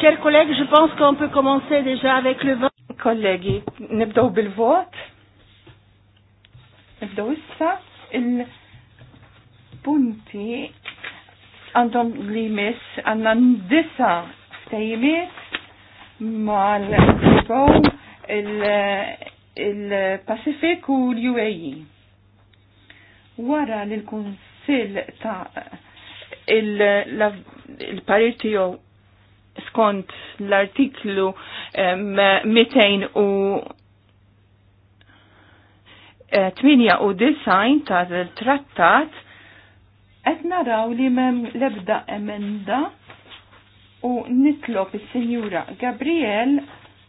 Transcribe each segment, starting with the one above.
Chers collègues, je pense qu'on peut commencer déjà avec le vote. Kollegi, nibdow bil-vot. Nibdow issa il-punti għandhom li mis għanna ndisa ftajimiet mal-Kosovo, il-Pacific u l-UAE. Wara l-Kunsil ta' il-pariti il skont l-artiklu 200 eh, u 98 ta' trattat qed naraw li mem lebda emenda u nitlob is-Sinjura Gabriel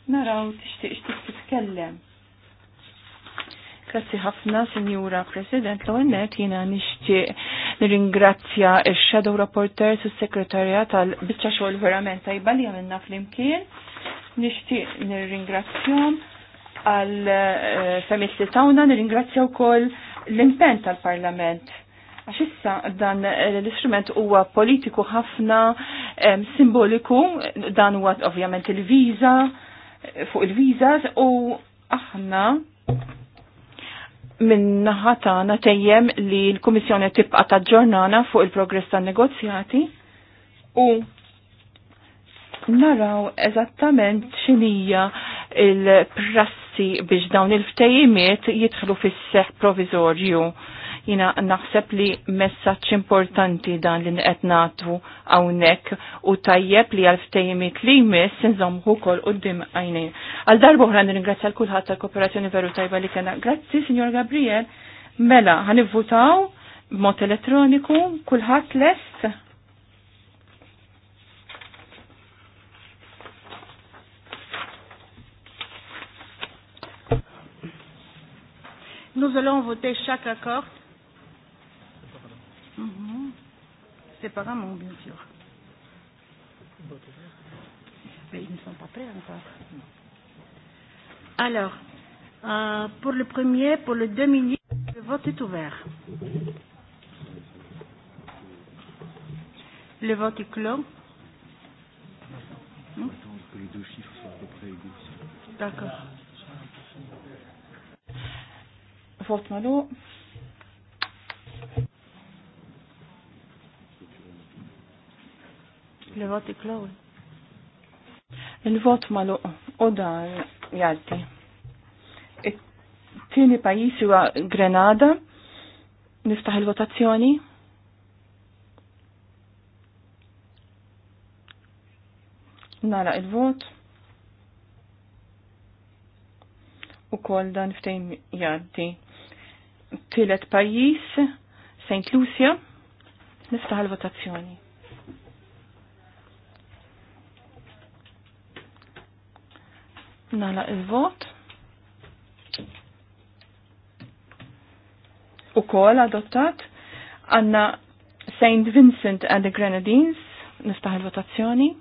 naraw tixtieq titkellem. Grazzi ħafna, Sinjura President, l net jiena nixtieq Nirringrazzja il-Shadow Rapporters u s-Sekretarja tal-Bicċa xogħol verament tajba li għamilna fl-imkien. Nixtieq nirringrazzjom għal eh, femissi tawna, nirringrazzja wkoll l-impen tal-Parlament. Għax issa dan l-istrument huwa politiku ħafna, simboliku, dan huwa ovvjament il viza fuq il-viżas u aħna min naħa tagħna tejjem li l-Kummissjoni tibqa' taġġornana fuq il-progress tan-negozjati u naraw eżattament x'inija il-prassi biex dawn il-ftejimiet jidħlu fis-seħ provizorju Jina naħseb li messaċ importanti dan li qed nagħtu hawnhekk u tajjeb li għal-ftejimiet li jmiss u wkoll dim għajni. Għal darba ingrazzja nirringrazzja kulħadd tal-kooperazzjoni veru tajba li kena. Grazzi, Signor Gabriel. Mela, ħanivvutaw b'mod elettroniku, kulħadd lest. Nous allons voter chaque accord Mm-hmm. Séparément, bien sûr. Mais ils ne sont pas prêts encore. Alors, euh, pour le premier, pour le deux minutes, le vote est ouvert. Le vote est clos. Hmm? D'accord. Fortement. Il-vot iklowi. Il-vot maluq u dar jaddi. Tieni pajjiż huwa Grenada. Niftaħ il-votazzjoni. Nara il-vot. U kol dan ftejn jaddi. Tilet pajjiż Saint Lucia. Niftaħ il-votazzjoni. Nala il-vot. U kol adottat għanna St. Vincent and the Grenadines, niftaħ il-votazzjoni.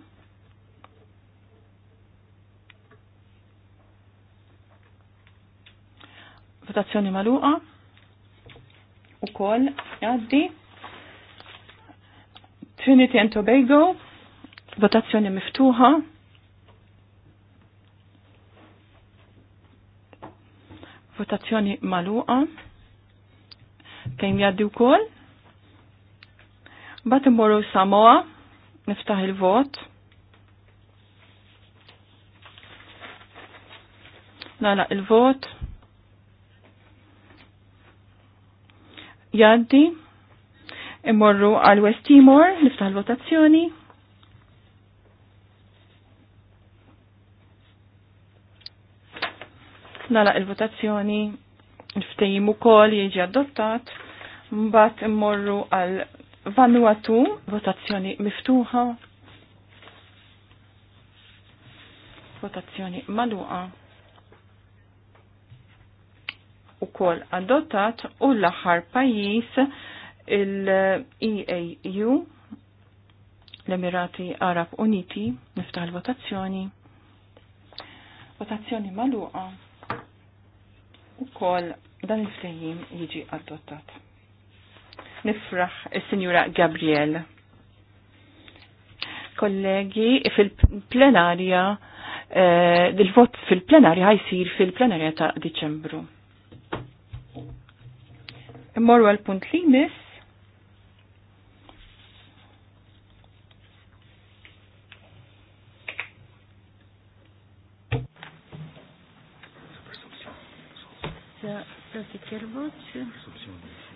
Votazzjoni maluqa. U kol jaddi. Trinity and Tobago, votazzjoni miftuħa. Votazzjoni maluqa. Kejn jaddi wkoll. Bat imboru Samoa, niftaħ il-vot. Nala il-vot. Jaddi. Immorru għal West Timor, niftaħ il-votazzjoni. nala il-votazzjoni il-ftejim u kol jieġi adottat mbat immorru għal Vanuatu, votazzjoni miftuħa, votazzjoni maluqa u kol adottat u l-axar pajis il-EAU l-Emirati Arab Uniti niftaħ l-votazzjoni votazzjoni maluqa ukoll dan il-fejjim jiġi adottat. Nifraħ il-Sinjura Gabriel. Kollegi, fil-plenarja, eh, il-vot fil-plenarja ħajsir fil-plenarja ta' Diċembru. Immorru l punt li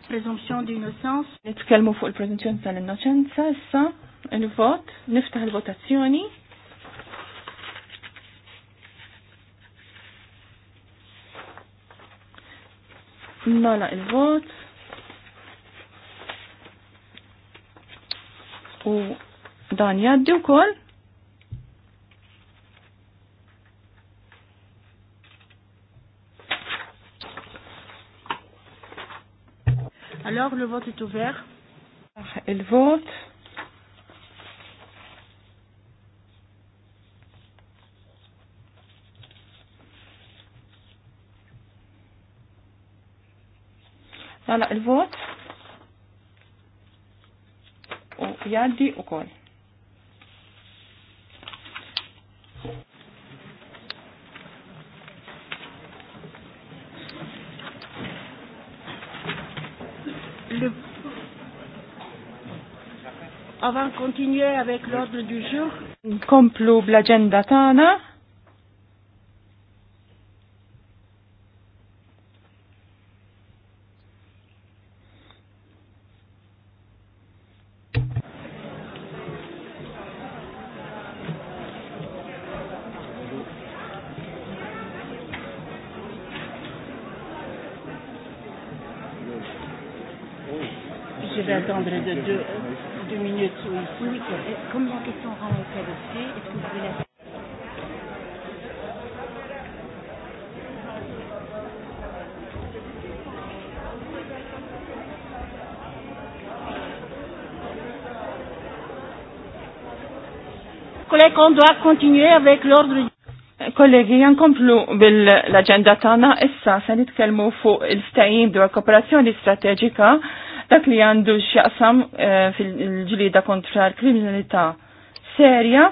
Presumption d'innocence. Nitkellmu fuq il-presumption tal-innoċenza issa, il-vot, niftaħ il-votazzjoni. Nala il-vot. U dan jaddi wkoll. Alors, le vote est ouvert. Ah, il vote. Voilà, il vote. Oh, a dit au koll. avant de continuer avec l'ordre du jour. Komplu bl-agenda tana. Je vais attendre de deux. on doit continuer avec l'ordre eh, Kollegi, jankomplu bil-agenda tana issa se nitkellmu fuq il-ftajim dwar kooperazzjoni strateġika dak li għandu x'jaqsam eh, fil-ġlida kontra l-kriminalità serja.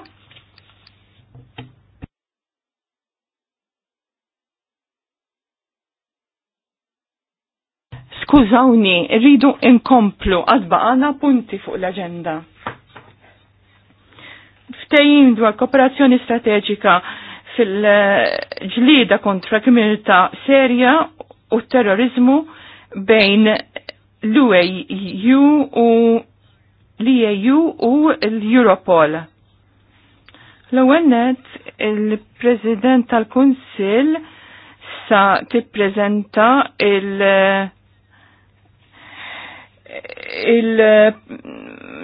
Skużawni, rridu inkomplu għadba għana punti fuq l-agenda ftejjim dwar kooperazzjoni strateġika fil-ġlida kontra kriminalità serja u terrorizmu bejn l-UAU u l-EAU e u l-Europol. L-ewwel il-President tal-Kunsill sa tippreżenta il- il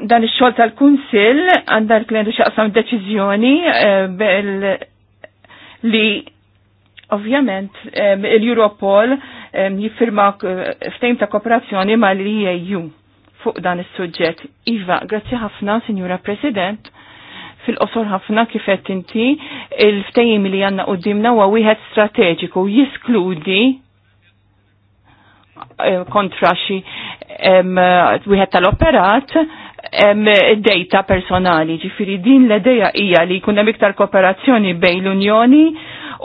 dan ix-xogħol tal-Kunsill għandha l xaqsam deċiżjoni eh, li ovvjament eh, l-Europol eh, jiffirma ftejm ta' kooperazzjoni ma' l-EU fuq dan is-suġġett. Iva, grazzi ħafna, Sinjura President fil-qosor ħafna kifet inti il-ftejim li għanna u dimna huwa wieħed strateġiku jiskludi kontra xi wieħed tal-operat data personali, ġifiri din l-edeja hija li jkun hemm iktar kooperazzjoni bejn l-Unjoni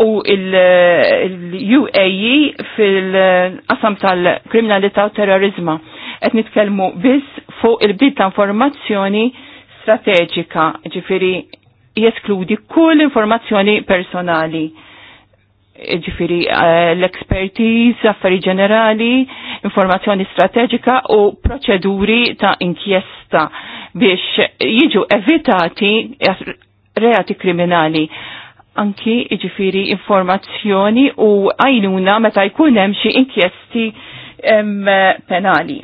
u l-UAE fil-qasam tal-kriminalità u terrorizma. Qed nitkellmu biss fuq il bdiet ta' informazzjoni strateġika, ġifiri jeskludi kull informazzjoni personali ġifiri eh, l-expertise, affari ġenerali, informazzjoni strategika u proċeduri ta' inkjesta biex jiġu evitati reati kriminali. Anki ġifiri informazzjoni u għajnuna meta jkun hemm xi inkjesti penali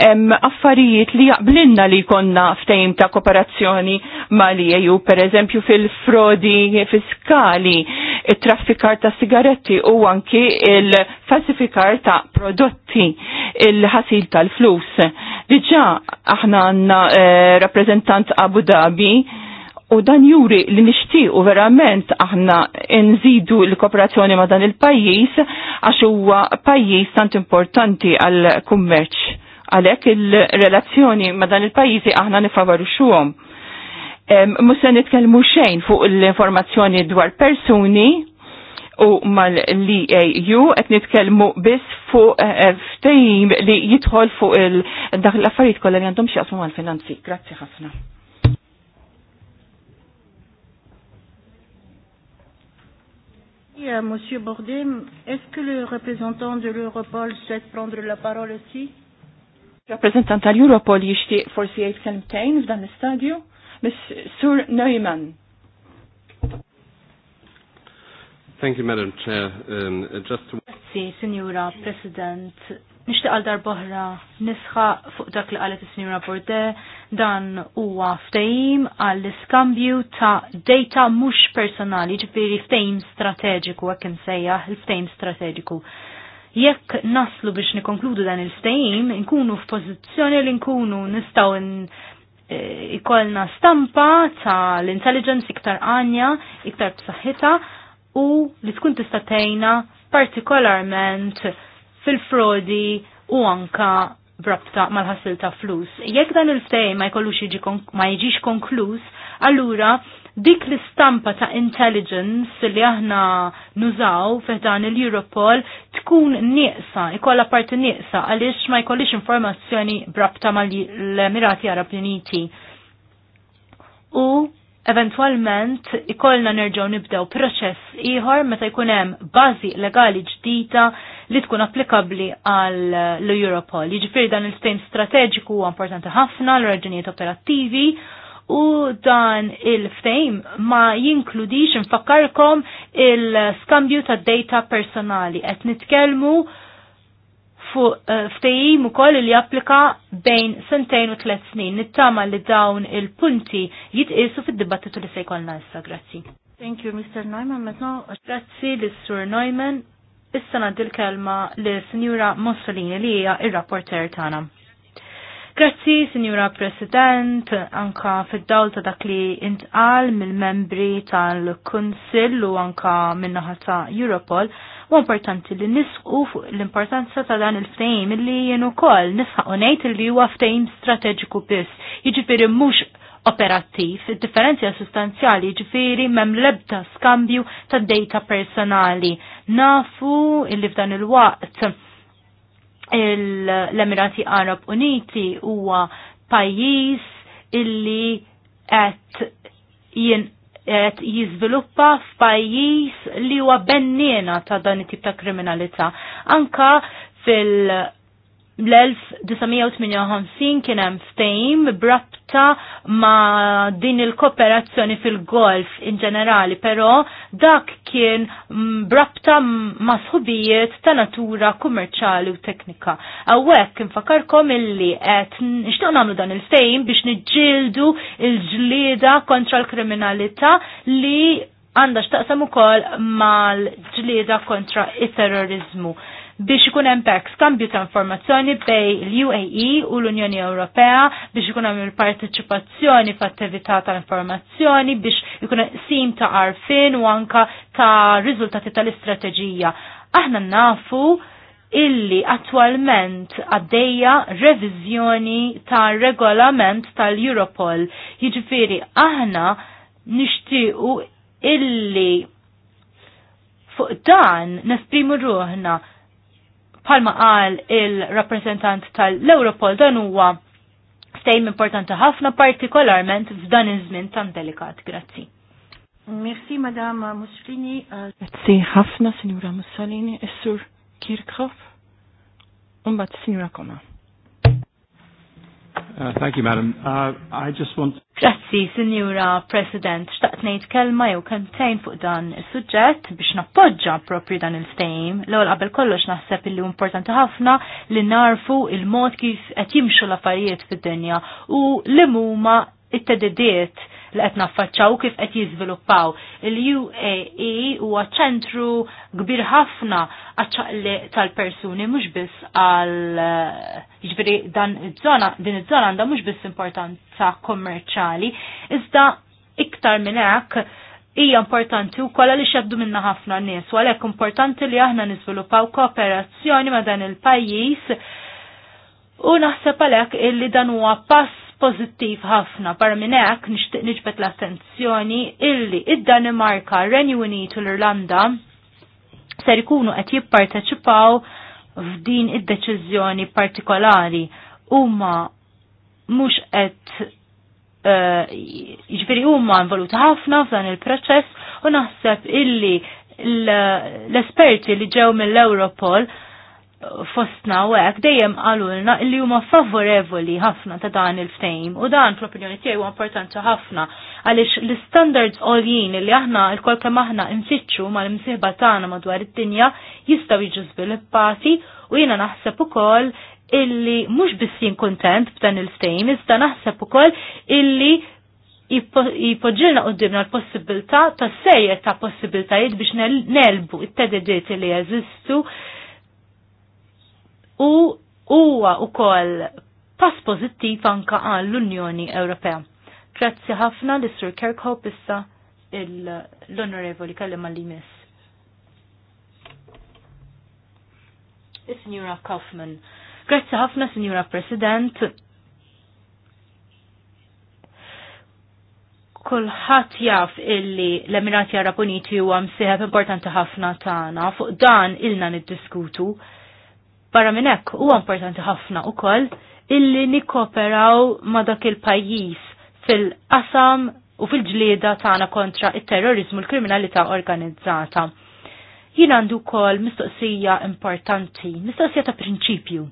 hemm affarijiet li jaqblinna li konna ftejm ta' kooperazzjoni mal-EU, per eżempju fil-frodi fiskali, il-traffikar ta' sigaretti u anki il-falsifikar ta' prodotti, il-ħasil tal-flus. Diġa aħna għanna eh, rappresentant Abu Dhabi, U dan juri li nishtiqu verament aħna nżidu l-kooperazzjoni ma dan il-pajjiż għax huwa pajjiż tant importanti għal kummerċ Għalhekk il-relazzjoni ma' dan il-pajjiżi aħna nifavorixxuhom. xuħom. Musa nitkellmu xejn fuq l-informazzjoni dwar persuni u mal-LAU qed nitkellmu biss fuq eh, eh, ftehim li jidħol fuq il-dak l-affarijiet kollha li għandhom xi mal-finanzi. Grazzi ħafna. Monsieur Bourdin, est-ce que le représentant de l'Europol souhaite prendre la parole aussi? Rappresentant tal-Europol jixtieq forsi jgħid kelmtejn f'dan l-istadju? Miss Sur Neumann. Thank you, Madam Chair. Um, just to... Grazie, Signora President. Nishtiq għal darboħra nisħa fuq dak li qalet is-Signora Borde dan huwa ftehim għall iskambju ta' data mhux personali, ġifiri ftehim strateġiku hekk sejja, il strategiku. strateġiku jekk naslu biex nikonkludu dan il-ftehim, nkunu f'pożizzjoni li nkunu nistgħu e, ikolna stampa ta' l-intelligence iktar għanja, iktar bsaħħita, u li tkun tista' tgħinna partikolarment fil-frodi u anka brabta mal-ħassil ta' flus. Jekk dan il-ftej ma jkollux ma jiġix konkluż, allura dik l-istampa ta' intelligence li aħna nużaw f'dan il-Europol tkun nieqsa, ikolla parti nieqsa, għaliex ma jkollix informazzjoni brabta mal l-Emirati Arab Uniti. U eventualment ikollna nerġgħu nibdew proċess ieħor meta jkun hemm bażi legali ġdida li tkun applikabbli għal l-Europol. Jiġifieri dan il-stejn strateġiku huwa importanti ħafna l raġunijiet operattivi u dan il fame ma jinkludix nfakkarkom il-skambju ta' data personali. Qed nitkellmu fuq eh, ftejim ukoll li japplika bejn sentejn u tliet snin. Nittama li dawn il-punti jitqisu fid-dibattitu li se jkollna issa. Grazzi. Thank you, Mr. Neumann. Metno, grazzi lis sur Neumann. Issa nagħti l-kelma lis Signora Mussolini li hija il rapporter tagħna. Grazzi, Signora President, anka fid-dawl ta' dak li intqal mill-membri tal-Kunsill u anka minnaħa ta' Europol, u importanti li nisqu fuq l-importanza ta' dan il-ftejm li jenu kol nisħaq unajt li huwa ftejm strateġiku biss, jiġifieri mhux operattiv, differenzja sustanzjali ġifiri mem lebda skambju ta' data personali. Nafu illi f'dan il-waqt l-Emirati Arab Uniti huwa pajjiż illi qed jien qed jiżviluppa f'pajjiż li huwa bennina ta' dan it-tip ta' kriminalità. Anka fil- l-1958 kien hemm ftehim brabta ma' din il-kooperazzjoni fil-golf in ġenerali, però dak kien brabta ma' sħubijiet ta' natura kummerċali u teknika. Awek infakarkom illi qed nixtieq nagħmlu dan il-ftehim biex niġġieldu il-ġlieda kontra l-kriminalità li għandax taqsam ukoll mal-ġlieda kontra il-terrorizmu biex ikun hemm hekk skambju ta' informazzjoni bej l-UAE u l-Unjoni Ewropea biex ikun hemm il-parteċipazzjoni f'attività tal-informazzjoni biex ikun sim ta' arfin u anka ta' riżultati tal-istrateġija. Aħna nafu illi attualment għaddejja reviżjoni ta' regolament tal-Europol. Jiġifieri aħna nixtiequ illi fuq dan nesprimu ruħna Palma qal il-rappresentant tal-Europol dan huwa stejm importanti ħafna partikolarment f'dan iż-żmien tan delikat. Grazzi. Merci Madame Mussolini. Grazzi ħafna Sinjura Mussolini, is-Sur Kirchhoff, u mbagħad Sinjura Koma. Uh, thank you, madam. Uh, I just want... Grazzi, Signora President. Xtaqt nejt kelma jew kemtejn fuq dan il-sujġett biex nappoġġa propri dan il-ftejm. L-għol qabel kollox naħseb illi importanti ħafna li narfu il-mod kif qed jimxu l-affarijiet fid-dinja u li huma it-tedidiet li qed naffaċċaw kif qed jiżviluppaw. Il-UAE huwa ċentru kbir ħafna għaċċaqli tal-persuni mhux biss għal jiġri eh, dan iż-żona din iż-żona għandha mhux biss importanza kommerċali, iżda iktar minn hekk hija importanti wkoll għaliex jabdu minna ħafna nies, u għalhekk importanti li aħna niżviluppaw kooperazzjoni ma' dan il-pajjiż U naħseb għalhekk illi dan huwa pass pozittiv ħafna. Barra minn hekk nixtieq niġbed l-attenzjoni illi id-Danimarka, Renju Unit u l-Irlanda ser ikunu qed jipparteċipaw f'din id-deċiżjoni partikolari huma mhux qed e, ġviri jiġifieri huma involuti ħafna f'dan il-proċess u naħseb illi l-esperti li ġew mill-Europol fostna u għek dejjem għalulna li huma favorevoli ħafna ta' dan il-ftejm u dan fl-opinjoni tiegħi huwa importanti ħafna għaliex l-standards għoljien li aħna l-kol kemm aħna nfittxu mal imsieħba tagħna madwar id-dinja jistgħu jiġu żviluppati u jiena naħseb ukoll illi mhux biss jien kuntent b'dan il-ftejm iżda naħseb ukoll illi jipoġġilna qoddimna l-possibilità ta' sejjer ta' possibiltajiet biex nelbu it-tedidiet li jeżistu u huwa wkoll pass pożittiv anka għall unjoni Ewropea. Grazzi ħafna l sur Kirkhope issa l-onorevoli kellem għalli miss. signora Kaufman. Grazzi ħafna, Signora President. kulħadd jaf illi l-Emirati Arab Uniti huwa msieħeb importanti ħafna tagħna fuq dan ilna niddiskutu. Barra minn hekk huwa importanti ħafna wkoll illi nikkoperaw ma' dak il-pajjiż fil-qasam u fil-ġlieda tagħna kontra it-terrorizmu l-kriminalità organizzata. Jien għandu wkoll mistoqsija importanti, mistoqsija ta' prinċipju.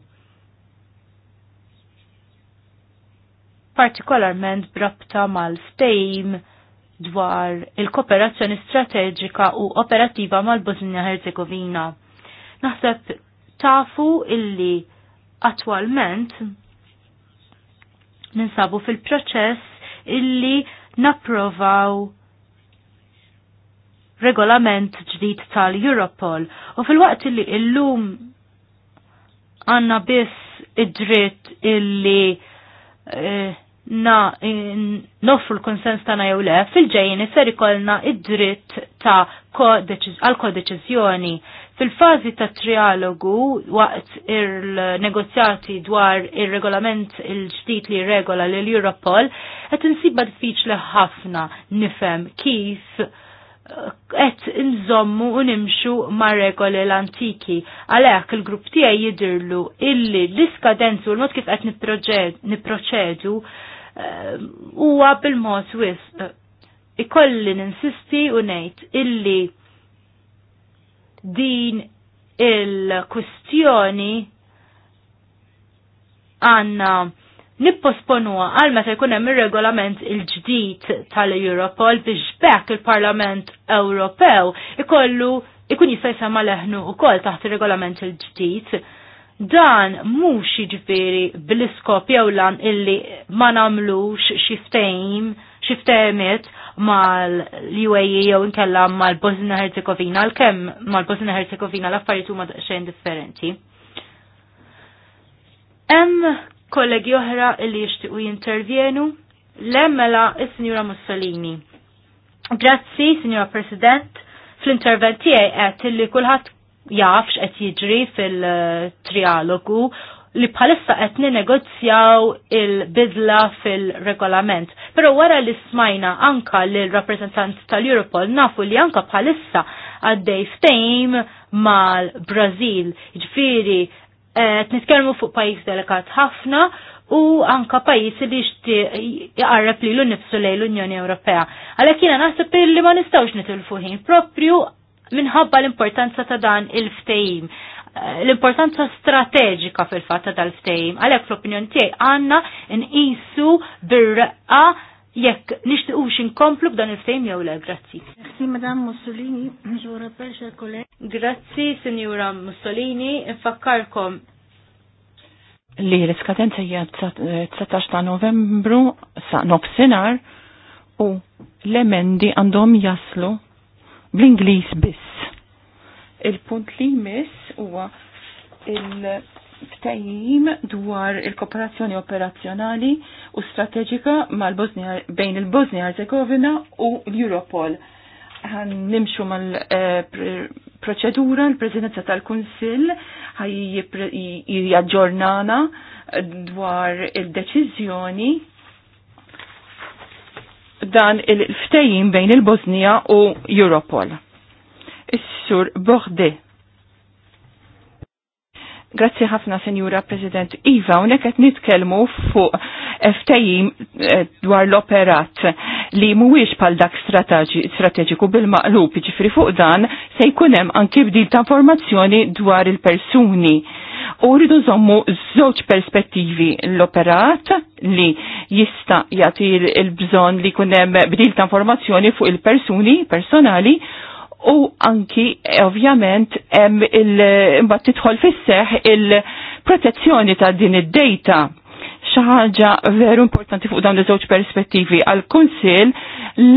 partikolarment brabta mal-ftejm dwar il-kooperazzjoni strateġika u operattiva mal-Bosnia Herzegovina. Naħseb tafu illi attualment ninsabu fil-proċess illi napprovaw regolament ġdid tal-Europol u fil-waqt illi illum għanna biss id-dritt illi eh, na nofru l-konsens tana jew le, fil-ġejjin isser ikollna id-dritt ta' għal-kodeċizjoni. Fil-fazi ta' trialogu waqt il-negozjati dwar il-regolament il-ġdid li regola l europol qed insibba diffiċli ħafna nifhem kif eh, qed nżommu u nimxu ma' regoli l-antiki. Għalhekk il-grupp tiegħi jidirlu illi l-iskadenzu l-mod kif qed nipproċedu Eh, huwa bil-mod wisq. Ikolli ninsisti u ngħid illi din il-kustjoni għanna nipposponuha għal meta jkun hemm ir-regolament il-ġdid tal-Europol biex bekk il-Parlament Ewropew ikollu ikun jista' jisema' leħnu wkoll taħt ir-regolament il-ġdid Dan mhux jiġifieri bl-iskop jew lan illi ma nagħmlux xi ftehim, xi ftehmiet mal-UAE jew inkella mal-Bosnia Herzegovina, għalkemm mal-Bosnia Herzegovina l-affarijiet huma xejn differenti. Hemm kollegi oħra li jixtiequ jintervjenu l-emmela is-Sinjura Mussolini. Grazzi, Sinjura President, fl-intervent tiegħi qed li kulħadd jafx qed jiġri fil-trialogu li bħalissa qed ninegozjaw il-bidla fil-regolament. Però wara li smajna anka l rappresentant tal-Europol nafu li anka bħalissa għaddej ftejm mal-Brazil. Ġifieri qed nitkellmu fuq pajjiż delikat ħafna u anka pajjiż li jqarreb li l-nifsu lejn l-Unjoni Ewropea. Għalhekk jiena naħseb li ma nistgħux nitilfu ħin proprju minħabba l-importanza ta' dan il-ftejim eh, l-importanza strateġika fil-fatt ta' dal-ftejim. Għalhekk fl opinjon tiegħi għandna nqisu bir-raqqa jekk nixtiqux inkomplu b'dan il-ftejim jew le, grazzi. Grazzi, Madam Mussolini, ġura perxa kolleg. Grazzi, Sinjura Mussolini, infakkarkom li l-iskadenza hija 19 eh, ta' Novembru sa' nofsinhar u l-emendi għandhom jaslu bl-Inglis biss. Il-punt li jmiss huwa il-ftajim dwar il-kooperazzjoni operazzjonali u strateġika bejn il-Bosnia Herzegovina u l-Europol. Għan nimxu mal-proċedura, eh, l-prezidenza tal-Kunsil ħaj jaġġornana dwar il-deċizjoni dan il-ftejjin bejn il-Bosnija u Europol. Is-sur Borde. Grazzi ħafna, Senjura President Iva, unek qed nitkellmu fuq ftejjim eh, dwar l-operat li mhuwiex bħal dak strateġiku bil-maqlub, ġifri fuq dan se jkun hemm bdil ta' informazzjoni dwar il-persuni. U rridu żommu żewġ perspettivi l-operat li jista' jagħti l-bżonn li jkun hemm bdil ta' informazzjoni fuq il-persuni personali u anki ovvjament il-imbatt tidħol il-protezzjoni ta' din id-data xaħġa ħaġa veru importanti fuq dawn iż-żewġ perspettivi għal kunsil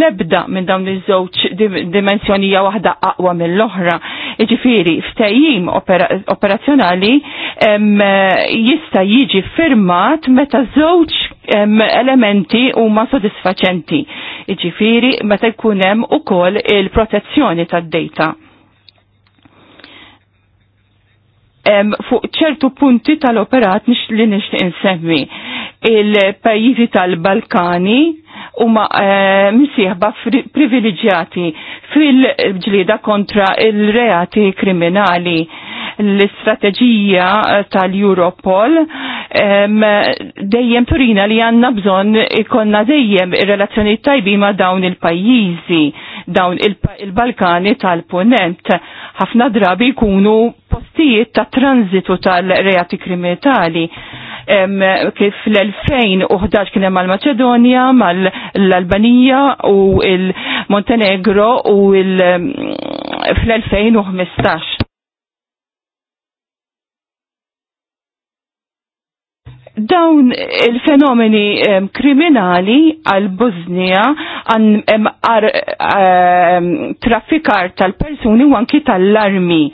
lebda minn dawn iż-żewġ dimensjonija waħda aqwa mill-oħra. Jiġifieri ftehim operazzjonali jista' jiġi firmat meta żewġ elementi huma sodisfaċenti. Jiġifieri meta jkun hemm ukoll il-protezzjoni tad-data fuq ċertu punti tal-operat nix li nix insemmi. Il-pajizi tal-Balkani huma e, eh, misieħba privileġjati fil-ġlida kontra il-reati kriminali. L-istrateġija tal-Europol dejjem turina li għanna bżon ikonna dejjem relazzjoni tajbi ma dawn il-pajjiżi, dawn il-Balkani tal-Punent ħafna drabi jkunu postijiet ta' tranzitu tal-reati kriminali. Kif l-2011 kien hemm mal-Maċedonja, mal-Albanija u il-Montenegro u il fl-2015. dawn il-fenomeni kriminali għal Bosnia għan Ehm, traffikar tal-persuni u anki tal-armi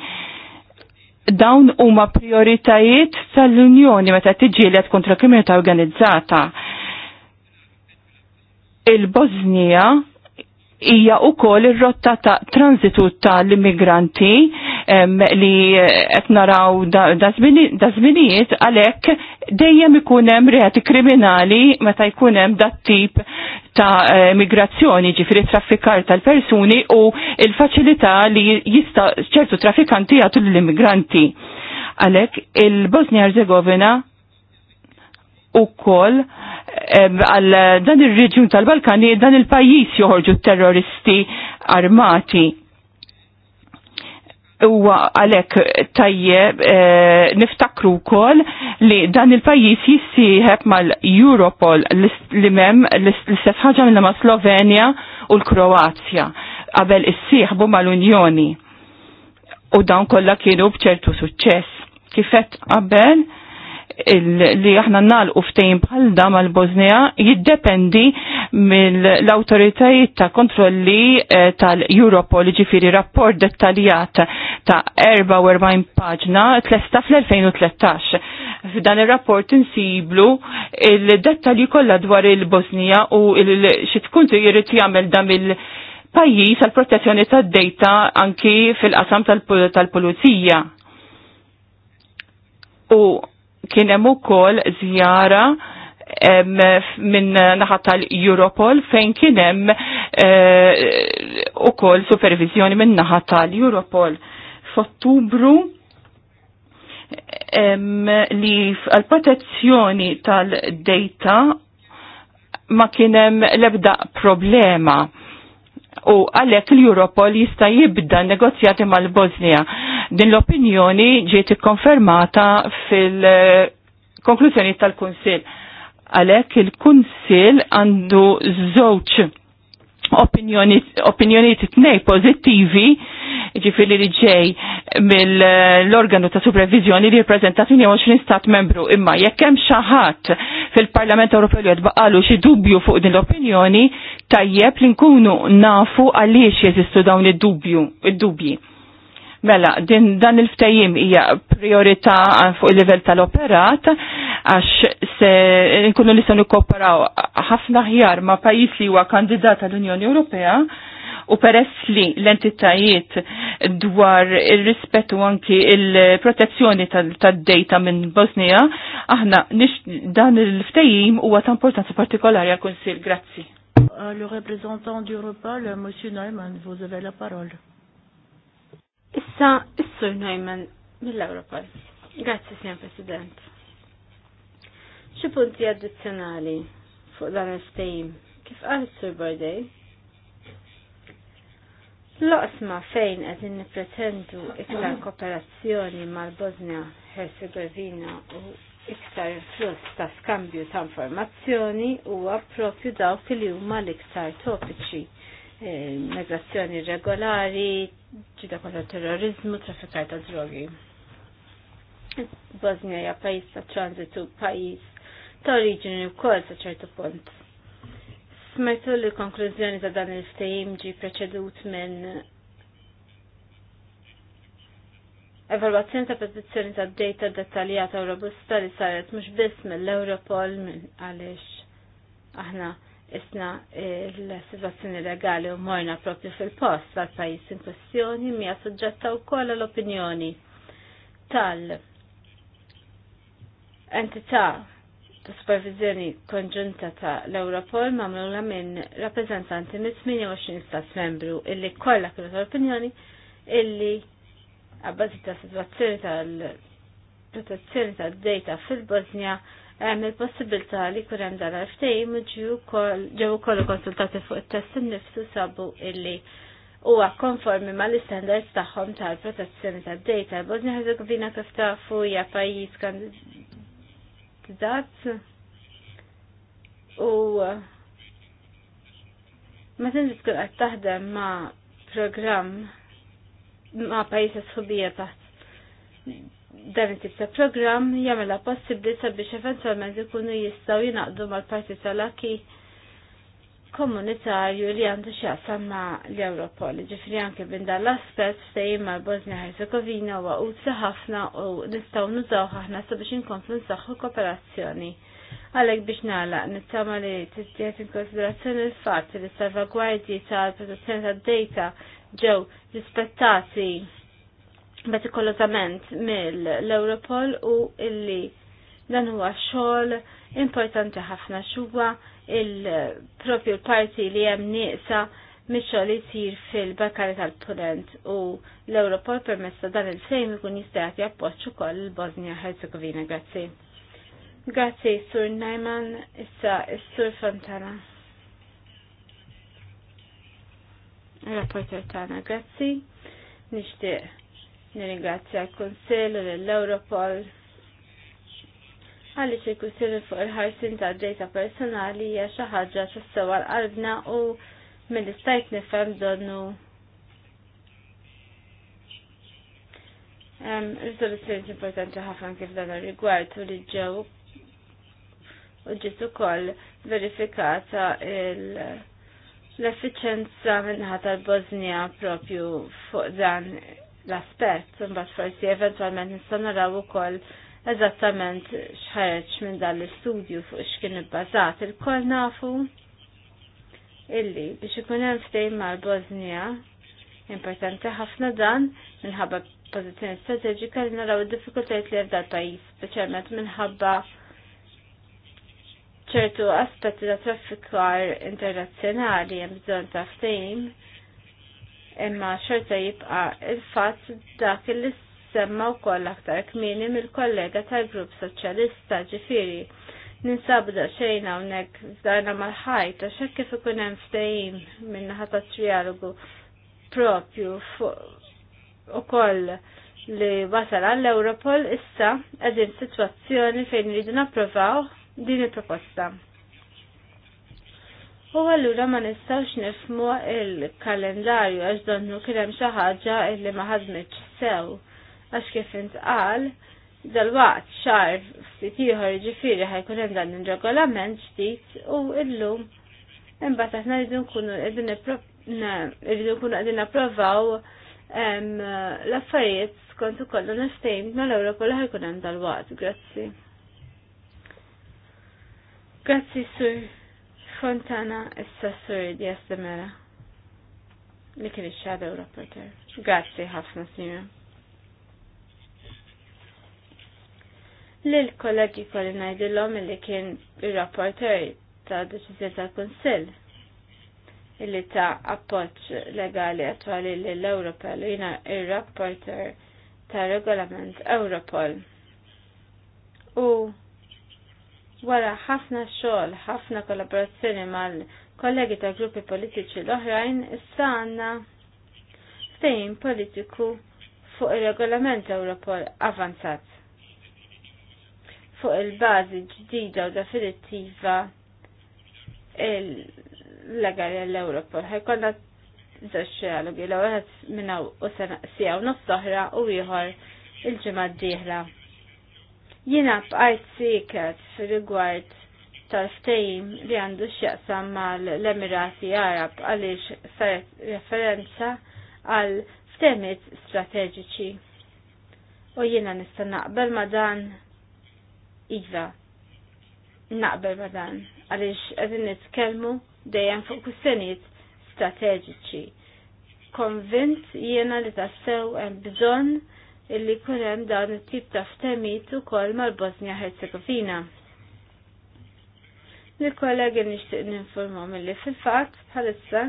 dawn huma prioritajiet tal-Unjoni meta tiġielet kontra kriminalità organizzata. Il-Bosnija hija wkoll ir-rotta ta' transitu tal-immigranti li eh, qed naraw da għalhekk dejjem ikun hemm reati kriminali meta jkun hemm dat tip ta' migrazzjoni ġifri traffikar tal-persuni u il-faċilità li jista' ċertu traffikanti jagħtu l-immigranti. Għalhekk il-Bosnia Erzegovina u koll għal dan il-reġjun tal-Balkani dan il-pajis joħorġu terroristi armati huwa għalhekk tajjeb eh, niftakru wkoll li dan il-pajjiż jissieħeb mal-Europol li mem l-istess ħaġa minnha ma' Slovenja u l-Kroazja qabel issieħbu mal-Unjoni. U dan kollha kienu bċertu suċċess. Kifet qabel li aħna nalqu ftejn bħal dam mal bosnija jiddependi mill-autoritajiet ta' kontrolli eh, tal-Europol ġifiri rapport dettaljat ta' 44 paġna tlesta fl-2013. F'dan ir-rapport insiblu il-dettalji kollha dwar il-Bosnija u xi tkun jrid jagħmel dam il- pajjiż għal protezzjoni tad-dejta anki fil-qasam tal-pulizija. U kien hemm ukoll żjara minn naħat tal-Europol fejn kien hemm eh, ukoll supervizjoni minn naħat tal-Europol. F'Ottubru li għal-protezzjoni tal-data ma kienem lebda problema u għalhekk l-Europol jista' jibda negozjati mal bosnia Din l-opinjoni ġiet ikkonfermata fil konklusjoni tal kunsil Għalhekk il-Kunsill għandu żewġ opinjoni t-tnej pozittivi ġifiri li ġej mill-organu ta' supervizjoni li jirprezentat 28 stat membru imma jekk hemm xi ħadd fil-Parlament Ewropew li għadbaqalu xi dubju fuq din l-opinjoni tajjeb li nkunu nafu għaliex jeżistu dawn id-dubju id-dubji. id dubju id dubji Mela, din dan il-ftajim hija priorità fuq il-livell tal-operat għax se nkunu li se nikkooperaw ħafna ħjar ma' pajjiż li huwa kandidat tal-Unjoni Ewropea u peress li l-entitajiet dwar il rispetu u anki il-protezzjoni tad-data minn Bosnija, aħna nix dan il-ftajim huwa ta' importanza partikolari għal-Kunsil. Grazzi. Euh, le représentant du Europol, M. Neumann, vous avez la parole. Issa, issu Neumann mill-Europa. Grazzi, signor President. Xi punti addizzjonali fuq dan il stejm Kif qal Sur Bordej? Loqsma fejn qed nipretendu iktar kooperazzjoni mal-Bosnia Herzegovina u iktar fluss ta' skambju ta' informazzjoni huwa għapropju dawk li huma l-iktar topiċi migrazzjoni regolari, ġida kontra terrorizmu, traffikar ta' drogi. Bosnia hija pajjiż ta' transitu pajjiż ta' oriġini wkoll sa' ċertu punt. Smetu li konklużjoni ta' dan il-ftehim ġi preċedut minn Evalwazzjoni ta' pozizjoni ta' data dettaljata u robusta li saret mhux biss mill-Europol minn għaliex aħna isna l-situazzjoni legali u morna propju fil-post tal-pajis in kwestjoni mi suġġetta u koll l-opinjoni tal-entità ta' supervizjoni konġunta ta' l-Europol mamlula minn rappresentanti minn 28 stat membru illi kollha kienu tal-opinjoni illi għabbażi situazzjoni tal-protezzjoni tad-data fil bosnia hemm il-possibilità li jkun hemm dan għalftejn ġew ukoll konsultati fuq it-test innifsu sabu illi huwa konformi mal-istandards tagħhom tal-protezzjoni tad-data. Bosnia Herzegovina kif tafu hija pajjiż kandidat u ma tinti tkun qed taħdem ma' programm ma' pajjiż sħubija taħt dan it-tip ta' programm jagħmilha possibbli sabiex eventwalment ikunu jistgħu jingħaqdu mal-parti tal-aki komunitarju li għandu x'jaqsam ma' l-Europol. ġifri anke bin dan l-aspett stejjin mal-Bosnia Herzegovina huwa utli ħafna u nistgħu nużaw ħafna sabiex inkomplu nsaħħu kooperazzjoni. Għalhekk biex nagħlaq nittama li tittieħed inkonsiderazzjoni l-fatt li s salvagwardji tal-protezzjoni tad-data ġew rispettati metikolosament mill-Europol u illi dan huwa xogħol importanti ħafna xuwa il-propju l-parti li hemm nieqsa mix li isir fil bakari tal pulent u l-Europol permessa dan il sejm ikun jista' jagħti appoġġ ukoll il-Bosnia Herzegovina. Grazzi. Grazzi, Sur Najman, issa sur Fontana. Rapporter tagħna, grazzi. Nixtieq Nirringrazzja l-Konsil u l-Europol għalli xie kussir fuq il-ħarsin ta' data personali hija xi ħaġa tas-sewa l-qalbna u mill-istajt nifhem donnu Risoluzzjoni importanti ħafna kif dan rigward u li ġew u ġiet ukoll verifikata l-effiċenza minnaħa tal bosnia propju fuq dan l-aspett, imbagħad forsi eventwalment nistgħu naraw ukoll eżattament xħarġ minn dan l-istudju fuq x'kien ibbażat. Il-koll nafu illi biex ikun hemm ftehim mal bosnia importanti ħafna dan minħabba pożizzjoni strateġika li naraw id-diffikultajiet li għedha l-pajjiż, speċjalment minħabba ċertu aspetti ta' traffikar internazzjonali hemm bżonn ta' ftehim imma xorta jibqa il-fatt dak li semma wkoll aktar kmieni mill-kollega tal-Grupp Soċjalista ġifieri. Ninsabu da xejn hawnhekk f'darna mal-ħajt għax hekk kif ikun hemm ftehim min ħata trialogu propju fuq ukoll li wasal għall europol issa qegħdin situazzjoni fejn rridu napprovaw din il-proposta. U allura ma nistawx nifmu il-kalendarju għax donnu kien hemm xi ħaġa li ma sew għax kif intqal dal-waqt xar ftit ieħor ġifieri ħajkun hemm dan ir-regolament ġdid u llum imbagħad aħna rridu nkunu qegħdin irridu nkunu qegħdin approvaw l-affarijiet skont ukoll nistejn mal-Ewropa li ħajkun hemm dal-waqt. Grazzi. Grazzi, Sur Fontana Assessor di Astemera li kien il-Shadow Rapporteur. Grazzi ħafna sinja. Lil kollegi kolli najdilom li kien il-Rapporteur ta' deċizjoni ta' Kunsill illi ta' appoċ legali attuali l-Europol jina il-Rapporteur ta' regolament Europol. U Wara ħafna xogħol, ħafna kollaborazzjoni mal-kollegi ta' gruppi politiċi l-oħrajn, issa għandna ftehim politiku fuq ir-regolament Ewropol avanzat. Fuq il-bażi ġdida u definittiva il-legali l-Europol. Ħajkonna żewġ dialogi l-ewwel minna u sija u nofs oħra u ieħor il-ġimgħa d-dieħla. Jiena b'art siket rigward tal ftejm li għandu x'jaqsam mal-Emirati Arab għaliex referenza għal ftemiet strateġiċi. U jiena nista' naqbel ma dan iva. Naqbel ma dan għaliex qegħdin nitkellmu dejjem fuq kwistjonijiet strateġiċi. Konvint jiena li tassew hemm bżonn illi kunem dan it-tip ta' ftemit ukoll mal-Bosnia Herzegovina. Nil-kollegi nixtieq ninformhom illi fil-fatt bħalissa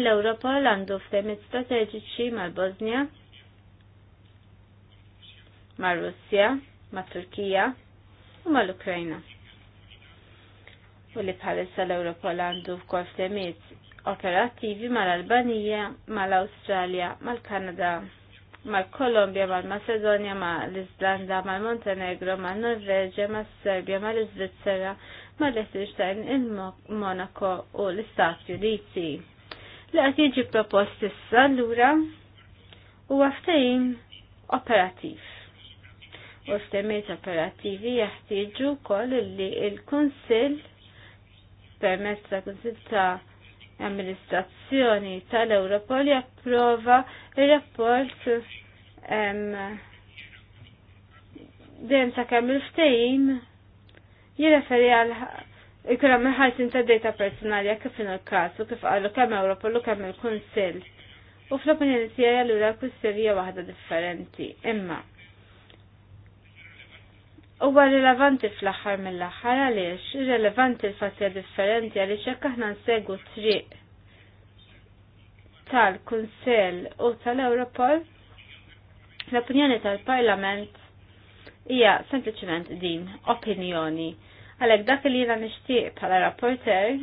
l-Europol għandu ftemit strateġiċi mal-Bosnia, mal-Russja, mal-Turkija u mal-Ukrajna. U li bħalissa l-Europol għandu f'kol ftemit operattivi mal-Albanija, mal-Awstralja, mal-Kanada, mal albanija mal mal kanada mal-Kolombja, mal-Macedonia, mal-Islanda, mal-Montenegro, mal-Norveġja, mal-Serbja, mal ma' mal-Liechtenstein, il-Monaco u l-Istati Uniti. l qed jiġi propost issa allura huwa ftehim operattiv. U ftehimiet operativi jeħtieġu wkoll li l-Kunsill permezz ta' Kunsill ta' amministrazzjoni tal-Europol japprova il-rapport dejjem sakemm il-ftehim jirreferi għal ikram il-ħarsin ta' data personali jekk kif il-każ u kif qalu kemm Europol u kemm il-Kunsill. U fl-opinjoni tiegħi allura l-kussirija waħda differenti. Imma huwa rilevanti fl-aħħar mill-aħħar għaliex ir-rilevanti l-fatja differenti għaliex jekk aħna nsegu triq tal kunsel u tal-Europol l-opinjoni tal-Parlament hija sempliċement din opinjoni. Għalhekk dak li jiena nixtieq bħala rapporter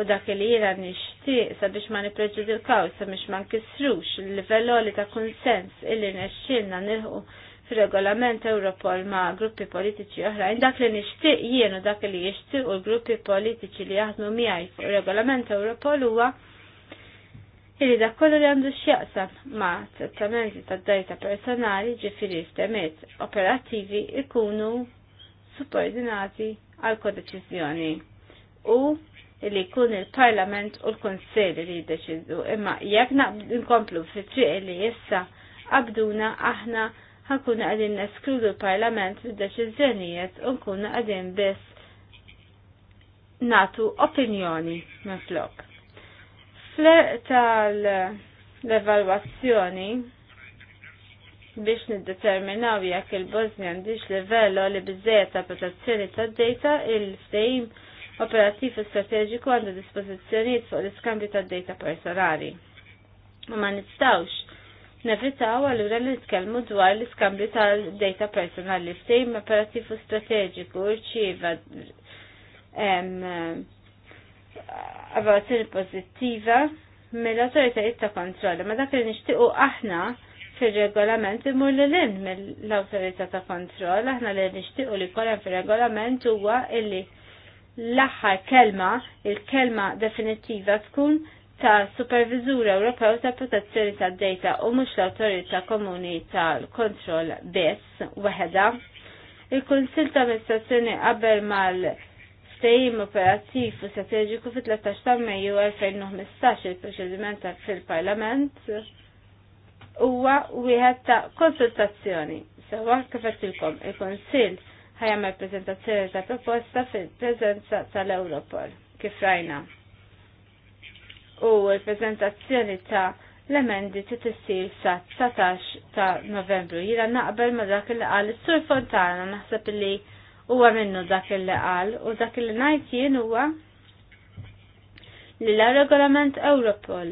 u dak li jiena nixtieq sabiex ma nippreġudikaw sabiex ma nkissrux il livello li ta' konsens illi nexxilna nilħu regolament Europol ma' gruppi politiċi oħrajn, dak li nixtieq jienu dak li jixtieq u l-gruppi politiċi li jaħdmu miegħi fuq regolament Europol huwa ili dak kollu li għandu x'jaqsam ma' trattamenti tad-dajta personali ġifieri stemiet operattivi ikunu subordinati għal kodeċizjoni u li kun il-Parlament u l-Konsil li jiddeċidu. Imma jekk nkomplu fit-triq li issa qabduna aħna ħakun għadin neskludu l-Parlament fid deċizjonijiet u nkun għadin biss natu opinjoni minn flok. Fler tal-evalwazzjoni biex niddeterminaw jekk il-Bosnia għandix livello li biżejjed ta' protezzjoni tad-data il fdejm operattiv u strateġiku għandu dispożizzjonijiet fuq l-iskambju tad-data personali. Ma nistawx nevitaw għallura li nitkellmu dwar l-iskambju tal-data personali f'tejm operattiv u strateġiku rċieva avvazzjoni pozittiva mill-autoritajiet ta' kontrolli, ma dak li nixtiequ aħna fil-regolament imur li l-in mill-autorità ta' kontroll, aħna li nixtiequ li kollha fil-regolament huwa illi l-aħħar kelma, il-kelma definitiva tkun ta' Supervizur Ewropew ta' Protezzjoni tad data u mhux l-Awtorità Komuni tal-Kontroll biss weħeda. Il-Kunsil ta' Amministrazzjoni qabel mal tejjim operattiv u strateġiku fit-13 ta' Mejju 2015 il-proċediment fil-Parlament huwa wieħed ta' konsultazzjoni. Sewa kif qedtilkom il-Kunsill ħajjagħmel preżentazzjoni ta' proposta fil-preżenza tal-Europol kif rajna u l-prezentazzjoni ta' l-emendi titissir sa' 19 ta' novembru. Jira naqbel ma' dak li għal sur Fontana naħseb li huwa minnu dak li għal u dak li najt jien huwa li l-regolament Europol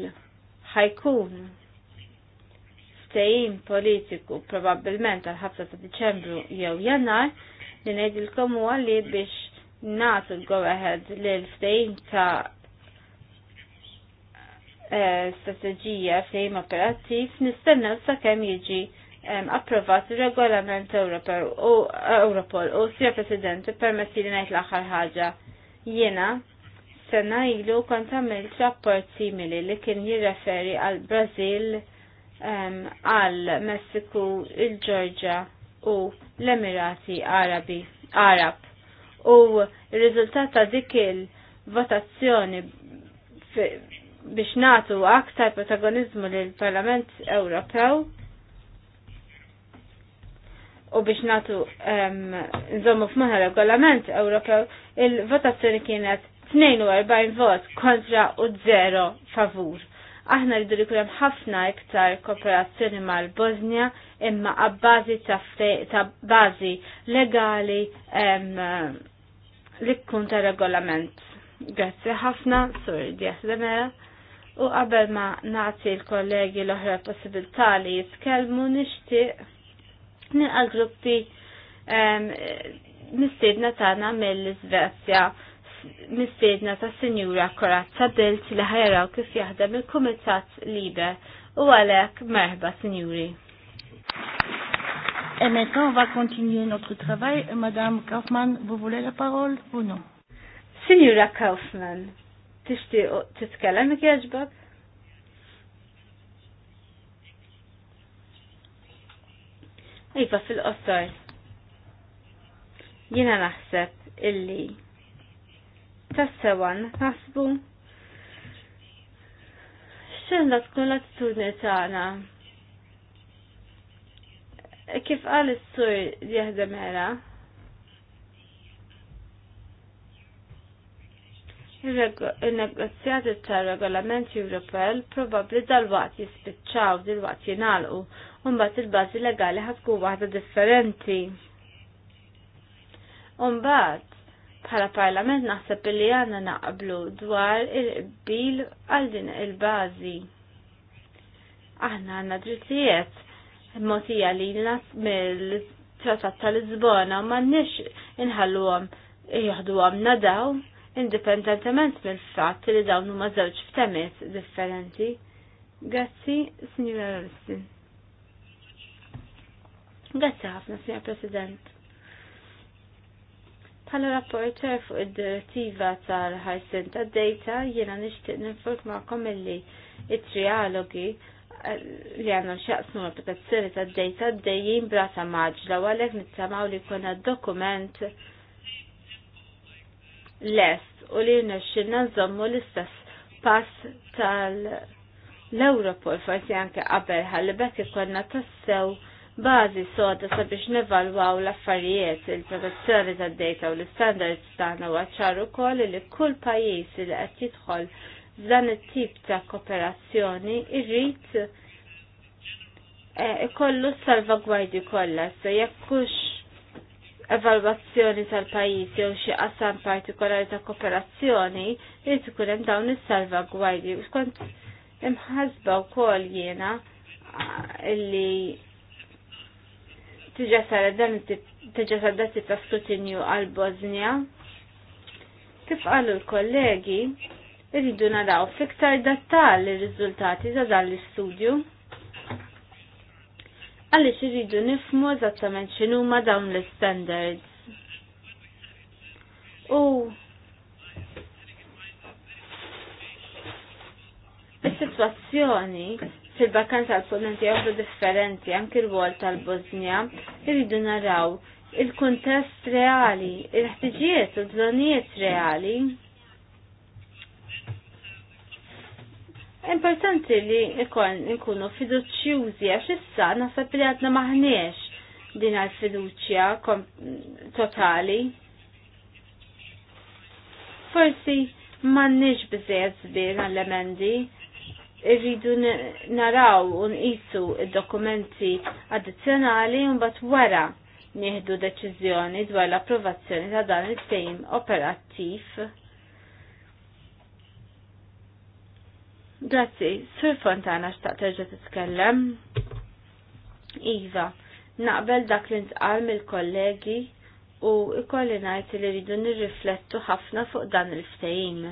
ħajkun ftehim politiku probabbilment għal ħabta ta' Diċembru jew Jannar li ngħidilkom huwa li biex nagħtu l-go ahead l ftehim ta' Eh, strategija fejn operattiv nistenna sakemm jiġi approvat il-regolament eh, Europol u sija President permessi li ngħid l-aħħar ħaġa. Jiena sena ilu kont għamilt rapport simili li kien jirreferi għal Brażil għal Messiku, il-Ġorġa u l-Emirati Arabi Arab. U r-riżultat ta' dik il-votazzjoni biex natu aktar protagonizmu l Parlament Ewropew u biex natu nżommu f'maħna regolament Ewropew il-votazzjoni kienet 42 vot kontra u 0 favur. Aħna rridu li kurem ħafna iktar kooperazzjoni mal-Bosnia imma għabbażi ta' bażi legali li tkun ta' regolament. Grazzi ħafna, sur Dias Demera. U qabel ma nagħti l-kollegi l-oħra possibilità li jitkellmu nixtieq nilqa' gruppi mistiedna tagħna mill-Iżvezja mistiedna ta' Sinjura Korazza Bilt li ħajraw kif jaħdem il-Kumitat Libe u għalhekk merħba Sinjuri. Et maintenant, on va continuer notre travail. Madame Kaufmann, vous voulez la parole ou non Signora Kaufmann tixtieq titkellem jekk jogħġbok? Iva fil-qosor. Jiena naħseb illi tassewan naħsbu xella tkun l-attitudni tagħna. Kif qal is-sur li era, il-negozjati tar regolamenti Ewropel probabbli dal-waqt jispiċċaw, dil-waqt jingħalqu, u mbagħad il-bażi legali ħatkun waħda differenti. U mbagħad bħala parlament naħseb li għandna naqblu dwar il-qbil għal din il-bażi. Aħna għandna drittijiet motija li nas mill-Trattat tal-Lisbona ma nix inħallu għam jihdu għam nadaw indipendentement mill-fatt li dawn huma żewġ f'temiet differenti. Grazzi, Signora Rossi. Grazzi ħafna, Signor President. Bħala rapporter fuq id-direttiva tal-ħarsin tad data jiena nixtieq ninformakom illi it-trialogi eh, li għanna xaqsmu l applikazzjoni tad data dejjin brata maġla u għalhekk nittamaw li jkollna dokument lest u li nirxilna nżommu l-istess pass tal-Europol forsi anke qabel ħalli bekk ikollna tassew bażi soda sabiex nevalwaw l-affarijiet, il-protezzjoni tad-data u l-standards tagħna u ċar ukoll li kull pajjiż li qed jidħol f'dan it-tip ta' kooperazzjoni irrid eh, ikollu s-salvagwardju kollha se kux evalwazzjoni tal-pajjiż jew xi qasam partikolari ta' kooperazzjoni jrid ikun hemm dawn is-salvagwardji. skont imħasba wkoll jiena ah, illi tiġa sar dan tiġa sar ta' skrutinju għal Bosnia. Kif qalu l-kollegi, irridu naraw fiktar dettall ir-riżultati ta' dan l-istudju għaliex iridu nifmu eżattament x'inhuma dawn l-standards. U Is-sitwazzjoni fil bakanza tal-Polenti għabdu differenti anki l għol tal bosnia irridu naraw il-kuntest reali, il-ħtiġijiet u bżonijiet reali. Importanti li ikon nkunu fiduċjużi għax issa nasab li għadna maħniex din għal-fiduċja totali. Forsi maħniex bizzejed zbir għall-emendi, irridu naraw un isu id-dokumenti addizjonali un bat wara nieħdu deċiżjoni dwar l-approvazzjoni ta' dan il-tejm operattiv. Grazzi, Sur Fontana xtaqt terġa' titkellem. Iva, naqbel dak li ntqal mill-kollegi u ikolli najt li rridu nirriflettu ħafna fuq dan il-ftehim.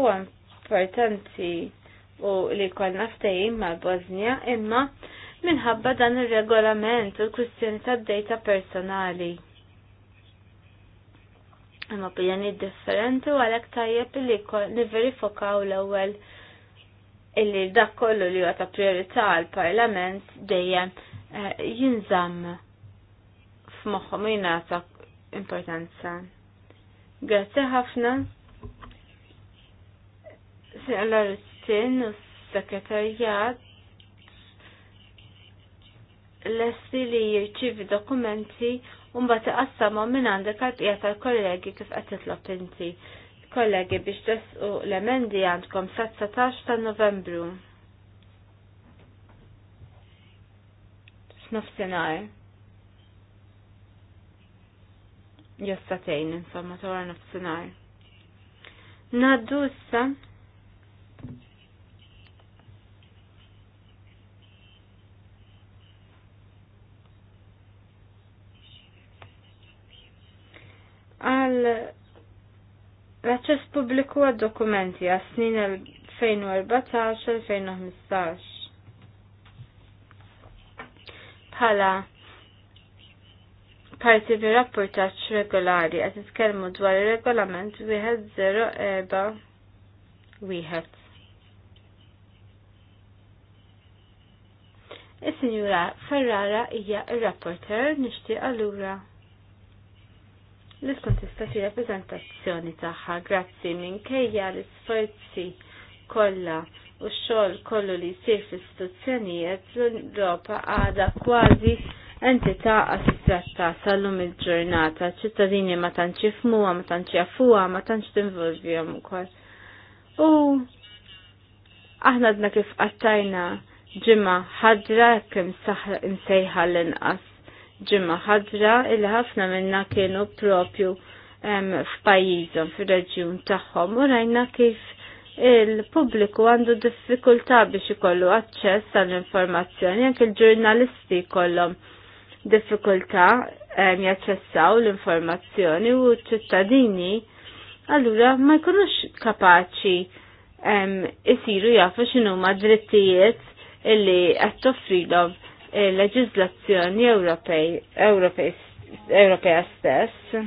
U importanti u li kollna ftehim mal-Bosnia imma minħabba dan ir regolament u l-kwistjoni tad-data personali. Hemm opinjoni differenti u għalhekk tajjeb li niverifikaw l-ewwel illi dak kollu li huwa ta' priorità għall parlament dejjem eh, jinżamm f'moħħhom jingħata importanza. Grazzi ħafna. Sinqla u s-sekretarjat lesti li jirċivi dokumenti Umba taqassamhom minn għandek għal tal-kollegi kif qed titlob inti. Kollegi biex tesqu l-emendi għandkom sa 19 ta' Novembru. F'nofsinhar. Jostatejn, insomma, tora nofsinhar. Naddu issa għal l-aċċess pubbliku għad dokumenti għas snin 2014-2015. Bħala parti bi rapportaċ regolari għat itkellmu dwar il-regolament 1.0.4.1. Is-Sinjura Ferrara hija r rapporter nixtieq allura l tkun tista' xi rappreżentazzjoni tagħha grazzi minkejja l-isforzi kollha u x-xogħol kollu li jsir fl-istituzzjonijiet l-Ewropa għadha kważi entità assistrata sal-lum il-ġurnata, ċittadini ma tantx jifmuha, ma tantx jafuha, ma tantx tinvolvihom ukoll. U aħna dna kif qattajna ġimma ħadra kemm imsejħa l-inqas ġimma ħadra illi ħafna minna kienu propju f'pajjiżhom, fir-reġjun tagħhom u rajna kif il-pubbliku għandu diffikultà biex ikollu aċċess għall informazzjoni anke l-ġurnalisti kollhom diffikultà jaċċessaw l-informazzjoni u ċittadini allura ma jkunux kapaċi isiru jafu x'inhuma drittijiet illi qed toffrilhom leġizlazzjoni Ewropea stess.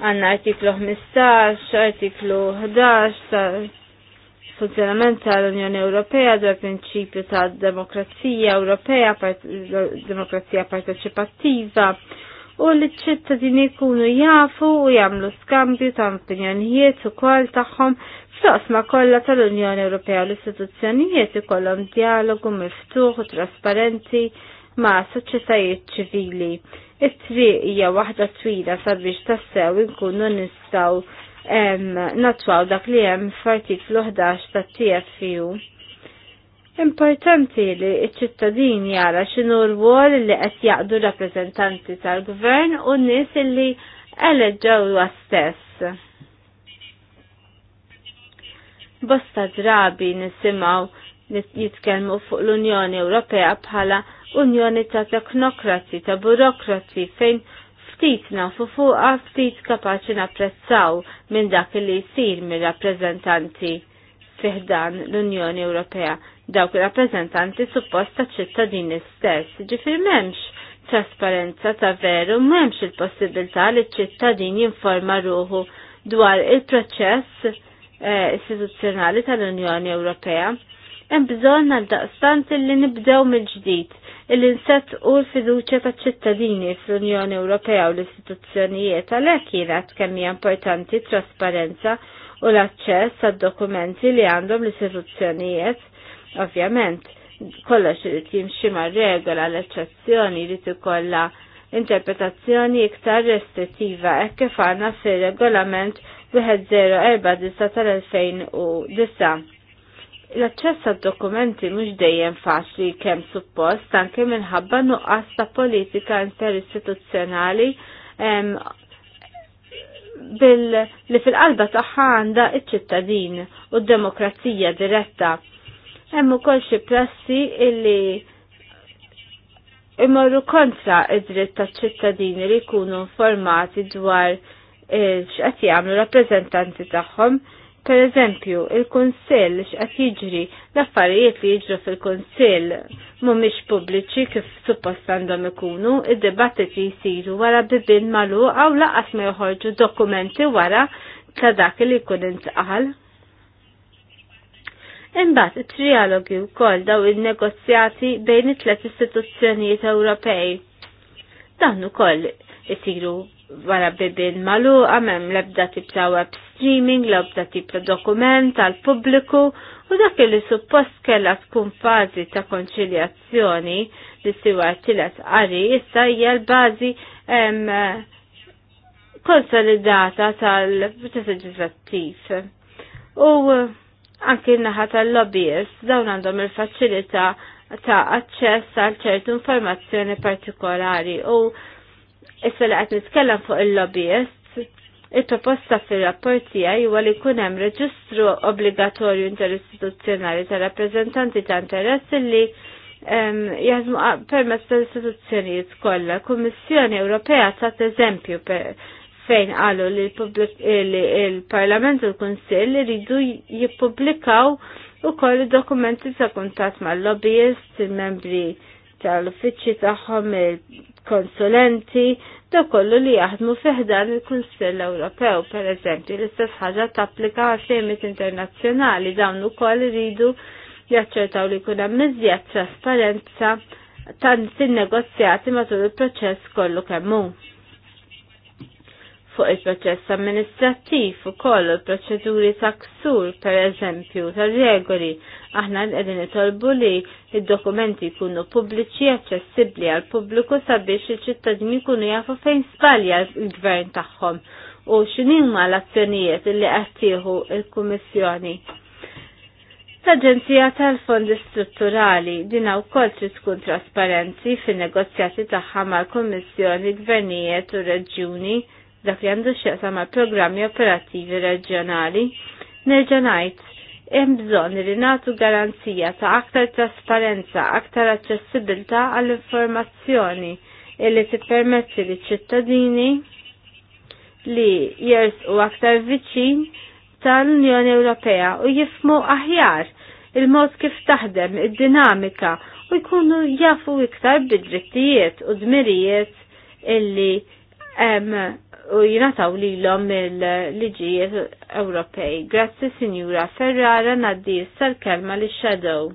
Għanna artiklu 15, artiklu 11 tal funzjonament tal-Unjoni Ewropea dwar prinċipju ta' demokrazija Ewropea, part demokrazija parteċipattiva u li ċittadini jkunu jafu u jagħmlu skambju ta' opinjonijiet ukoll tagħhom ma kollha tal-Unjoni Ewropea u l-istituzzjonijiet ikollhom dialogu miftuħ u trasparenti ma' soċjetajiet ċivili. It-triq hija waħda twila sabiex tassew inkunu nistgħu natwaw dak li hemm f'artiklu 11 tat-TFU. Importanti li ċ-ċittadin jara x'inhu r-wol li qed jaqdu rappreżentanti tal-gvern u n-nies li eleġġew stess bosta drabi nisimaw jitkelmu fuq l-Unjoni Ewropea bħala Unjoni ta' teknokrati, ta' burokrati fejn ftit nafu fuqa ftit kapaċi napprezzaw minn dak li jisir minn rappreżentanti fiħdan l-Unjoni Ewropea. Dawk rappreżentanti suppost ta' ċittadini stess, ġifir memx trasparenza ta' veru memx il-possibilità li ċittadin jinforma ruħu dwar il-proċess Eh, istituzzjonali tal-Unjoni Ewropea. Hemm bżonn daqstant li nibdew mill-ġdid illi nsett u l-fiduċja taċ-ċittadini fl-Unjoni Ewropea u l-istituzzjonijiet għalhekk kienet kemm hija importanti t trasparenza u l-aċċess għad-dokumenti li għandhom l-istituzzjonijiet. Ovvjament, kollox irid jimxi mar-regola l-eċċezzjoni irid ikollha interpretazzjoni iktar restrittiva hekk kif għandna fir-regolament 104 tal-2009. L-aċċess għad dokumenti mhux dejjem faċli kemm suppost anke minħabba nuqqas ta' politika interistituzzjonali bil li fil-qalba tagħha għandha iċ-ċittadin u d-demokrazija diretta. Hemm ukoll xi prassi illi imorru kontra id-dritt taċ-ċittadini li jkunu informati dwar x'qed jagħmlu rappreżentanti tagħhom. Per eżempju, il-Kunsill x'qed jiġri l-affarijiet li jiġru fil-Kunsill mhumiex pubbliċi kif suppost għandhom ikunu, id-dibattiti jsiru wara bibin malu aw laqas ma joħorġu dokumenti wara ta' dak li jkun intqal. Imbagħad it-trialogi wkoll daw il-negozjati bejn it-tliet istituzzjonijiet Ewropej. Dan ukoll isiru wara bibin malu, għamem lebda tip ta' web streaming, lebda tip ta' dokument għal pubbliku u dak li suppost kella tkun fazi ta' konċiljazzjoni li siwa tilet qari issa hija l-bażi konsolidata tal-proċess leġislattiv. U anki naħa tal-lobbyist dawn għandhom il-faċilità ta' aċċess għal ċertu informazzjoni partikolari u Issa li qed nitkellem fuq il lobbyist il-proposta fir-rapport għaj huwa li jkun hemm reġistru obbligatorju interistituzzjonali ta' rappreżentanti ta' Interess li jaħdmu permezz tal-istituzzjonijiet kollha. Kummissjoni Ewropea tat eżempju fejn qalu li il-Parlament u l-Kunsill iridu jippubblikaw ukoll dokumenti ta' kuntat mal-lobbyist, il-membri tal-uffiċċji tagħhom il-konsulenti da kollu li jaħdmu fiħdan il-Kunsill Ewropew, per eżempju, l-istess ħaġa tapplika għal ftehimiet internazzjonali dawn ukoll iridu jaċċertaw li jkun hemm iżjed trasparenza tant in-negozjati matul il-proċess kollu kemm hu fuq il-proċess amministrattiv u koll proċeduri ta' ksur, per eżempju, ta' regoli. Aħna qegħdin itolbu li il dokumenti jkunu pubbliċi aċċessibbli għal pubbliku sabiex il-ċittadini jkunu jafu fejn spalja l-gvern tagħhom u x'inhuma l-azzjonijiet li qed tieħu il-Kummissjoni. L-Aġenzija tal-Fondi Strutturali dina wkoll trid tkun trasparenti fin-negozjati tagħha mal-Kummissjoni, Gvernijiet u Reġjuni dak li għandu xieqsa ma' programmi operattivi reġjonali. Nerġa' ngħid hemm bżonn li nagħtu garanzija ta' aktar trasparenza, aktar aċċessibilta għall-informazzjoni illi tippermetti li ċittadini li jersqu aktar viċin tal-Unjoni Ewropea u jifmu aħjar il-mod kif taħdem id-dinamika u jkunu jafu iktar bid-drittijiet u dmirijiet illi hemm u jinataw li l-om il-liġijiet Ewropej. Grazzi Sinjura Ferrara naddi sal-kelma li shadow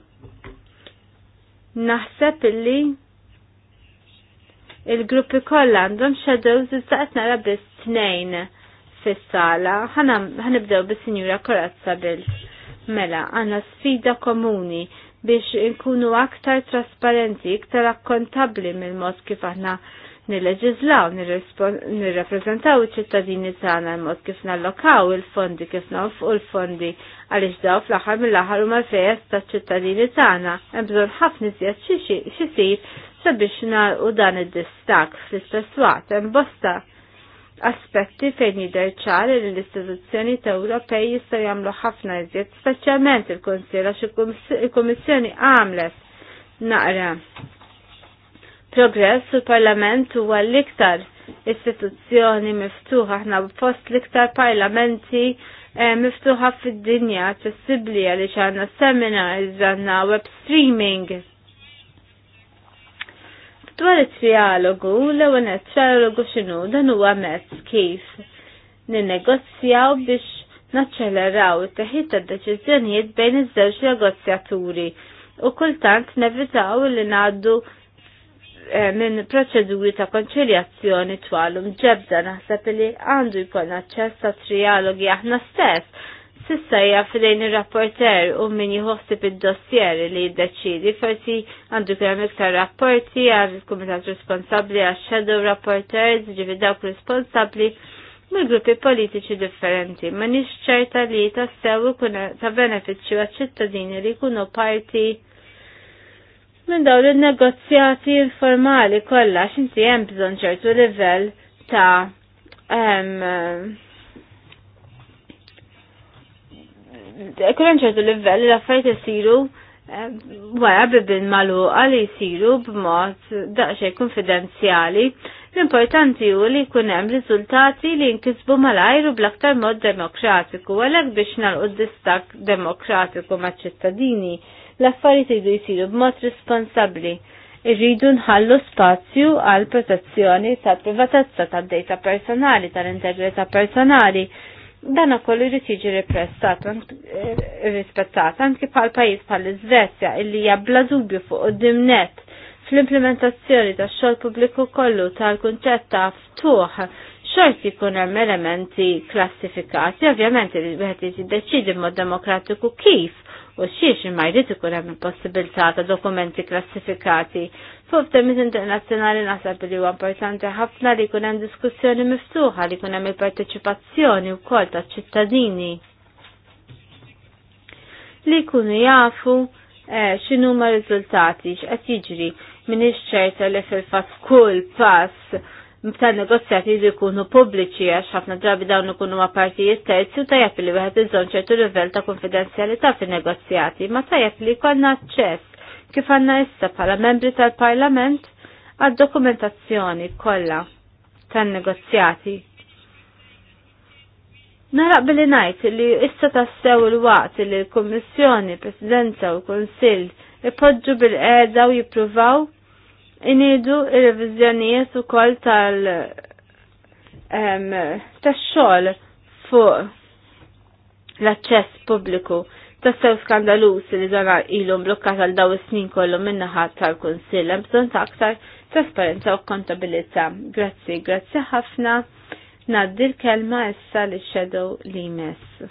Naħseb illi il-gruppi kollha għandhom shadows iżda qed nara bis tnejn fis-sala. Ħanibdew bis-Sinjura Korazza Bilt. Mela, għandna sfida komuni biex inkunu aktar trasparenti, iktar akkontabli mill-mod kif aħna nilleġizlaw, nirrappreżentaw iċ-ċittadini tagħna mod kif nallokaw il-fondi kif u l-fondi għaliex daw fl-aħħar mill-aħħar mal-fejas taċ-ċittadini tagħna. Hemm bżonn ħafna iżjed xisir sabiex u dan id-distak fl-istess waqt m'bosta aspetti fejn jidher ċar li l-istituzzjoni ta' Ewropej jista' jagħmlu ħafna iżjed, speċjalment il-Kunsill għax il-Kummissjoni għamlet naqra progress u l-Parlament huwa l-iktar istituzzjoni miftuħa aħna fost l-iktar parlamenti eh, miftuħa fid-dinja aċċessibbli għaliex għandna seminars, għanna web streaming. Dwar it-trialogu, l-ewwel trialogu xinu, dan huwa mezz kif ninnegozjaw biex naċċeleraw it-teħid ta' deċiżjonijiet bejn iż-żewġ negozjaturi u kultant nevitaw li ngħaddu Eh, minn proċeduri ta' konċiljazzjoni twalum ġebda naħseb li għandu jkun aċċess ta' trialogi aħna stess. Sissa hija fidejn ir-rapporter u min jħossib id-dossier li jiddeċidi forsi għandu kien hemm iktar rapporti għal il-kumitat responsabbli għax shadow rapporters ġifi dawk responsabbli mill-gruppi politiċi differenti. Ma nix ċerta li tassew ikun ta' benefiċċju għaċ-ċittadini li jkunu parti minn dawn il-negozjati informali kolla x'inti hemm bżonn ċertu livell ta' eh, Kun hemm ċertu livell li l-affarijiet isiru wara bibin magħluqa li jsiru b'mod daqsxejn konfidenzjali. L-importanti hu li jkun hemm riżultati li jinkisbu malajru bl-aktar mod demokratiku għalhekk biex nagħlqu uddistak demokratiku maċ-ċittadini L-affarijiet jridu jsiru b'mod responsabbli. Irridu nħallu spazju għal protezzjoni ta' privatezza ta' data personali, tal-integrità personali. Dan ukoll irid jiġi ripressat eh, rispettat anke bħal pajjiż bħal iżvezja illi hija bla dubju fuq id-dimnet fl-implementazzjoni tax-xogħol pubbliku kollu tal-kunċett ta' ftuħ xort jikun hemm elementi klassifikati, ovvjament il wieħed jiddeċidi mod demokratiku kif u xiex imma jrid ikun hemm il-possibilità ta' dokumenti klassifikati. Fuq temiz internazzjonali naħseb li huwa importanti ħafna li jkun hemm diskussjoni miftuħa li jkun hemm il-parteċipazzjoni wkoll taċ-ċittadini li jkunu jafu eh, x'inhuma x'inhuma riżultati x'qed jiġri minix ċerta li fil-fatt kull pass tal negozjati li jkunu pubbliċi għax ħafna drabi dawn ikunu ma' partijiet terzi u tajjeb li wieħed iżżomm ċertu livell ta' konfidenzjalità fin-negozjati, ma tajjeb li jkollna aċċess kif għandna issa bħala membri tal-Parlament għad-dokumentazzjoni kollha tan-negozjati. Naraq billi najt li issa tassew il-waqt li l-Kommissjoni, Presidenza u Konsil ipoġġu bil-qeda u jippruvaw inidu il-revizjonijiet u ukoll tal tal xogħol fuq l-aċċess pubbliku tas-sew skandalus li dan ilu mblokkat għal daw is-snin kollu minnaħa tal-Kunsill hemm bżonn ta' aktar trasparenza u kontabilità. Grazzi, grazzi ħafna. Naddi l-kelma issa li shadow li mess.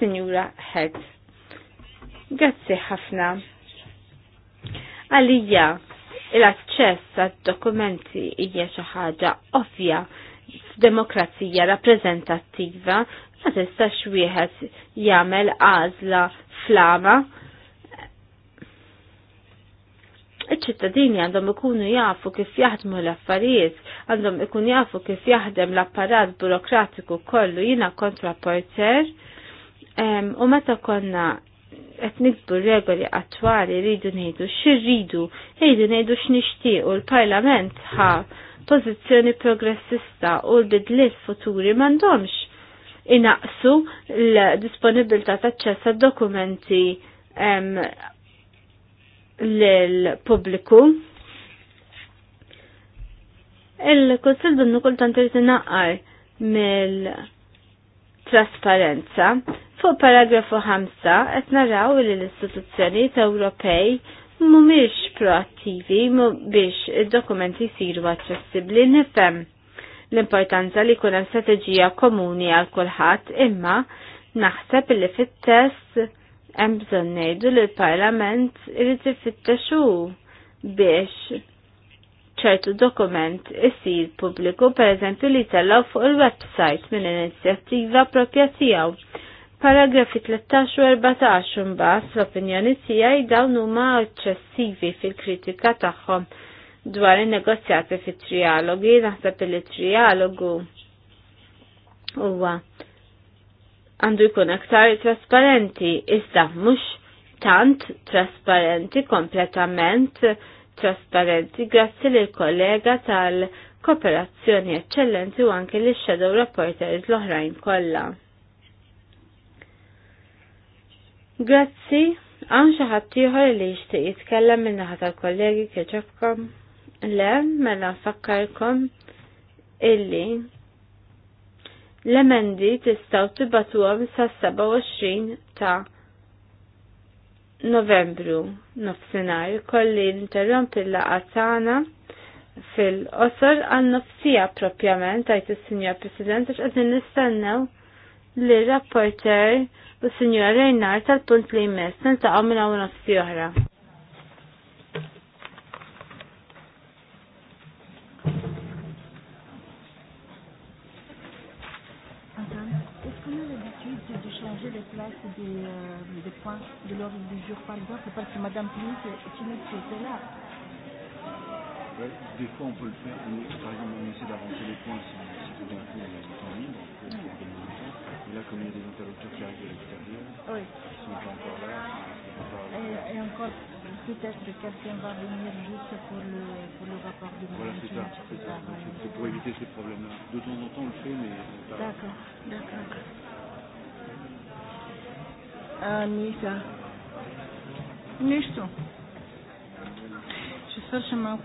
il-Sinjura Head. Grazzi ħafna. Għalija, l-aċċess għad dokumenti hija xi ħaġa ovvja f'demokrazija rappreżentattiva ma tistax wieħed jagħmel għażla flama. Iċ-ċittadini għandhom ikunu jafu kif jaħdmu l-affarijiet, għandhom ikun jafu kif jaħdem l-apparat burokratiku kollu jina kontra porter U meta konna qed nikbu regoli attwali rridu ngħidu x'irridu, rridu ngħidu x'nixtiequ l-Parlament ha pożizzjoni progressista u l-bidliet futuri m'għandhomx inaqsu l-disponibilità taċċess għad-dokumenti l-pubbliku. Il-Kunsill dunnu kultant irid inaqqar mill- trasparenza. Fuq paragrafu 5 qed naraw li l-istituzzjonijiet Ewropej mhumiex proattivi biex id-dokumenti jsiru aċċessibbli nifhem l-importanza li jkun hemm strateġija komuni għal kulħadd imma naħseb li fit-test hemm bżonn ngħidu li l-Parlament irid ifittex biex ċertu dokument publiku pubbliku pereżempju li tellaw fuq il-website minn inizjattiva propja tiegħu. Paragrafi 13 u 14 imbagħad fl-opinjoni tiegħi dawn huma eċċessivi fil-kritika tagħhom dwar in-negozjati fit-trialogi, naħseb il trialogu huwa għandu jkun aktar trasparenti, iżda mhux tant trasparenti kompletament trasparenti grazzi lil kollega tal-kooperazzjoni eccellenti u anke li shadow reporters l-oħrajn kollha. Grazzi, għan xaħat ieħor li jixtieq jitkellem minna naħa tal-kollegi kieġobkom. Le, mela fakkarkom illi l-emendi tistaw tibatuhom sa' 27 ta' novembru nofsinar kolli interrompi l-laqa tagħna fil-qosor għal nofsija propjament għajt il-Sinjor President għax għadin nistennew li rapporter u Sinjor Reynard tal-punt li jmess nintaqgħu minn hawn nofsi oħra. changer les places des, euh, des points de l'ordre du jour, par exemple, parce que Madame Plinc est une qui était là. Ouais, des fois, on peut le faire. Nous, par exemple, on essaie d'avancer les points si, si tout d'un coup, il a du temps libre. Et là, comme il y a des interrupteurs qui arrivent de l'extérieur, oui. ils sont pas encore là. et, et encore, peut-être que quelqu'un va venir juste pour le, pour le rapport de Voilà, c'est ça. C'est pour éviter ces problèmes-là. De temps en temps, on le fait, mais... D'accord, d'accord. Ah, Anita. Nisto. Ще свършим малко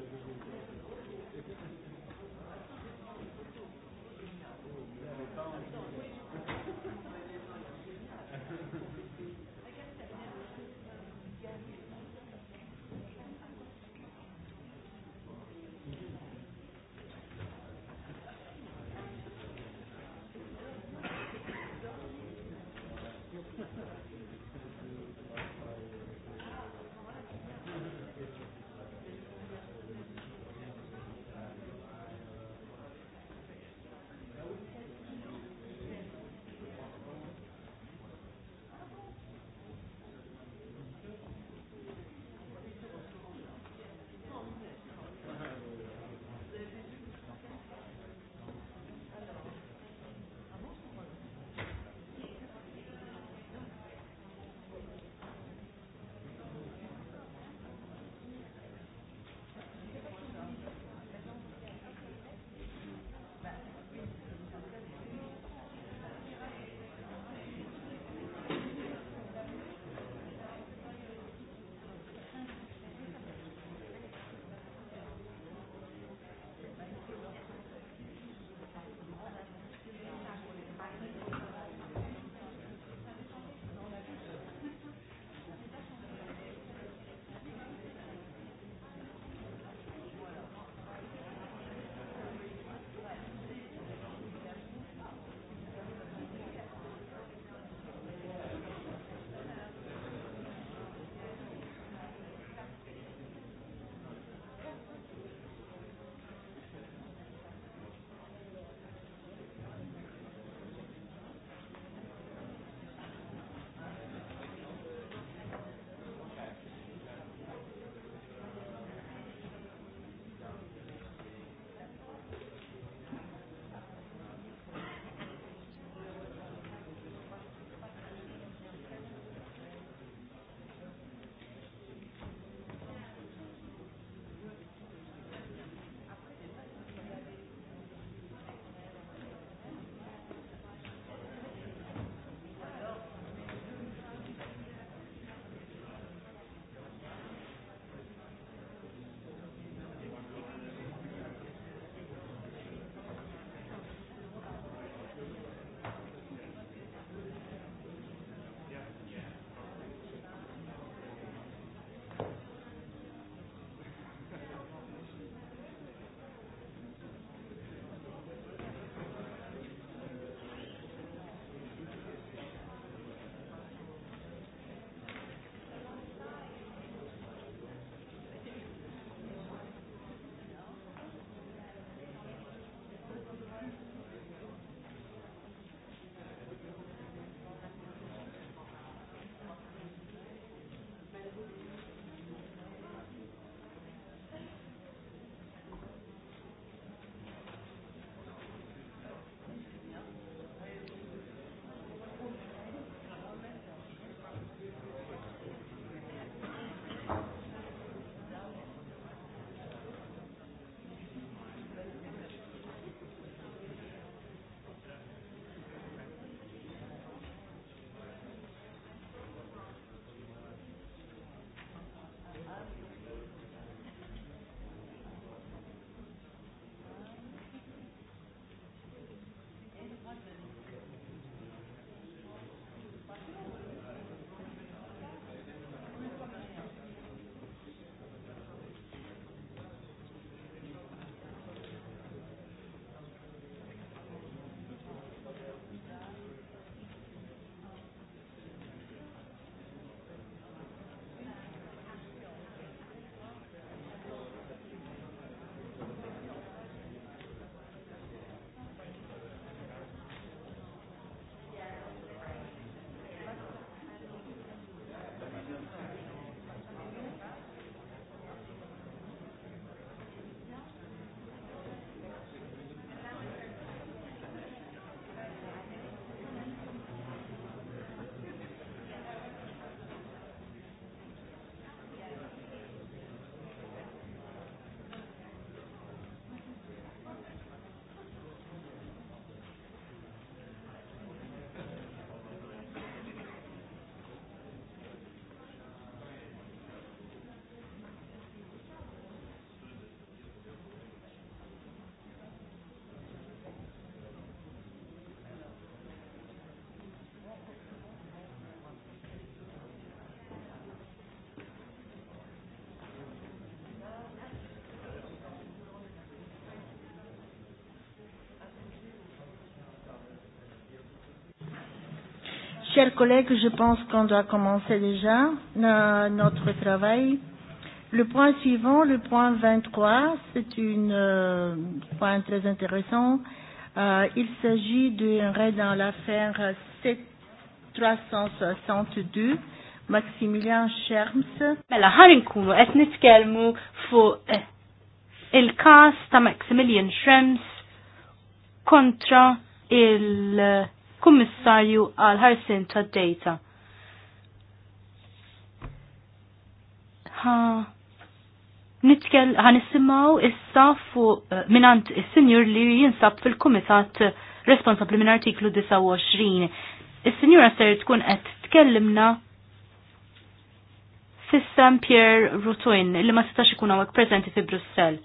Chers collègues, je pense qu'on doit commencer déjà notre travail. Le point suivant, le point 23, c'est un euh, point très intéressant. Euh, il s'agit d'un raid dans l'affaire 7362. Maximilian Scherms. Mela, ħarin kunu, et nitkelmu fuq eh, il-kas ta' Maximilian Scherms kontra il- kummissarju għal ħarsin tad data Ha, nisimaw ħanissimaw issa fu eh, minant il-senjur li jinsab fil-komitat responsabli minn artiklu 29. Il-senjura ser tkun qed tkellimna fissam Pierre Rutuin li ma setax ikun għawek prezenti fi Brussel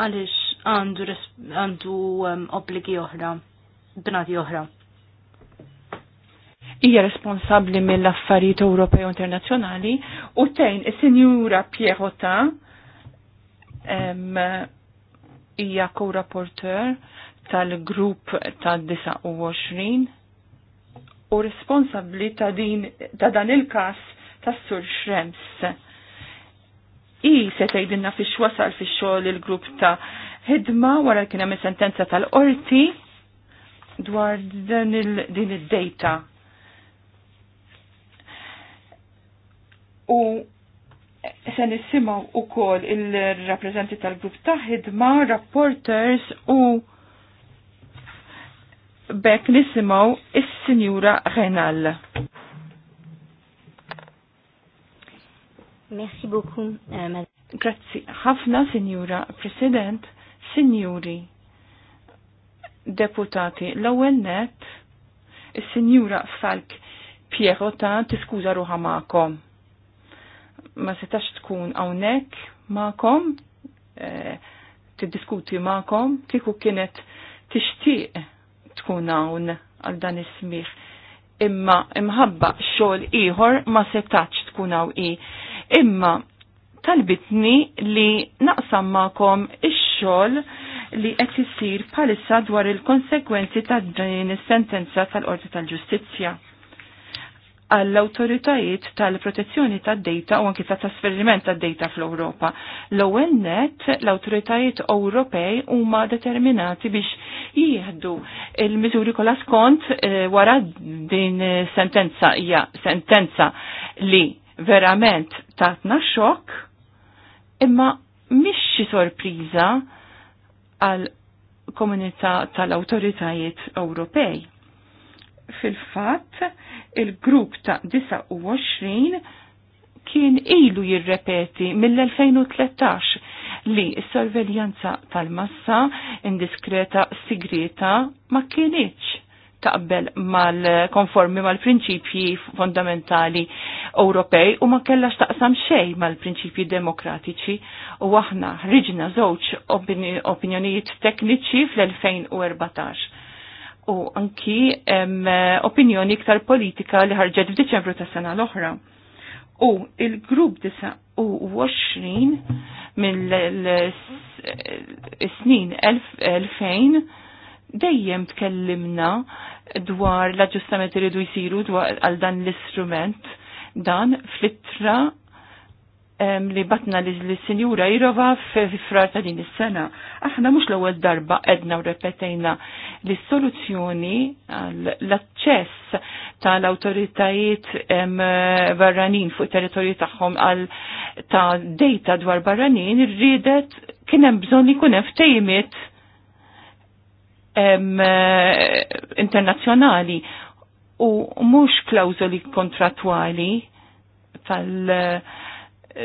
għalix għandu, għandu ehm, obligi oħra, bnadi oħra hija responsabbli mill-affarijiet Ewropew internazzjonali u tejn is-Sinjura Pierrota hija co-rapporteur tal-grupp tad-29 u responsabbli ta' din ta' dan il-każ tas-Sur Schrems. I se tgħidilna fix wasal fix-xogħol il-grupp ta' ħidma wara kien hemm sentenza tal-qorti dwar din id-data u se nissimaw u kol il-rapprezenti tal-grupp ta' ħidma, rapporters u bekk nissimaw il sinjura Renal. Merci beaucoup, euh, madame. Grazzi ħafna, Sinjura President, Sinjuri Deputati. L-ewwel net, is-Sinjura Falk Pierrota tiskuża ruħa magħkom ma setax tkun hawnhekk ma'kom e, tiddiskuti ma'kom kieku kienet tixtieq tkun hawn għal dan is imma imħabba xogħol ieħor ma setax tkun għaw i. Imma talbitni li naqsam ma'kom ix-xogħol li qed isir bħalissa dwar il-konsekwenzi ta' din is-sentenza tal-Qorti tal-Ġustizzja għall-autoritajiet tal-protezzjoni tad-data u anki ta' trasferiment tad-data fl-Ewropa. L-ewwel net l-awtoritajiet Ewropej huma determinati biex jieħdu il-miżuri kollha skont eh, wara din sentenza hija sentenza li verament tatna xokk imma mhix xi sorpriża għal komunità tal-awtoritajiet Ewropej fil-fatt il-grupp ta' 29 kien ilu jirrepeti mill-2013 li s-sorveljanza tal-massa indiskreta sigreta ma kienieċ taqbel mal-konformi mal-prinċipji fondamentali Ewropej u ma kellax taqsam xej mal-prinċipji demokratiċi u aħna ħriġna żewġ opinjonijiet tekniċi fl-2014 u anki eh, opinjoni iktar politika li ħarġet f'Diċembru ta' sena l-oħra. U il-grupp 20 mill-snin 2000 dejjem tkellimna dwar l-aġġustamenti li jsiru dwar għal dan l-istrument dan flittra li batna li l-Sinjura Jirova f-frar ta' din is-sena. Aħna mhux l-ewwel darba edna u repetejna li soluzzjoni l-aċċess tal-awtoritajiet barranin fuq territorju tagħhom għal ta' dejta dwar barranin irridet kien hemm bżonn li hemm ftejmiet internazzjonali u mhux klawżoli kontratwali tal- uh,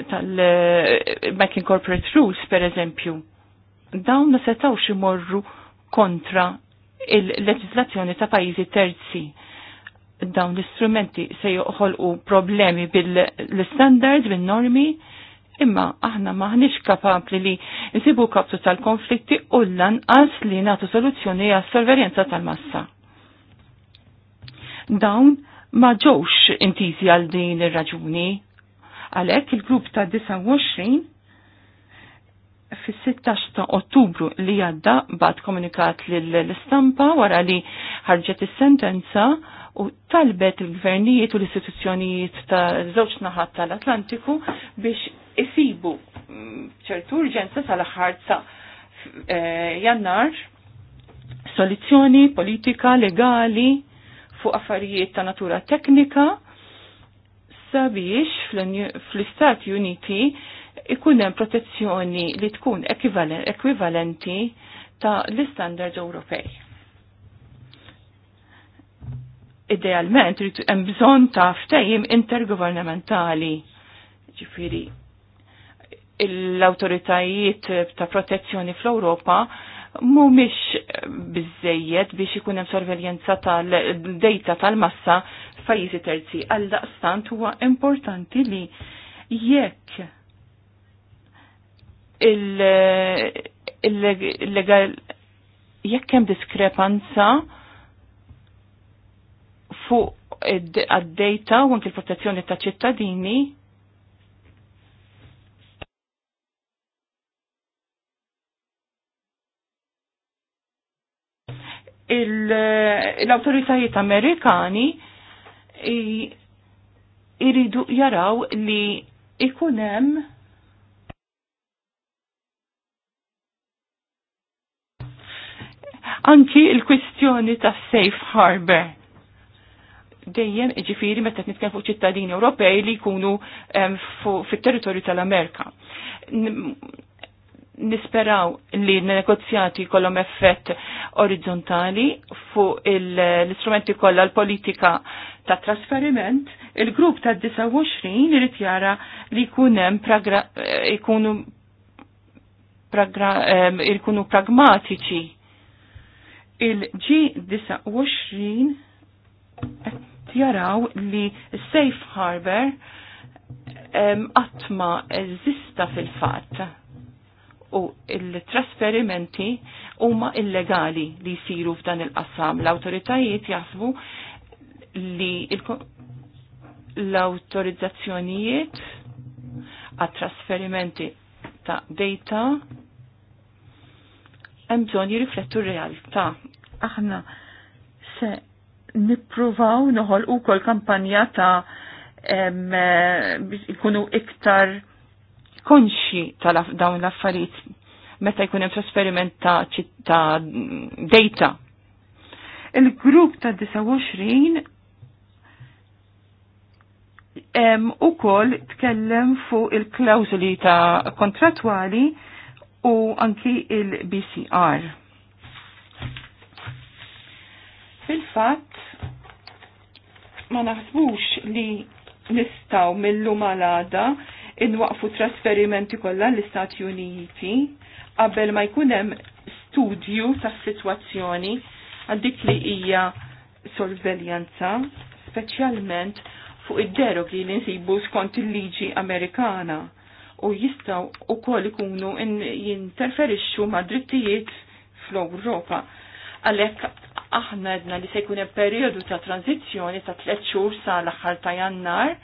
tal-Back Corporate Rules, per eżempju, dawn ma setawx imorru kontra il-leġislazzjoni ta' pajizi terzi. Dawn l-istrumenti se joħolqu problemi bil-standards, bil-normi, imma aħna maħniex kapabli li nsibu kaptu tal-konflitti u l-lanqas li natu soluzzjoni għas solverjenza tal-massa. Dawn ma ġewx intizi għal din ir-raġuni Għalhekk il-grupp ta' 29 fis-16 ta' Ottubru li għadda bad komunikat lill-istampa wara li ħarġet is-sentenza u talbet il-gvernijiet u l-istituzzjonijiet ta' żewġ naħat tal-Atlantiku biex isibu mm, ċertu urġenza sal ħarza eh, jannar soluzzjoni politika legali fuq affarijiet ta' natura teknika sabiex fl-Istati Uniti ikun hemm protezzjoni li tkun ekvivalenti ta' l-istandard Ewropej. Idealment rrid hemm bżonn ta' ftehim intergovernamentali. Ġifieri l-awtoritajiet ta' protezzjoni fl-Ewropa mhumiex bizzejiet biex ikun hemm sorveljenza tal-dejta tal-massa f'pajjiżi terzi. Għal daqstant huwa importanti li jekk il-legal jekk hemm diskrepanza fuq għad-dejta u anke l-protezzjoni ta' ċittadini, l-autoritajiet Amerikani iridu jaraw li ikunem anki il-kwistjoni ta' safe harbor. Dejjem ġifiri meta nitkellem fuq ċittadini Ewropej li jkunu fit-territorju tal-Amerika nisperaw li negozjati kolom effett orizzontali fuq l-istrumenti kollha l-politika ta' trasferiment, il-grupp ta' 29 irrit jara li kunem ikunu ikunu pragmatiċi. Il-G29 jaraw li safe harbor għatma eżista fil-fatt u il-trasferimenti huma illegali li jisiru f'dan il-qassam. L-autoritajiet jasbu li l-autorizzazzjonijiet għat trasferimenti ta' data hemm bżonn jirriflettu r-realtà. Aħna se nippruvaw noħolqu kol kampanja ta' eh, ikunu iktar konxi ta' dawn l-affarijiet meta jkun hemm trasferiment ta' ta' data. Il-grupp ta' 29 em, u tkellem fuq il-klawzuli ta' kontratwali u anki il-BCR. fil fatt ma naħsbux li nistaw mill-lumalada inwaqfu trasferimenti kollha l-Istati Uniti qabel ma jkun hemm studju tas-sitwazzjoni għal dik li hija sorveljanza, speċjalment fuq id-derogi li nsibu skont il-liġi Amerikana u jistaw u ikunu jinterferixxu ma' drittijiet fl-Ewropa. Għalek aħna edna li se jkun periodu ta' tranzizjoni ta' tliet xhur sa l-aħħar ta' jannar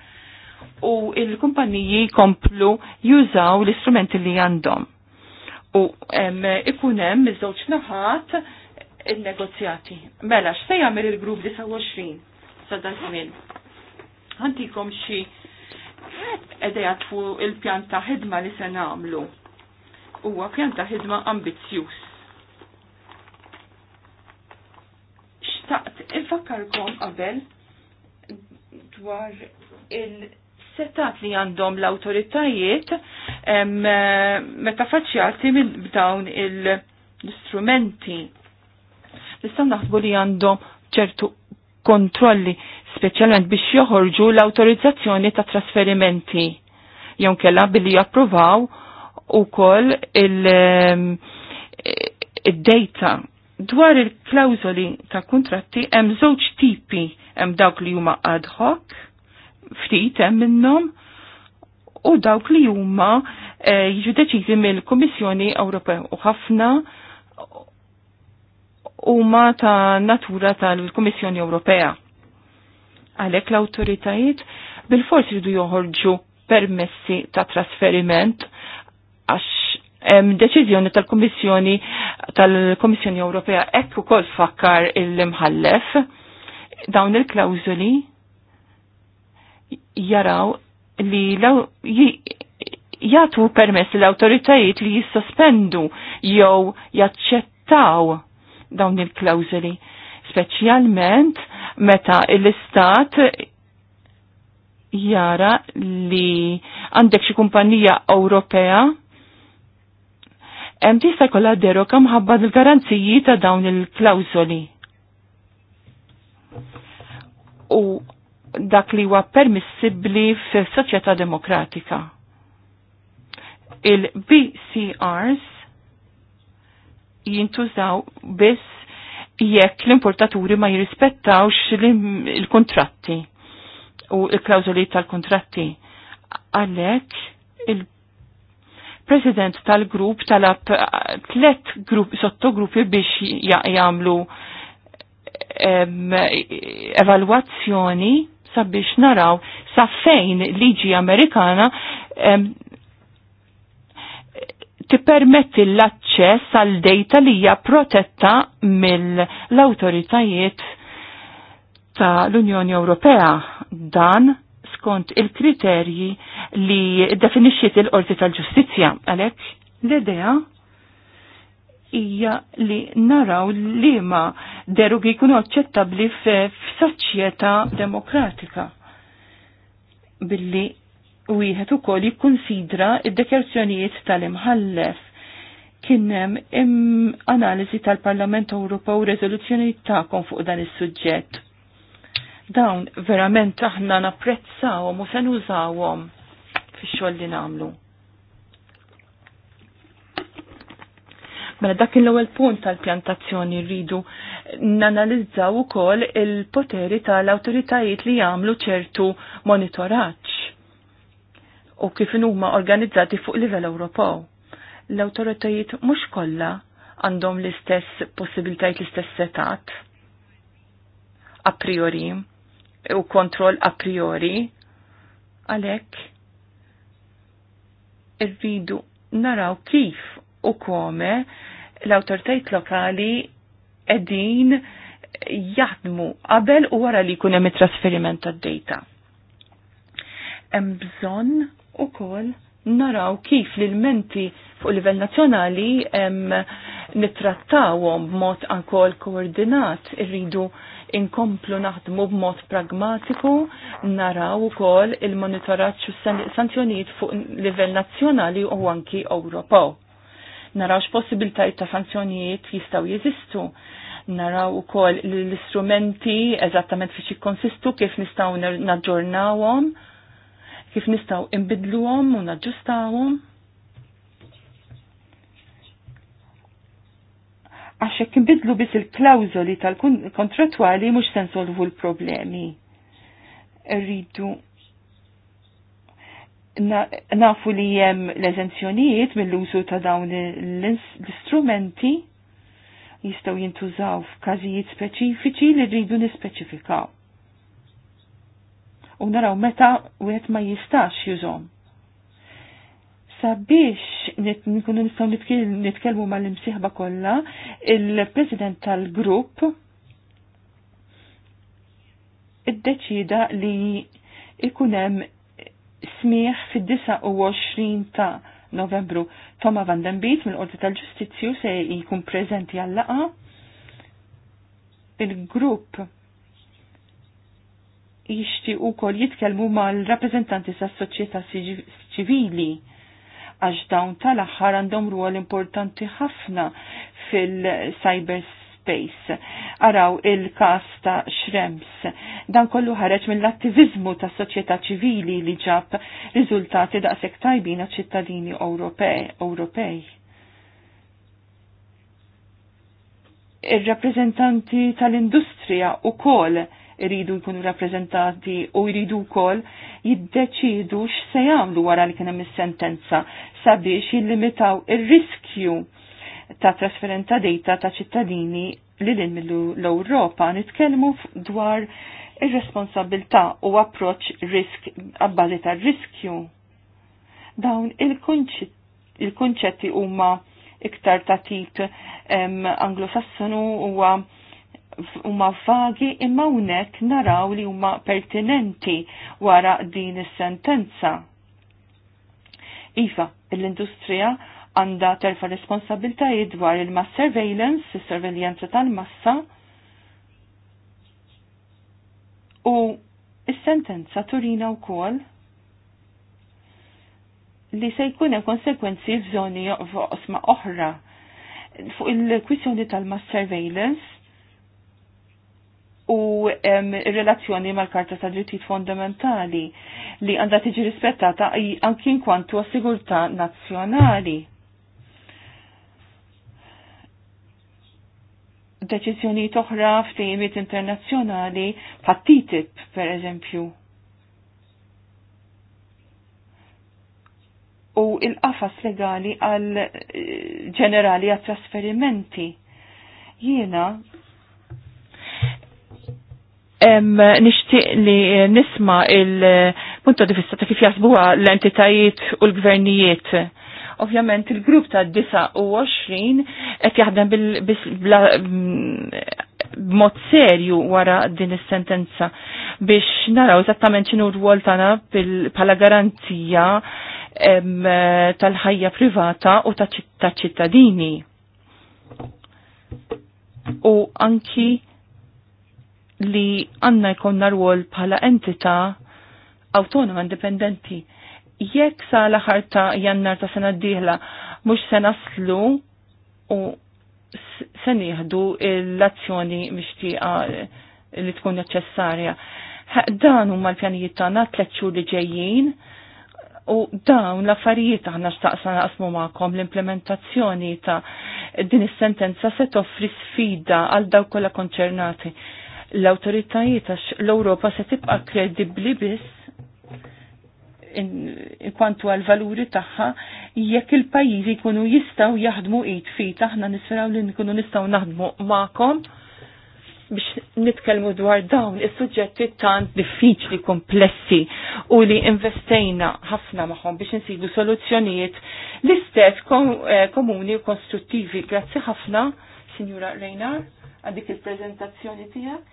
u il-kumpaniji komplu jużaw l-istrumenti li għandhom. U ikunem iż-żewġ naħat il-negozjati. Mela, x'se jagħmel il-grupp 29 sa dan żmien? Għandikom xi edejat fuq il-pjan ta' ħidma li se nagħmlu. Huwa pjan ta' ħidma ambizzjuż. Xtaqt infakkarkom qabel dwar il- setat li għandhom l-autoritajiet meta faċċjati minn dawn l-istrumenti. Nistaw naħsbu li għandhom ċertu kontrolli, speċjalment biex joħorġu l-autorizzazzjoni ta' trasferimenti. Jew kella billi jappruvaw ukoll il-data dwar il klawzoli ta' kontratti hemm żewġ tipi hemm dawk li huma ad hoc ftit hemm minnhom u dawk li huma eh, jiġu deċiżi mill-Kummissjoni Ewropea u ħafna huma ta' natura tal-Kummissjoni Ewropea. Għalhekk l-awtoritajiet bil-fors jridu joħorġu permessi ta' trasferiment għax hemm deċiżjoni tal-Kummissjoni tal-Kummissjoni Ewropea hekk ukoll fakkar il-imħallef dawn il-klawżoli jaraw li law jagħtu permess l-awtoritajiet li jissospendu jew jaċċettaw dawn il-klawżoli, speċjalment meta l-istat jara li għandek xi kumpanija Ewropea hemm tista' jkollha deroka mħabba l-garanziji ta' dawn il-klawżoli. U dak li huwa permissibbli fis-soċjetà demokratika. Il-BCRs jintużaw biss jekk l-importaturi ma jirrispettawx il-kontratti u l klawżoli tal-kontratti. Għalhekk il- president tal-grupp talab tlet grupp sottogruppi biex jagħmlu evalwazzjoni sabiex naraw sa fejn liġi Amerikana tippermetti l-aċċess għal dejta li hija protetta mill-awtoritajiet ta' l-Unjoni Ewropea dan skont il-kriterji li definixxiet il-Qorti tal-Ġustizzja. Għalhekk l-idea hija li naraw li ma derugi jkunu aċċettabbli f'soċjetà demokratika billi wieħed ukoll jikkunsidra id-dekjarzjonijiet tal-imħallef kien hemm analiżi tal-Parlament Ewropew reżoluzzjoni tagħkom fuq dan is-suġġett. Dawn verament aħna napprezzawhom u se nużawhom fix-xogħol li nagħmlu. Mela dak l ewwel punt tal-pjantazzjoni rridu nanalizzaw ukoll il-poteri tal-awtoritajiet li jagħmlu ċertu monitoraġġ u kif huma organizzati fuq livell Ewropew. L-awtoritajiet mhux kollha għandhom l-istess possibiltajiet l-istess setat a priori u kontroll a priori għalhekk irridu naraw kif u kome l-autoritajt lokali edin jaħdmu qabel u wara li jkun hemm it-trasferiment tad-data. Hemm bżonn ukoll naraw kif l-ilmenti fuq livell nazzjonali nittrattawhom b'mod ankol koordinat irridu inkomplu naħdmu b'mod pragmatiku, naraw ukoll il-monitoraġġ u sanzjonijiet fuq livell nazzjonali u anki Ewropew naraw x ta' sanzjonijiet jistaw jeżistu naraw u kol l-istrumenti eżattament fiex konsistu kif nistaw naġġornawom, kif nistaw imbidluwom u naġġustawom. Għaxek imbidlu bis il-klawzoli tal-kontratwali mux sensolvu l-problemi. Rridu nafu li jem l-eżenzjonijiet mill-użu ta' dawn l-istrumenti jistaw jintużaw f'każijiet speċifiċi li rridu nispeċifikaw. U naraw meta wieħed ma jistax jużom. Sabiex nistaw nitkelmu nitkellmu mal-imsieħba kollha, il-President tal-grupp iddeċida li ikun hemm smieħ fid-29 ta' novembru. Toma Van Den Biet mill-Qorti tal-Ġustizzju se jkun preżenti għal laqa Il-grupp jixti u kol jitkelmu mal rappreżentanti sa' soċieta ċivili għax dawn tal aħħar għandhom ruol importanti ħafna fil-cyber space. Araw il-kas ta' Shrems. Dan kollu ħareġ mill-attivizmu ta' soċjetà ċivili li ġab riżultati da' sektajbina ċittadini Ewropej. Ir-rappreżentanti tal-industrija u kol iridu jkunu rappresentati u jridu wkoll jiddeċidu x'se jagħmlu wara li kien hemm is-sentenza sabiex jillimitaw ir-riskju ta' trasferenza data ta' ċittadini li l europa nitkellmu dwar ir-responsabilità u approċ risk għabbali ta' riskju. Dawn il-konċetti il huma iktar ta' tip anglosassonu u huma vagi imma hawnhekk naraw li huma pertinenti wara din is-sentenza. Iva, l-industrija għanda terfa responsabiltajiet dwar il-mass surveillance, il-sorveljanza tal-massa u is-sentenza turina u kol li se jkun hemm konsekwenzi f'żoni f'osma oħra fuq il-kwissjoni tal-mass surveillance u relazzjoni mal-Karta ta' Drittijiet Fondamentali li għandha tiġi rispettata anki kwantu għas-sigurtà nazzjonali deċizjoni toħra f'tejmiet internazzjonali bħat ttip per eżempju. U il-qafas legali għal eh, ġenerali għat trasferimenti. Jiena nishtiq li nisma il-punto di vista ta' kif jasbuħa l-entitajiet u l-gvernijiet Ovvjament il-grupp ta' 29 qed jaħdem mm, b'mod serju wara din is-sentenza biex naraw eżattament x'inhu r-rwol tagħna bħala garanzija tal-ħajja privata u ta' ċittadini. U anki li għanna jkonna rwol bħala entità autonoma indipendenti jekk sa l-aħħar ta' jannar ta' sena d-dieħla mhux se naslu u se nieħdu l-azzjoni mixtieqa li tkun neċessarja. Dan huma l-pjanijiet tagħna tliet xhur li ġejjin u dawn l-affarijiet aħna x'taqsa naqsmu magħkom l-implementazzjoni ta' din is-sentenza se toffri sfida għal dawk kollha konċernati. L-awtoritajiet għax l-Ewropa se tibqa' kredibbli biss kwantu għal valuri tagħha jekk il-pajjiżi jkunu jistgħu jaħdmu id fi aħna nisraw li nkunu nistgħu naħdmu magħkom biex nitkellmu dwar dawn is-suġġetti tant diffiċli komplessi u li investejna ħafna magħhom biex insibu soluzzjonijiet l-istess eh, komuni u konstruttivi. Grazzi ħafna, Sinjura Reynar għal dik il prezentazzjoni tiegħek.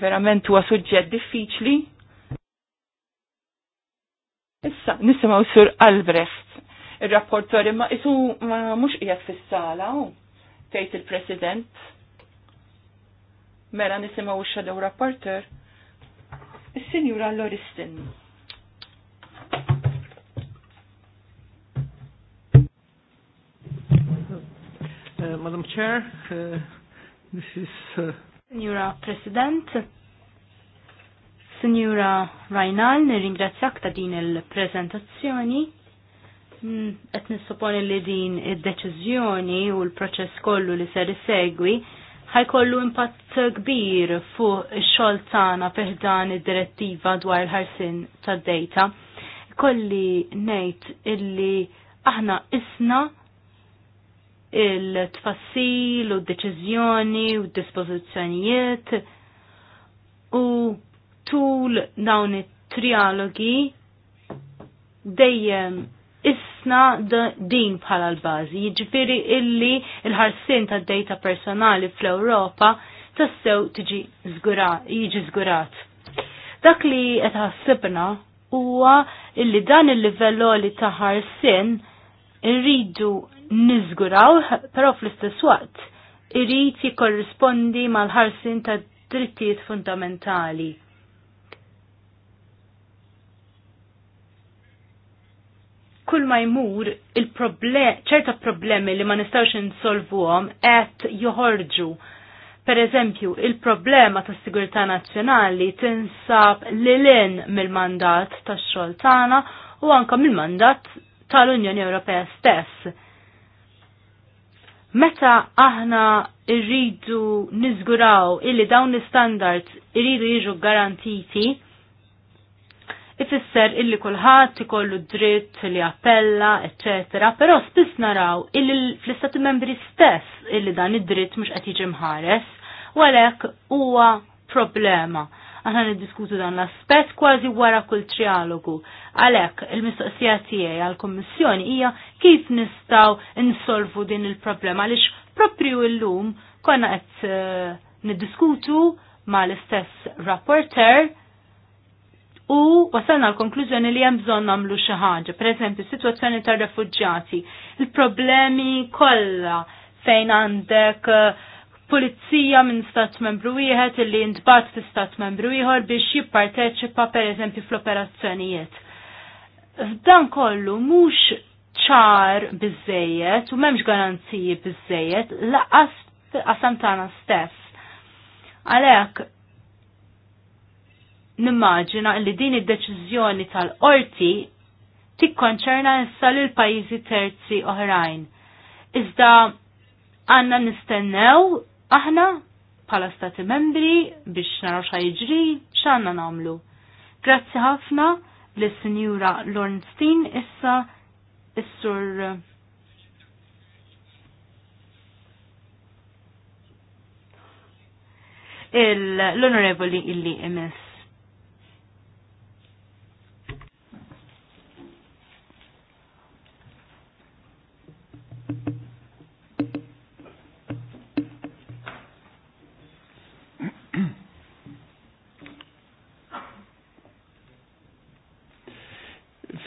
Verament huwa suġġett diffiċli Issa, nisimaw sur Albrecht, il-rapportori ma isu ma mux ijat fissala, tejt il-president. Mela nisimaw il-shadow rapporter, il-senjura Loristin. Uh, Madam Chair, uh, this is... Uh... Senjura President, Signora Rajnal, nirringrazzjak ta' din il-prezentazzjoni. Mm, qed nissuponi li din il deċiżjoni u l-proċess kollu li ser isegwi kollu impatt kbir fuq ix-xogħol tagħna fiħdan id-direttiva dwar il-ħarsin tad-dejta. Kolli ngħid illi aħna isna il-tfassil u d-deċiżjoni u d-dispożizzjonijiet u tul dawn it-trialogi dejjem isna din bħala l-bażi, jiġifieri illi l ħarsien tad data personali fl-Ewropa tassew tiġi jiġi żgurat. Dak li qed ħassibna huwa illi dan il-livell li ta' ħarsin irridu niżguraw, però fl-istess waqt irid jikkorrispondi mal ħarsien tad drittijiet fundamentali kull ma jmur ċerta problemi li ma nistawx għom qed joħorġu. Per eżempju, il-problema ta' sigurtà nazzjonali tinsab lilin mill-mandat tax xogħol tagħna u anka mill-mandat tal-Unjoni Ewropea stess. Meta aħna irridu niżguraw illi dawn l-standards irridu jiġu garantiti, ifisser illi kulħadd ikollu dritt li appella, eċetera, però spiss naraw illi fl-istati membri stess illi dan id-dritt mhux qed jiġi mħares, u għalhekk huwa problema. Aħna niddiskutu dan l-aspett kważi wara kull trialogu. Għalhekk il-mistoqsija tiegħi għall-Kummissjoni hija kif nistgħu insolvu din il-problema għaliex proprju llum konna qed eh, niddiskutu mal istess rapporter u wasalna l-konklużjoni li hemm bżonn nagħmlu xi ħaġa, pereżempju sitwazzjoni tar-refuġġjati, il-problemi kollha fejn għandek uh, pulizija minn stat membru wieħed illi jintbat fi stat membru ieħor biex jipparteċipa pereżempju fl-operazzjonijiet. F'dan kollu mhux ċar biżejjed u m'hemmx garanziji biżejjed laqas qasam tagħna stess. Għalhekk nimmaġina li din id-deċiżjoni tal-qorti tikkonċerna issa il pajjiżi terzi oħrajn. Iżda għanna nistennew aħna bħala stati membri biex naraw xajġri xanna x'għandna nagħmlu. Grazzi ħafna lis sinjura Lornstein issa is-sur l-onorevoli illi imis.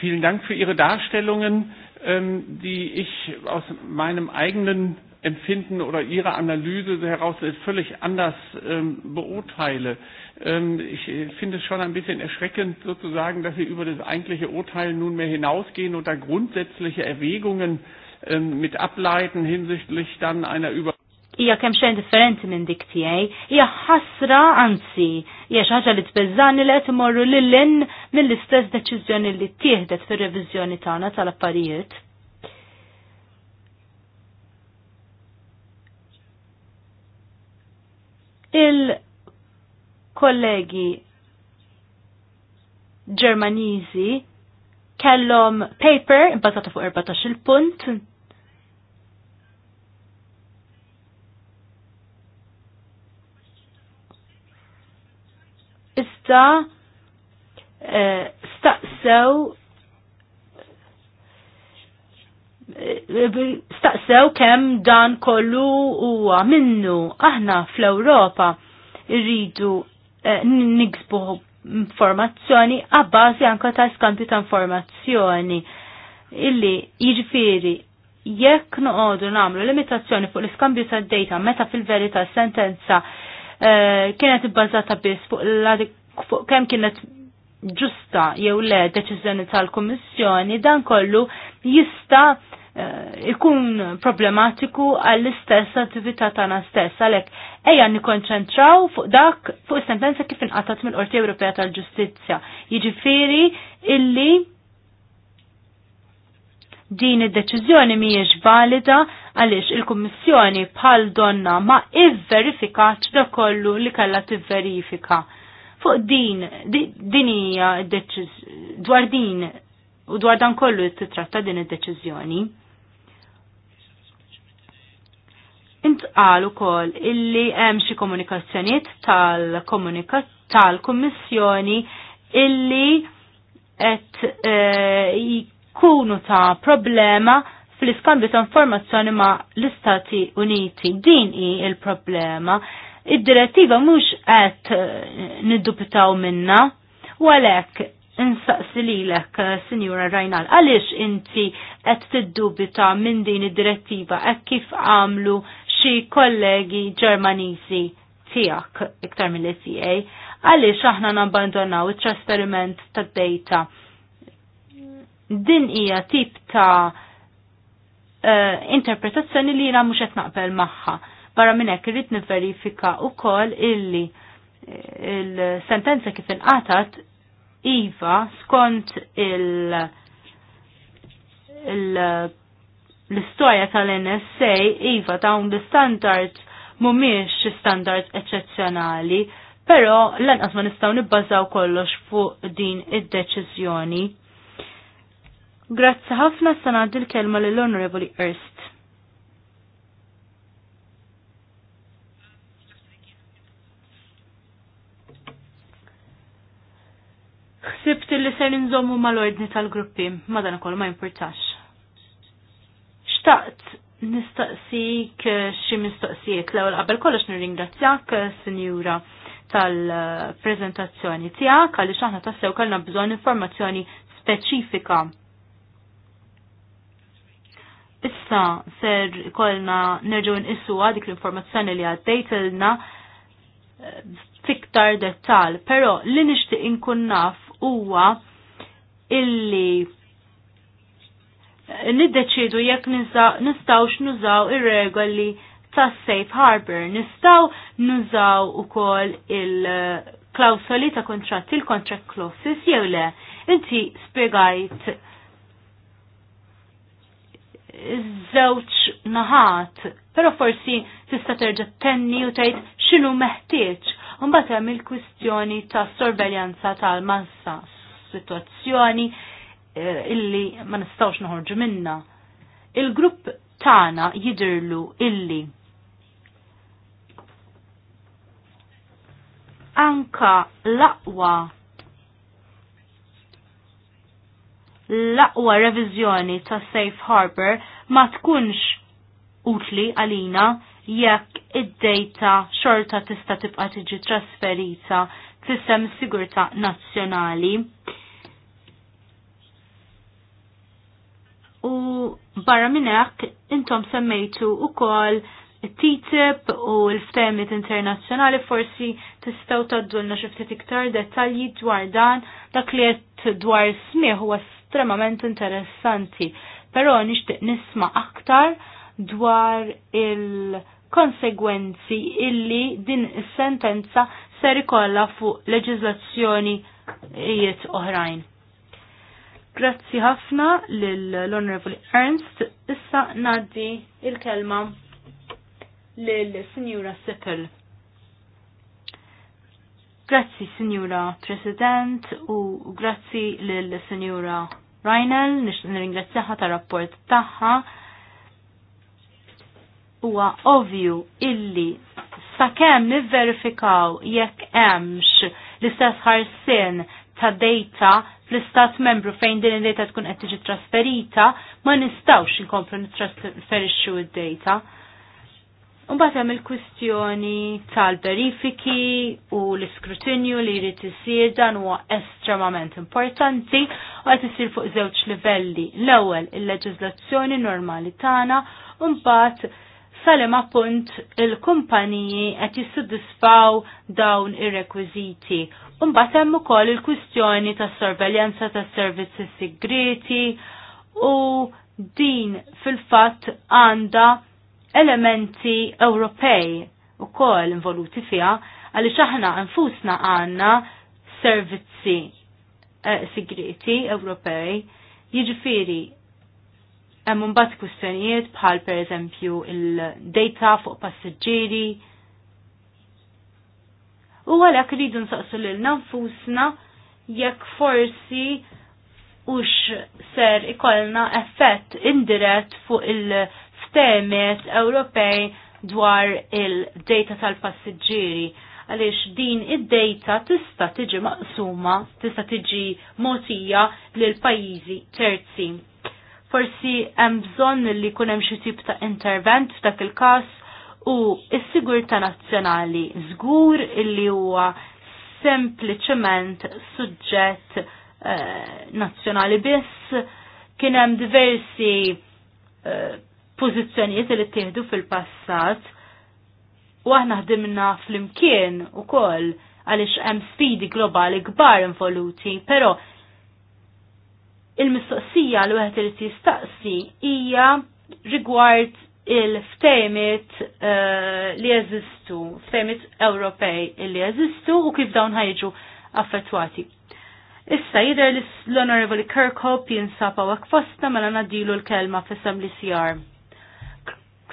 vielen Dank für Ihre Darstellungen, ähm, die ich aus meinem eigenen Empfinden oder Ihrer Analyse heraus völlig anders ähm, beurteile. Ähm, ich äh, finde es schon ein bisschen erschreckend sozusagen, dass Sie über das eigentliche Urteil nunmehr hinausgehen und da grundsätzliche Erwägungen ähm, mit ableiten hinsichtlich dann einer Über hija kemm xejn differenti minn dik tiegħi, hija ħasra anzi, hija xi ħaġa li tbeżżani li qed imorru lilin mill-istess deċiżjoni li tieħdet fir-reviżjoni tagħna tal-affarijiet. Il-kollegi Ġermaniżi kellhom paper imbażata fuq 14-il punt issa eh, staqsew eh, staqsew kemm dan kollu huwa minnu aħna fl-Ewropa irridu eh, niksbu informazzjoni għabbażi anka ta' skampju ta' informazzjoni illi jiġifieri jekk noqogħdu nagħmlu limitazzjoni fuq l-iskambju tad data meta fil-verità sentenza kienet ibbażata biss fuq l-arik kemm kienet ġusta jew le deċiżjoni tal-Kummissjoni dan kollu jista' eh, ikun problematiku għall-istess attività tagħna stess għalhekk ejja nikkonċentraw fuq dak fuq is-sentenza kif inqatat mill-Qorti Ewropea tal-Ġustizzja. Jiġifieri illi din id-deċiżjoni mhijiex valida għaliex il-Kummissjoni bħal donna ma ivverifikat da kollu li kellha tivverifika. verifika Fuq din, din hija dwar din u dwar dan kollu titratta din id-deċiżjoni. Intqal ukoll illi hemm xi komunikazzjonijiet tal tal-Kummissjoni illi qed eh, jkunu ta' problema fl-iskambju ta' informazzjoni ma' l-Istati Uniti. Din hi il-problema Id-direttiva mhux qed eh, niddubitaw minna, u għalhekk insaqsi lilek, eh, Sinjura Rajnal, għaliex inti qed tiddubita minn din id-direttiva hekk kif għamlu xi kollegi Ġermaniżi tiegħek iktar mill CA, għaliex aħna nabbandonaw it-trasferiment tad-data. Din hija tip ta' uh, interpretazzjoni li jina mhux qed naqbel magħha Barra minn hekk irrid niverifika wkoll illi il-sentenza kif inqatat iva skont il- l istorja tal-NSA iva dawn l-standard mumiex standard eccezzjonali, pero lanqas ma nistgħu nibbażaw kollox fuq din id-deċiżjoni. Grazzi ħafna sanad il-kelma lill-Onorevoli Erst. ħsibt li ser ninżommu mal-ordni tal-gruppi, ma dan ukoll ma jimpurtax. Xtaqt nistaqsik eh, xi mistoqsijiet l-ewwel qabel kollox nirringrazzjak, eh, Sinjura, tal-prezentazzjoni tiegħek għaliex aħna tassew kellna bżonn informazzjoni speċifika issa ser kolna nerġgħu nqisu dik l-informazzjoni li għaddejt ilna eh, fiktar dettal, pero li nixtieq inkun naf huwa illi niddeċidu jekk nistawx nużaw ir-regoli ta' safe harbor, nistaw nużaw ukoll il-klawsoli ta' kontratti, il-contract clauses, jew le, inti spiegajt żewġ naħat, pero forsi tista' terġa' tenni u tgħid x'inhu meħtieġ Mbagħad hemm il-kwistjoni ta' sorveljanza tal-massa situazzjoni eh, illi ma nistgħux noħorġu minna. Il-grupp tagħna jidirlu illi anka l-aqwa l-aqwa revizjoni ta' Safe Harbor ma tkunx utli għalina jekk id-data xorta tista' tibqa' tiġi trasferita fis-sem sigurtà nazzjonali. U barra minn hekk intom semmejtu wkoll TTIP u l-ftemiet internazzjonali forsi tistaw taddulna xiftit iktar dettalji dwar dan dak li qed dwar smieħ huwa estremament interessanti. Però nixtieq nisma' aktar dwar il- konsegwenzi illi din is-sentenza ser ikollha fuq leġiżlazzjoni ijiet oħrajn. Grazzi ħafna lill-Honorable Ernst, issa naddi il-kelma lill-Sinjura Sippel. Grazzi Signora President u grazzi l sinjura Reinel, nix nirringrazzjaħa ta' rapport taħħa huwa ovvju illi sakemm nivverifikaw jekk hemmx l-istess ħarsien ta' data fl-istat membru fejn din id-data tkun qed tiġi trasferita, ma nistgħux inkomplu nittrasferixxu id-data. Mbagħad hemm il-kwistjoni tal-verifiki u l-iskrutinju li jrid isir dan huwa estremament importanti u qed isir fuq żewġ livelli. L-ewwel il-leġiżlazzjoni normali tagħna u mbagħad salima appunt il-kumpaniji qed jissudisfaw dawn ir-rekwiżiti. Imbagħad hemm ukoll il-kwistjoni tas-sorveljanza tas-servizzi segreti u din fil-fatt għandha elementi Ewropej ukoll involuti fiha għaliex aħna nfusna għandna servizzi eh, segreti Ewropej. Jiġifieri Hemm imbagħad kwistjonijiet bħal pereżempju il-data fuq passiġġieri. U għalhekk rridu nsaqsu lil nfusna jekk forsi ux ser ikollna effett indirett fuq il-stemet Ewropej dwar il-data tal-passiġġieri għaliex din id-data tista tiġi maqsuma, tista tiġi motija lil pajjiżi terzi forsi hemm bżonn li jkun hemm xi tip ta' intervent f'dak il-każ u s sigurtà nazzjonali żgur illi huwa sempliċement suġġett eh, nazzjonali biss kien hemm diversi eh, pożizzjonijiet li ttieħdu fil-passat u aħna ħdimna fl-imkien ukoll għaliex hemm sfidi globali kbar involuti, però il-mistoqsija l wieħed irid jistaqsi hija rigward il-ftejmit eh, li jeżistu, ftejmit Ewropej li jeżistu u kif dawn ħajġu affettwati. Issa jidher li l-Honorable Kirkhope jinsab hawnhekk fosta mela nadilu l-kelma f'isem li CR.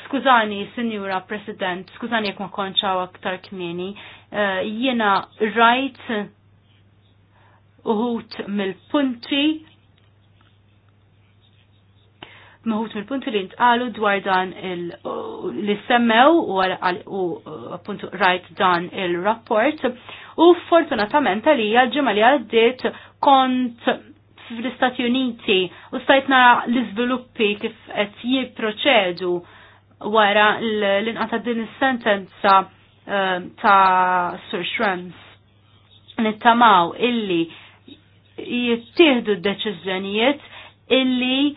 Skużani, Sinjura President, skużani jekk ma konċaw aktar kmieni, eh, jiena rajt uħut mill-punti meħut mill-punti li ntqalu dwar dan li semmew u appuntu rajt dan il-rapport u fortunatament għalija l-ġimma li għaddiet kont fl-Istati Uniti u stajt nara l-izviluppi kif qed jipproċedu wara l-inqata din is-sentenza eh, ta' Sir Shrems nittamaw illi jittieħdu d-deċiżjonijiet illi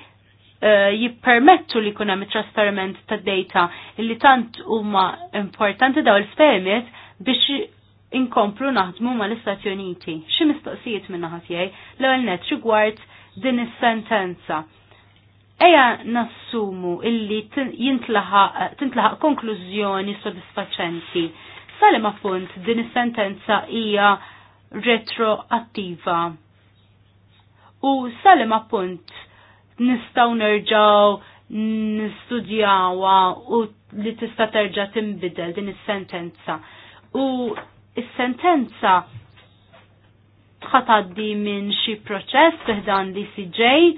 Eh, jippermettu li kunem trasferment ta' data li tant huma importanti daw l spermiet biex inkomplu naħdmu ma l-Istati Uniti. Xi mistoqsijiet minna ħatjej l-ewwel net rigward din is-sentenza. Eja nassumu illi tintlaħaq konklużjoni sodisfaċenti. Salim appunt din is-sentenza hija retroattiva. U salim appunt nistaw nerġaw nistudjawa u li tista terġa timbidel din is-sentenza. U is-sentenza tħataddi minn xi proċess fiħdan li CJ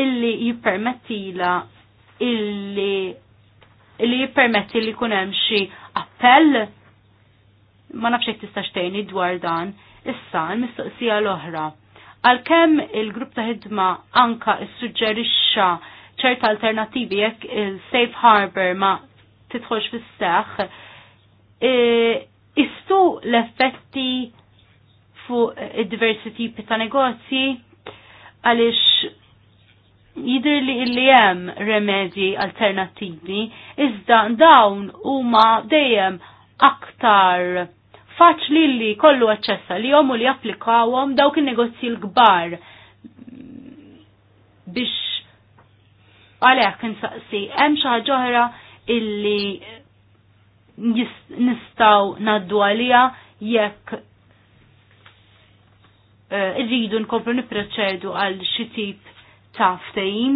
illi jippermettila illi illi jippermetti li kun hemm xi appell ma nafx jekk tista' xtejni dwar dan issa l-mistoqsija l-oħra Għalkemm il-grupp ta' ħidma anka issuġġerixxa ċerta alternativi jekk il-safe harbor ma titħolx fis seħ e, istu l-effetti fuq id-diversity ta' negozji għaliex jidr li illi jem remedji alternativi, iżda dawn huma dejjem aktar faċli li kollu aċċessa li jomu u li applikawom dawk il-negozji l-gbar biex għalek nsaqsi, hemm xi ħaġa illi nistaw naddu għalija jekk eh, irridu nkomplu niproċedu għal xi tip ta' ftehim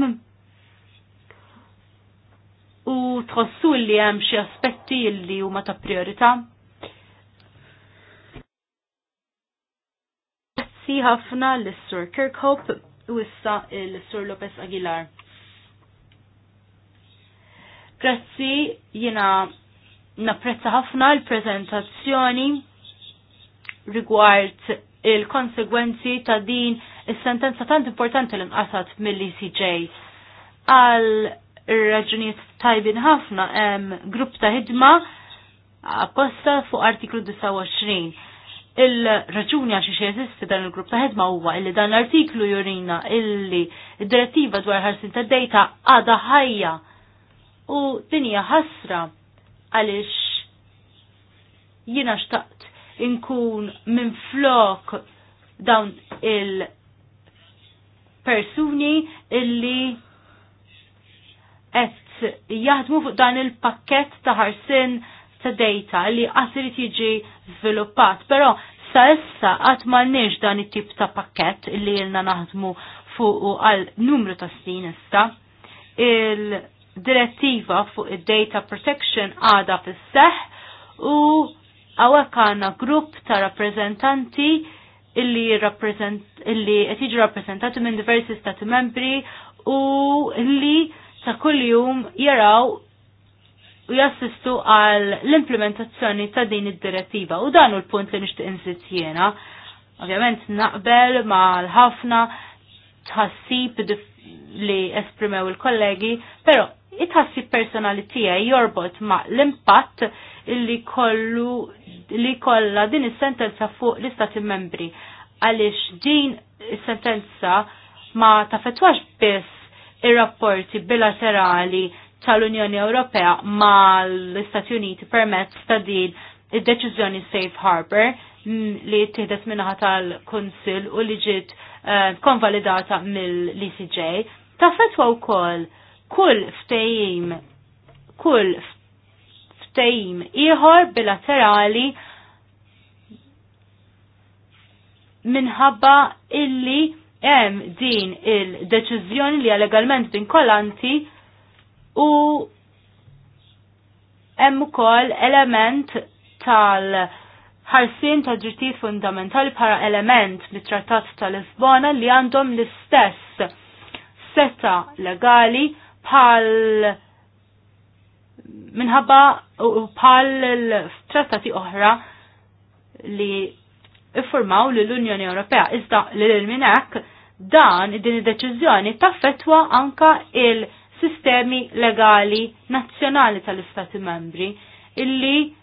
u tħossu li hemm xi aspetti li huma ta' priorità. Grazzi ħafna l-Sur Kirkhope u issa l-Sur Lopez Aguilar. Grazzi, jina napprezza ħafna l-prezentazzjoni rigward il-konsegwenzi ta' din is-sentenza tant importanti li nqasat mill-ECJ. Għal raġunijiet tajbin ħafna hemm grupp ta' ħidma apposta fuq artiklu 29 Il-raġuni għax jeżisti dan il-grupp ta' ħedma huwa illi dan l-artiklu jurina illi id-direttiva dwar ħarsin ta' dejta għada ħajja u dinja ħasra għaliex jina xtaqt inkun minn flok dawn il-persuni illi qed jaħdmu fuq dan il-pakket ta' ħarsin ta' data li qasir jiġi sviluppat, però sa issa qatt m'għandniex dan it-tip ta' pakkett li jilna naħdmu fuq għal numru ta' snin issa. Il-direttiva fuq id-data protection għada fis-seħ u għawek għanna grupp ta' rappresentanti illi illi qed rappresentati minn diversi stati membri u illi ta' kull jum jaraw u jassistu għal l-implementazzjoni ta' din id-direttiva u dan u l-punt li nixtieq insitt jiena. Ovvjament naqbel mal ħafna tħassib li esprimew il-kollegi, però it-tħassib personali tiegħi jorbot ma' l-impatt li kollu li kollha din is-sentenza fuq l-istati membri għaliex din is-sentenza ma tafetwax biss ir-rapporti bilaterali tal-Unjoni Ewropea mal-Istati Uniti permezz ta' din id-deċiżjoni Safe Harbor mm, li jittieħdet minnaħa tal-Kunsil u li ġiet eh, konvalidata mill-ECJ. Ta' fetwa wkoll kull ftehim kull ftejim ieħor bilaterali minħabba illi hemm din il-deċiżjoni li legalment kolanti u hemm ukoll element tal- ħarsin ta' drittijiet fundamentali para element mit-trattat tal-Lisbona li għandhom l-istess seta legali pal minħabba u pal trattati oħra li iffurmaw l-Unjoni Ewropea. Iżda li l-minnek dan din id-deċizjoni taffetwa anka il- sistemi legali nazzjonali tal-Istati membri illi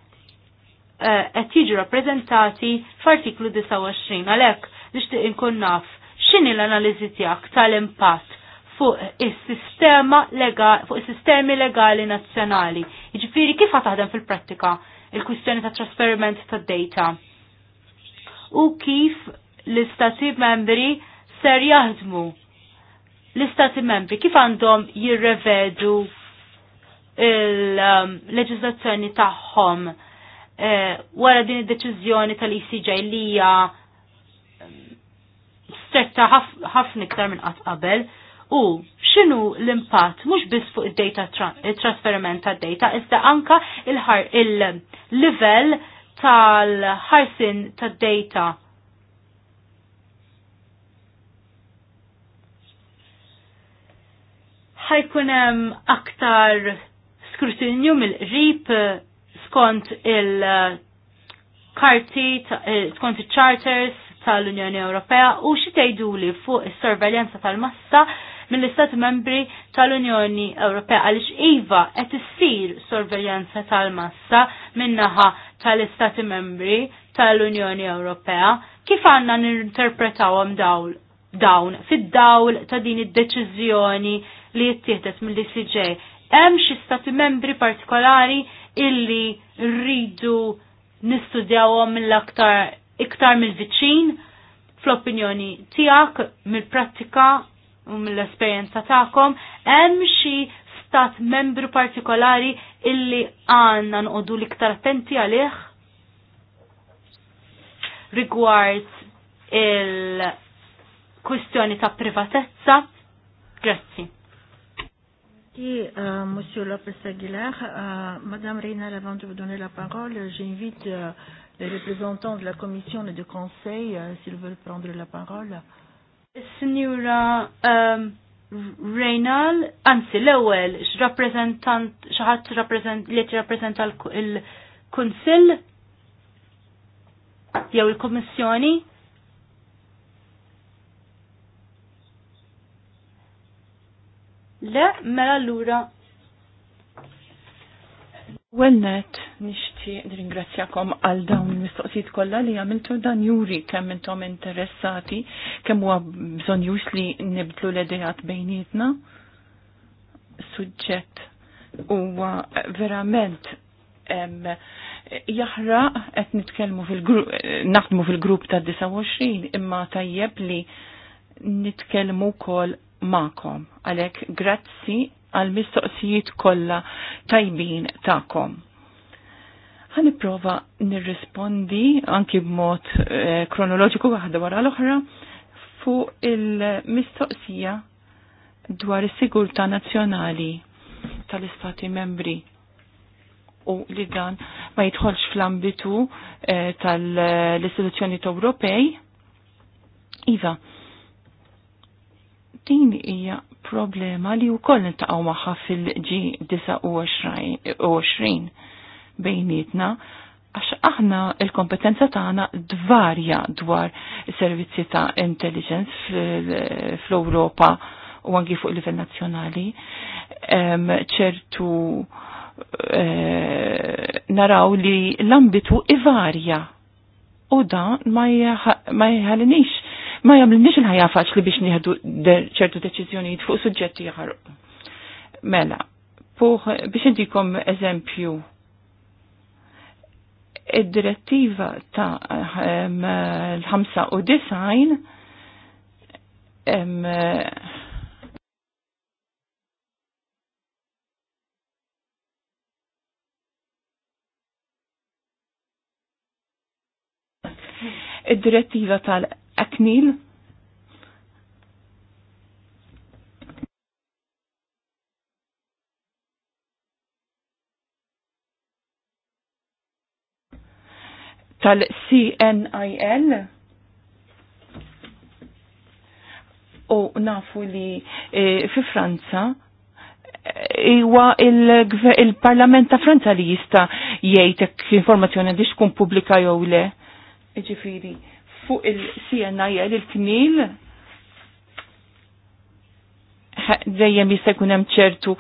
eh, qed uh, jiġu rappreżentati f'artiklu 29 għalhekk nixtieq inkun naf x'inhi l-analiżi tiegħek tal-impatt fuq is-sistema legali fuq is-sistemi legali nazzjonali. Jiġifieri kif taħdem fil-prattika il-kwistjoni ta' trasferiment ta' data u kif l-istati membri ser jaħdmu l-istati membri kif għandhom jirrevedu il um, tagħhom uh, wara din id-deċiżjoni tal-ECJ li hija eh, stretta ħafna iktar minn qatt qabel u x'inhu l-impatt mhux biss fuq id-data it-trasferiment tad-data iżda anka il-livell il livell tal-ħarsin tad-data ħajkun hemm aktar skrutinju mill-qrib eh, skont il-karti, eh, skont il-charters tal-Unjoni Ewropea u xi tgħiduli fuq is-sorveljanza tal-massa mill-Istati Membri tal-Unjoni Ewropea għaliex iva qed issir sorveljanza tal-massa minnaħa tal-Istati Membri tal-Unjoni Ewropea kif għandna ninterpretawhom dawl dawn fid-dawl ta' din id-deċiżjoni li jittieħdet mill dcj Hemm xi stati membri partikolari illi rridu nistudjawhom mill-aktar iktar mill-viċin fl-opinjoni tiegħek, mill-prattika u mill-esperjenza tagħkom, hemm xi stat membru partikolari illi għandna nqodu l-iktar attenti għalih rigward il-kwistjoni ta' privatezza. Grazzi. Merci, euh, Monsieur Lopez Aguilar. Euh, Madame Reynal, avant de vous donner la parole, j'invite euh, les représentants de la Commission et du Conseil, euh, s'ils veulent prendre la parole. Signora euh, Reynal, anzi, l-ewel, xaħat li t-rappresenta l-Kunsil, jew il commission. Le, mela l-ura. Wellnet, nishti ringrazzjakom għal dawn il-mistoqsijiet kollha li għamiltu dan juri kemm intom interessati, kemm huwa bżonn li nibdlu l-idejat bejnietna. Suġġett huwa verament jahra qed nitkellmu fil-grupp naħdmu fil-grupp ta' 29 imma tajjeb li nitkellmu wkoll ma'kom. Għalek, grazzi għal-mistoqsijiet kollha tajbin ta'kom. Għan prova nirrispondi anki b'mod eh, kronoloġiku waħda wara l-oħra fuq il-mistoqsija dwar is-sigurtà nazzjonali tal-istati membri u li dan ma jidħolx fl-ambitu eh, tal-istituzzjoni Ewropej. Iva, din hija problema li wkoll nintaqgħu magħha fil-G29 bejnietna għax aħna il-kompetenza tagħna dvarja dwar servizzi ta' intelligence fl-Ewropa u anki fuq livell nazzjonali. ċertu eh, naraw li l-ambitu ivarja u da ma jħalinix ma jamlinniex il-ħajja faċli biex nieħdu ċertu deċiżjonijiet fuq suġġetti jħar. Mela, biex indikom eżempju id-direttiva ta' l-5 u design id-direttiva tal Aknil. tal-CNIL u nafu li e, fi Franza eh, iwa il-Parlament il ta' Franza li jista jgħid informazzjoni għandix tkun pubblika jew le. Ġifiri, fuq il-CNIL il-knil dejjem jista' jkun hemm ċertu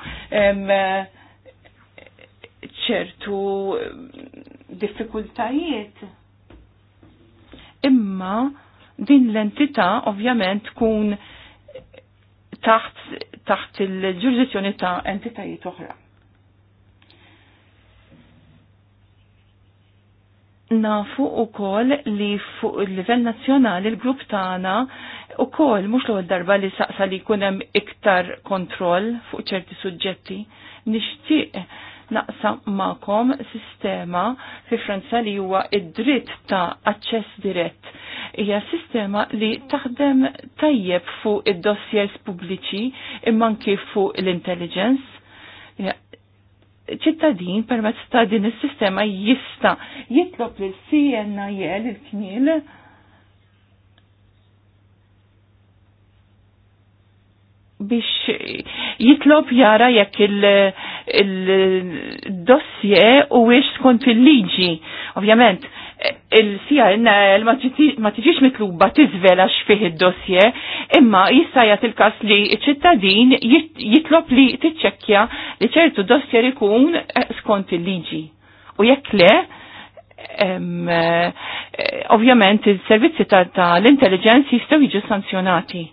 ċertu diffikultajiet. Imma din l-entità ovvjament tkun taħt taħt il-ġurisdizzjoni ta' entitajiet oħra. nafu u kol li fuq il-livell nazjonali il-grupp tana u kol mux l darba li saqsa li kunem iktar kontroll fuq ċerti suġġetti nishtiq naqsa ma'kom sistema fi Franza li huwa id-dritt ta' aċċess dirett. Hija sistema li taħdem tajjeb fuq id-dossiers pubbliċi imman kif fuq l-intelligence ċittadin permezz ta' din is-sistema jista' jitlob lil CNIL il-kniel biex jitlob jara jekk il-dossier il u wiex skont il-liġi. Ovvjament, il-sija ma tiġix mitluba tiżvela xfih id-dossier, imma jista' jagħti il-każ li ċittadin jitlob li tiċċekkja li ċertu dossier ikun eh, skont il-liġi. U jekk le, eh, ovvjament il-servizzi tal intelligenz jistgħu jiġu sanzjonati.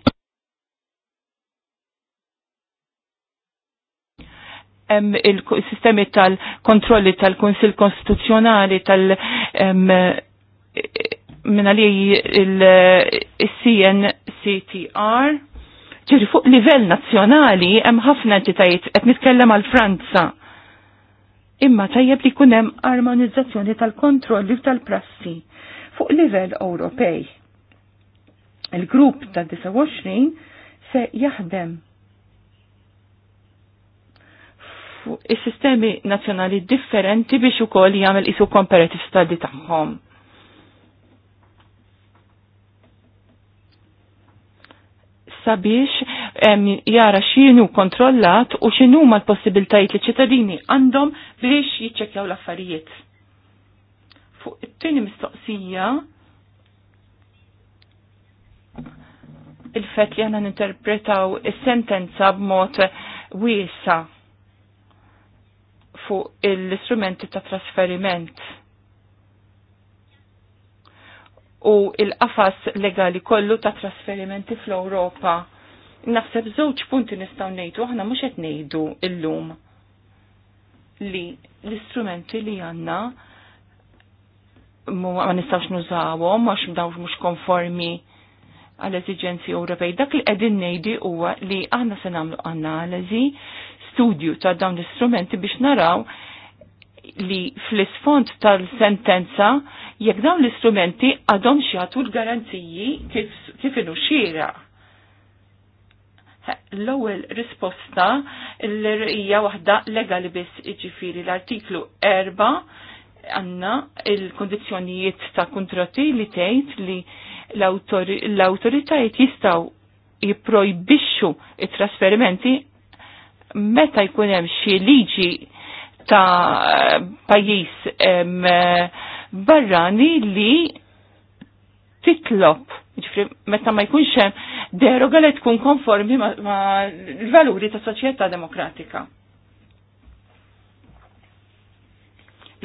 il-sistemi tal-kontrolli tal-Konsil Konstituzzjonali tal- eh, minna li il-CNCTR Ġiri fuq livell nazzjonali hemm ħafna ġitajt, qed nitkellem għal Franza. Imma tajjeb li jkun hemm armonizzazzjoni tal-kontrolli tal-prassi fuq livell Ewropej. Il-grupp ta' 29 se jaħdem fuq is-sistemi nazzjonali differenti biex ukoll jagħmel isu comparative study tagħhom sabiex jara xinu kontrollat u xinu ma l-possibiltajiet li ċittadini għandhom biex jiċċekkjaw l-affarijiet. Fuq it-tieni mistoqsija il-fett li għana ninterpretaw is-sentenza b'mod wiesa fuq l-istrumenti ta' trasferiment u il-qafas legali kollu ta' trasferimenti fl-Europa. Naħseb żewġ punti nistgħu ngħidu aħna mhux qed ngħidu llum li l-istrumenti li għandna ma nistgħux nużawhom għax m'dawx mhux konformi għal eżigenzi Ewropej. Dak li qegħdin ngħidi huwa li aħna se nagħmlu analiżi studju ta' dawn l-istrumenti biex naraw li fl-isfond tal-sentenza jekk dawn l-istrumenti għadhom jagħtu l-garanziji kif, kif inu xira. L-ewwel risposta l-rija waħda legali biss iġifieri l-artiklu 4 għanna il-kondizjonijiet ta' kontrati li tgħid li l-awtoritajiet jistgħu jipprojbixxu it-trasferimenti meta jkun hemm xi liġi ta' pajis barrani li titlob, ġifri, meta ma jkunx hemm deroga li tkun konformi ma, l-valuri ta' soċjetà demokratika.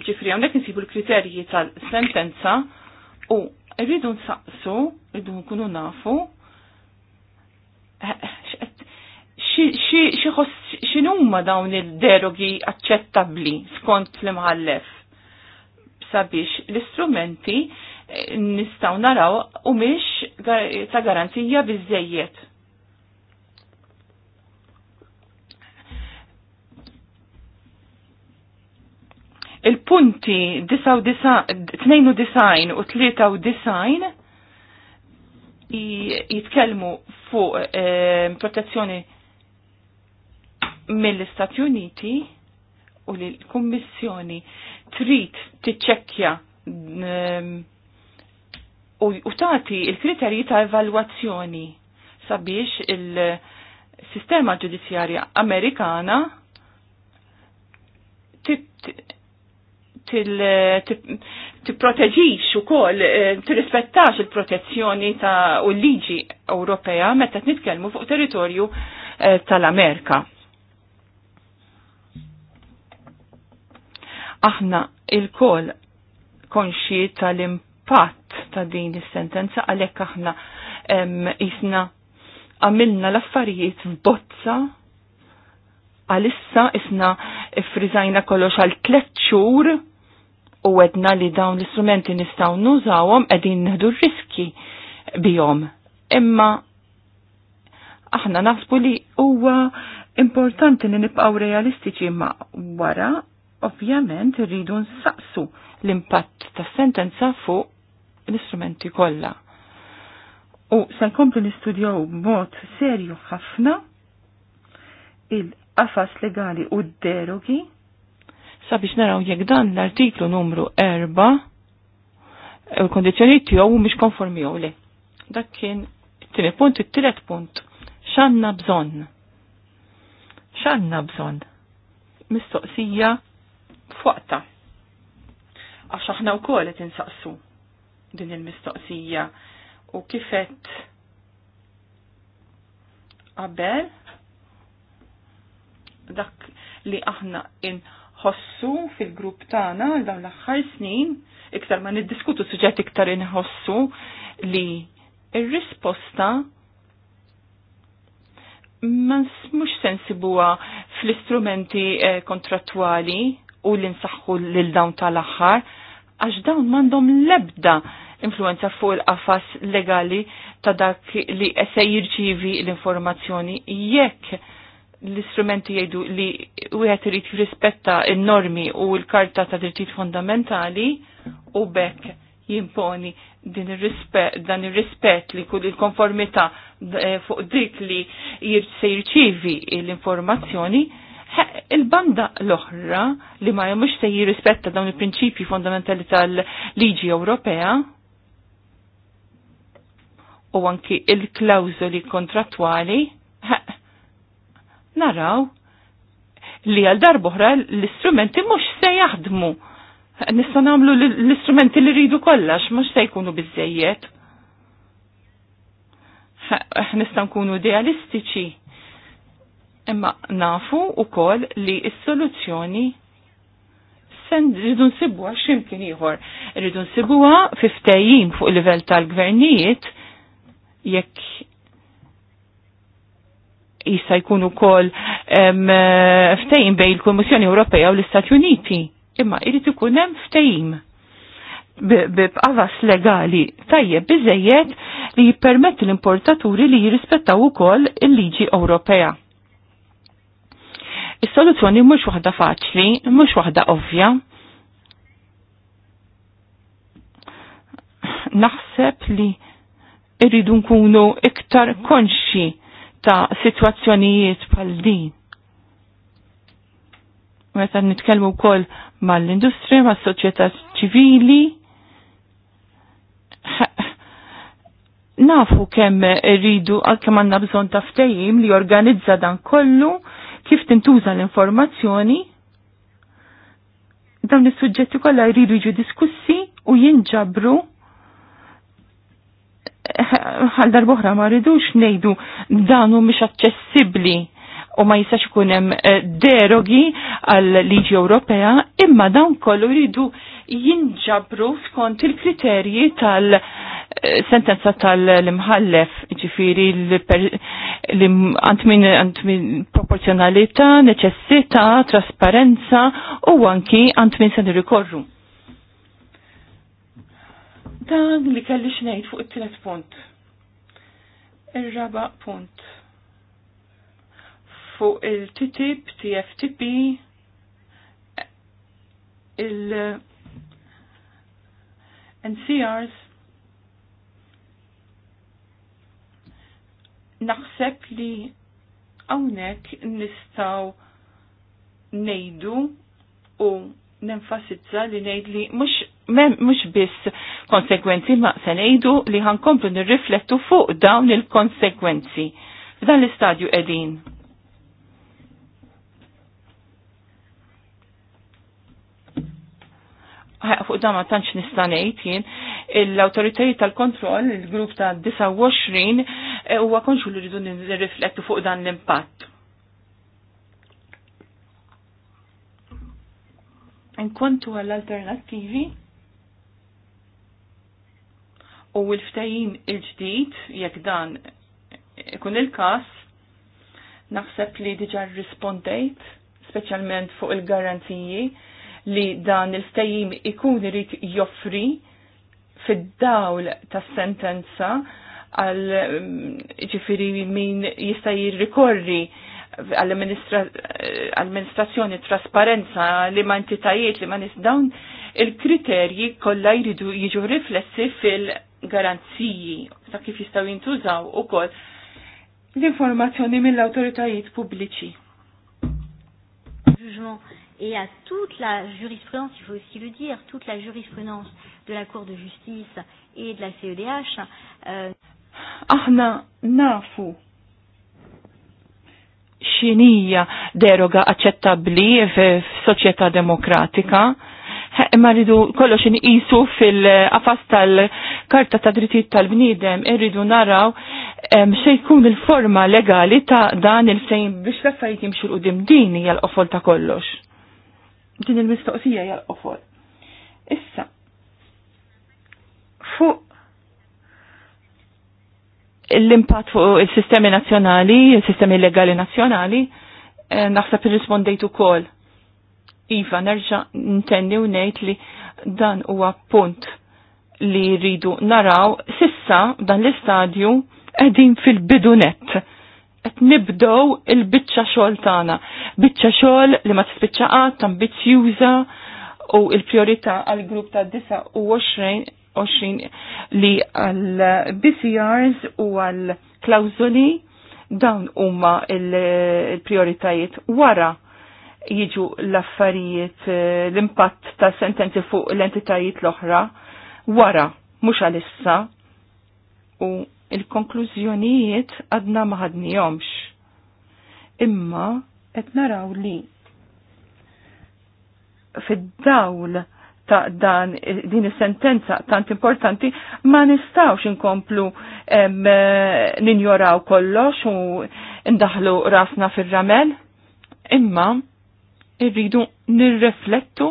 Ġifri, hawnhekk insibu l-kriterji tal-sentenza u rridu nsaqsu, rridu nkunu nafu, eh, eh, xinumma dawn il-derogi accettabli skont l-imħallef sabiex l-istrumenti eh, nistaw naraw u miex ta' garanzija bizzejiet. Il-punti 92 u 93 jitkellmu fuq eh, protezzjoni mill-Istati Uniti u li l-Kummissjoni trid tiċċekkja ehm, u tagħti l kriterji ta' evalwazzjoni sabiex il-sistema ġudizzjarja Amerikana tipproteġix u kol, eh, tirrispettax il-protezzjoni ta' u l-liġi Ewropea meta nitkellmu fuq territorju eh, tal-Amerika. Aħna il-kol konxi tal-impatt ta' din is-sentenza għalhekk aħna jisna għamilna l-affarijiet f'bozza għalissa isna frizajna kollox għal tlet xur u għedna li dawn l-istrumenti nistaw nużawhom qegħdin neħdu riski bijom. Imma aħna naħsbu li huwa importanti li nibqgħu realistiċi ma wara Ovvjament irridu nsaqsu l-impatt ta' sentenza fuq l-istrumenti kollha. U se nkomplu nistudjaw b'mod serju ħafna il-qafas legali u d-derogi sabiex naraw jekk dan l-artiklu numru 4 u kondizjoni tiegħu mhux konformi jew le. Dak kien it-tieni punt, it-tielet punt. X'għandna bżonn? X'għandna bżonn? Mistoqsija fuqta. Għax aħna wkoll qed insaqsu din il-mistoqsija u kifet qabel dak li aħna inħossu fil-grupp tagħna għal dawn l-aħħar snin iktar ma niddiskutu suġġett iktar inħossu li ir-risposta ma nsmux sensibuha fl-istrumenti eh, kontrattwali u li nsaħħu lil dawn tal-aħħar għax dawn m'għandhom l-ebda influenza fuq il-qafas legali ta' dak li se jirċivi l-informazzjoni jekk l-istrumenti jgħidu li wieħed irid jirrispetta n-normi u l-karta ta' drittijiet fondamentali u bekk jimponi din ir-rispett dan ir-rispett li kull il-konformità eh, fuq dik li se jirċivi l-informazzjoni Il-banda l-oħra li ma jomux se jirrispetta dawn il-prinċipji fondamentali tal-liġi Ewropea u anki il klawzoli kontrattwali, naraw li għal darboħra l-istrumenti mux se jaħdmu. Nista namlu l-istrumenti li rridu kollax, mux se jkunu bizzejiet. Nista nkunu idealistiċi Imma nafu u koll li s-soluzzjoni rridu nsibuha x'imkien ieħor. Rridu nsibuha fiftejjin fuq il-livell tal-gvernijiet jekk jista' jkun ukoll ftehim bejn il-Kummissjoni Ewropea u l-Istati Uniti. Imma jrid ikun hemm ftehim b'qavas legali tajjeb biżejjed li jippermetti l-importaturi li jirrispettaw ukoll il-liġi Ewropea Is-soluzzjoni mhux waħda faċli, mhux waħda ovvja. Naħseb li irridu nkunu iktar konxi ta' sitwazzjonijiet bħal din. Meta nitkellmu wkoll mal industri mas-soċjetà ċivili, nafu kemm rridu kemm għandna bżonn ta' ftehim li jorganizza dan kollu kif tintuża l-informazzjoni dawn is-suġġetti kollha jridu jiġu diskussi u jinġabru għal darboħra ma rridux ngħidu danu mhix aċċessibbli u ma jistax ikun hemm eh, derogi għal liġi Ewropea, imma dawn kollu jridu jinġabru skont il-kriterji tal- eh, sentenza tal-imħallef, ġifiri li għant min għant minn proporzjonalità, neċessità, trasparenza u anki għant min se rikorru. Dan li kelli xnejt fuq it-tielet punt. Ir-raba punt. Fuq il-TTIP, TFTP, il- NCRs naħseb li hawnhekk nistgħu ngħidu u nenfasizza li ngħid li mhux mux biss konsekwenzi ma se ngħidu li ħankomplu nirriflettu fuq dawn il-konsekwenzi f'dan l-istadju qegħdin. fuq da ma tantx nista' ngħid jien l-awtoritajiet tal-kontroll, il-grupp ta' 29 Eh, huwa konxu li rridu nirriflettu fuq dan l-impatt. Inkontu għall-alternattivi u l ftajin il-ġdid, jekk dan ikun il-kas, naħseb li diġa rispondejt, specialment fuq il-garanziji, li dan il ftajin ikun irrit joffri fid-dawl ta' sentenza għal mm, ġifiri min jista jirrikorri għall-amministrazzjoni trasparenza li ma' entitajiet li ma' nis dawn il-kriterji kolla jridu jiġu riflessi fil-garanziji ta' kif jistaw jintużaw u kol l-informazzjoni mill autoritajiet pubbliċi. Jugement et à toute la jurisprudence, il faut aussi le dire, toute la jurisprudence de la Cour de justice et de la CEDH. Euh... Aħna nafu xinija deroga aċċettabbli fis-soċjetà demokratika imma rridu kollox inqisu fil-qafas tal-Karta ta' Drittijiet tal-Bniedem irridu naraw se jkun il-forma legali ta' dan il-fejn biex l-affarijiet jimxu l-qudiem din hija l-qofol ta' kollox. Din il-mistoqsija hija l-qofol. Issa, fuq l-impatt fuq il-sistemi nazzjonali, il-sistemi legali nazzjonali, eh, naħseb irrispondejt ukoll. Iva, nerġa' ntenni u ngħid li dan huwa punt li rridu naraw sissa dan l-istadju qegħdin fil-bidunet. Qed nibdow il-biċċa xogħol tagħna. Biċċa xogħol li ma tispiċċaqat, ambizzjuża u l priorita għall grupp ta' 29 li għal BCRs u għal klawzuli dawn huma il-prioritajiet wara jiġu l-affarijiet l-impatt ta' sentenzi fuq l-entitajiet l-oħra wara mhux għalissa u il-konklużjonijiet għadna ma jomx. Imma qed naraw li fid-dawl ta' dan din is-sentenza tant importanti ma nistawx inkomplu ninjoraw kollox u ndaħlu rasna fir-ramel imma irridu nirreflettu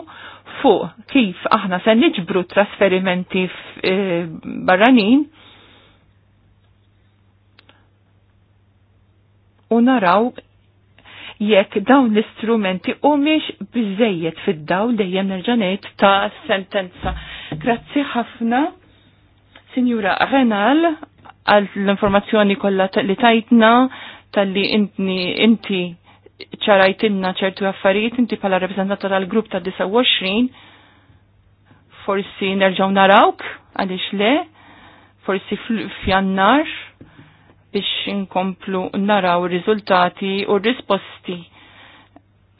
fuq kif aħna se niġbru trasferimenti e, barranin u naraw jekk dawn l-istrumenti u miex bizzejiet fid-daw dejjem nerġanet ta' sentenza. Grazzi ħafna, Signora Renal, għal l-informazzjoni kollha li tajtna tal-li inti ċarajtinna ċertu affarijiet inti pala rappresentata tal-grupp ta' 29 forsi nerġaw narawk għaliex le forsi fjannar biex inkomplu naraw riżultati u risposti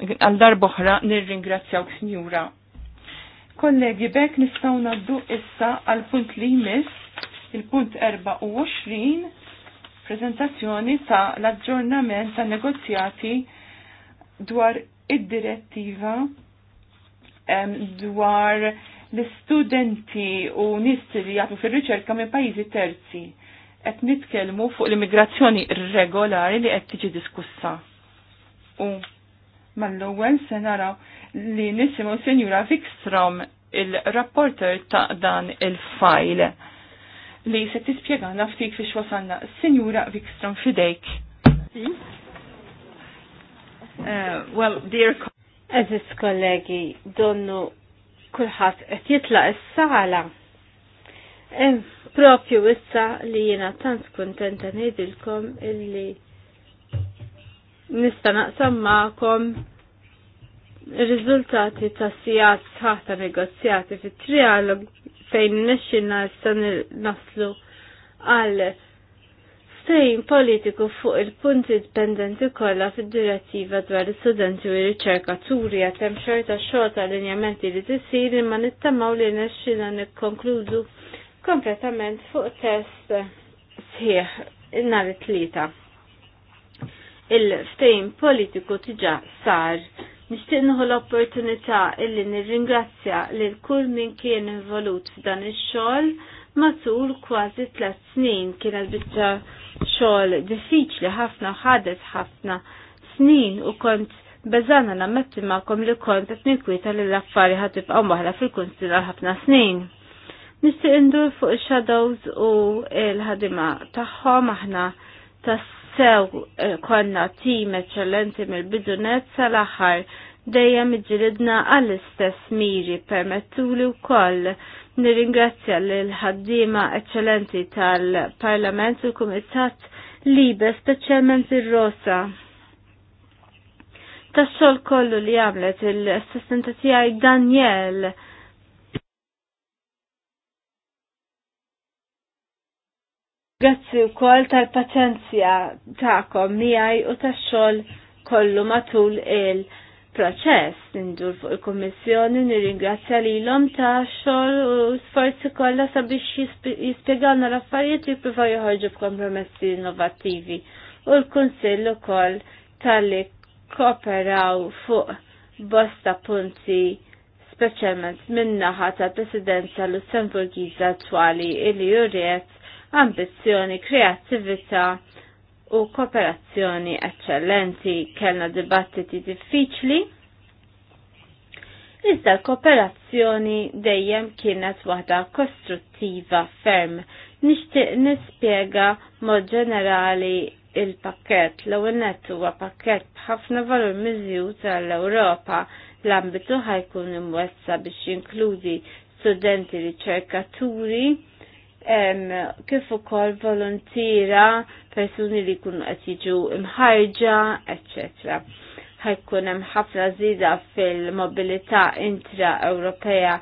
għal darboħra nirringrazzjaw Sinjura. Kollegi, bekk nistaw naddu issa għal punt li jmiss, il-punt 24, prezentazzjoni ta' l-aġġornament ta' negozjati dwar id-direttiva dwar l-studenti u nistri jgħatu fil-riċerka minn pajizi terzi qed nitkellmu fuq l-immigrazzjoni regolari li qed tiġi diskussa. U mal-ewwel se naraw li nisimgħu Sinjura Vikstrom il-rapporter ta' dan il-fajl li se tispjega naftik fiex wasalna. Sinjura Vikstrom fidejk. Uh, well, dear Aziz kollegi, donnu kulħadd qed jitlaq is-sala. Eh, propju wissa li jiena tant kontenta ngħidilkom illi nista' naqsam magħkom rizultati riżultati sijat ta' negozjati fit-trialog fejn nexxinna issa naslu għal Sejn politiku fuq il-punti dipendenti kollha fid-direttiva dwar is-studenti u r-riċerkaturi għat xorta xorta xorta injamenti li tisir imma nittamaw li nesċinna nikkonkludu kompletament fuq test sħiħ nhar it-tlieta. Il-ftejn politiku tiġa sar nixtieq l-opportunità illi nirringrazzja lil kull min kien involut f'dan ix-xogħol matul kważi tlet snin kien għal xogħol diffiċli ħafna ħadet ħafna snin u kont beżana nammetti kom li kont qed ninkwieta li l-affari ħatibqa' maħla fil-kunsil ħafna snin. Nixtieq indur fuq il-shadows u l-ħadima tagħhom aħna tassew eh, konna tim eċċellenti mill-bidunet sal-aħħar dejjem iġilidna għall-istess miri permettuli wkoll nirringrazzja l ħaddima eċċellenti tal-Parlament u l-Kumitat Libe speċjalment ir-Rosa. Tax-xogħol kollu li għamlet il-assistenta tiegħi Daniel Grazzi wkoll tal-paċenzja tagħkom miegħi u tax-xogħol kollu matul il- proċess nindur fuq il-Kommissjoni nirringrazzja lilhom ta' xogħol u sforzi kollha sabiex jispjegawna l-affarijiet jippruvaw joħorġu b'kompromessi innovattivi u l-Kunsill ukoll tal-li kooperaw fuq bosta punti speċjalment min-naħa tal-Presidenza Lussemburgiża attwali li juriet ambizzjoni, kreattività u kooperazzjoni eccellenti. Kellna dibattiti diffiċli. Iżda l-kooperazzjoni dejjem kienet waħda kostruttiva ferm. Nixtieq nispjega mod ġenerali il-pakket l ewwel huwa pakket b'ħafna valur miżjud tal-Ewropa l-ambitu ħajkun imwessa biex jinkludi studenti riċerkaturi kif ukoll volontira persuni li jkunu qed jiġu imħarġa, etc. Ħajkun hemm ħafna żieda fil-mobilità intra-Ewropea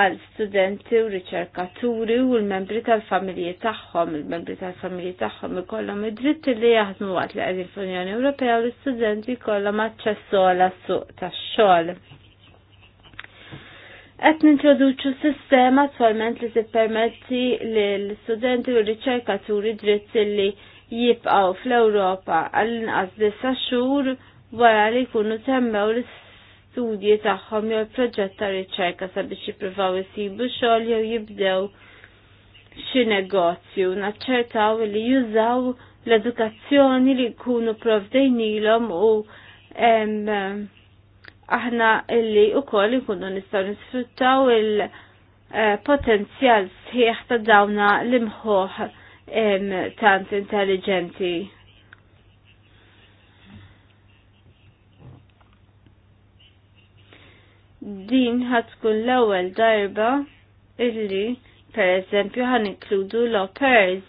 għal studenti u riċerkaturi u l-membri tal-familji tagħhom, il-membri tal-familji tagħhom ikollhom id dritti li jaħdmu waqt li qegħdin fl-Unjoni Ewropea u l-istudenti jkollhom aċċessu għal suq tax-xogħol. Qed nintroduċu sistema attualment li tippermetti li l-studenti u r-riċerkaturi dritt li jibqgħu fl-Ewropa għall-inqas disa xhur wara li jkunu temmew l-studji tagħhom jew proġett ta' riċerka sabiex jippruvaw isibu xogħol jew jibdew xi negozju naċċertaw li jużaw l-edukazzjoni li jkunu provdejnilhom u em, aħna illi u koll nkunu nistaw nisfruttaw il-potenzjal sħiħ ta' dawna l-imħuħ tant intelligenti. Din ħatkun l-ewwel darba illi per eżempju ħan inkludu l-opers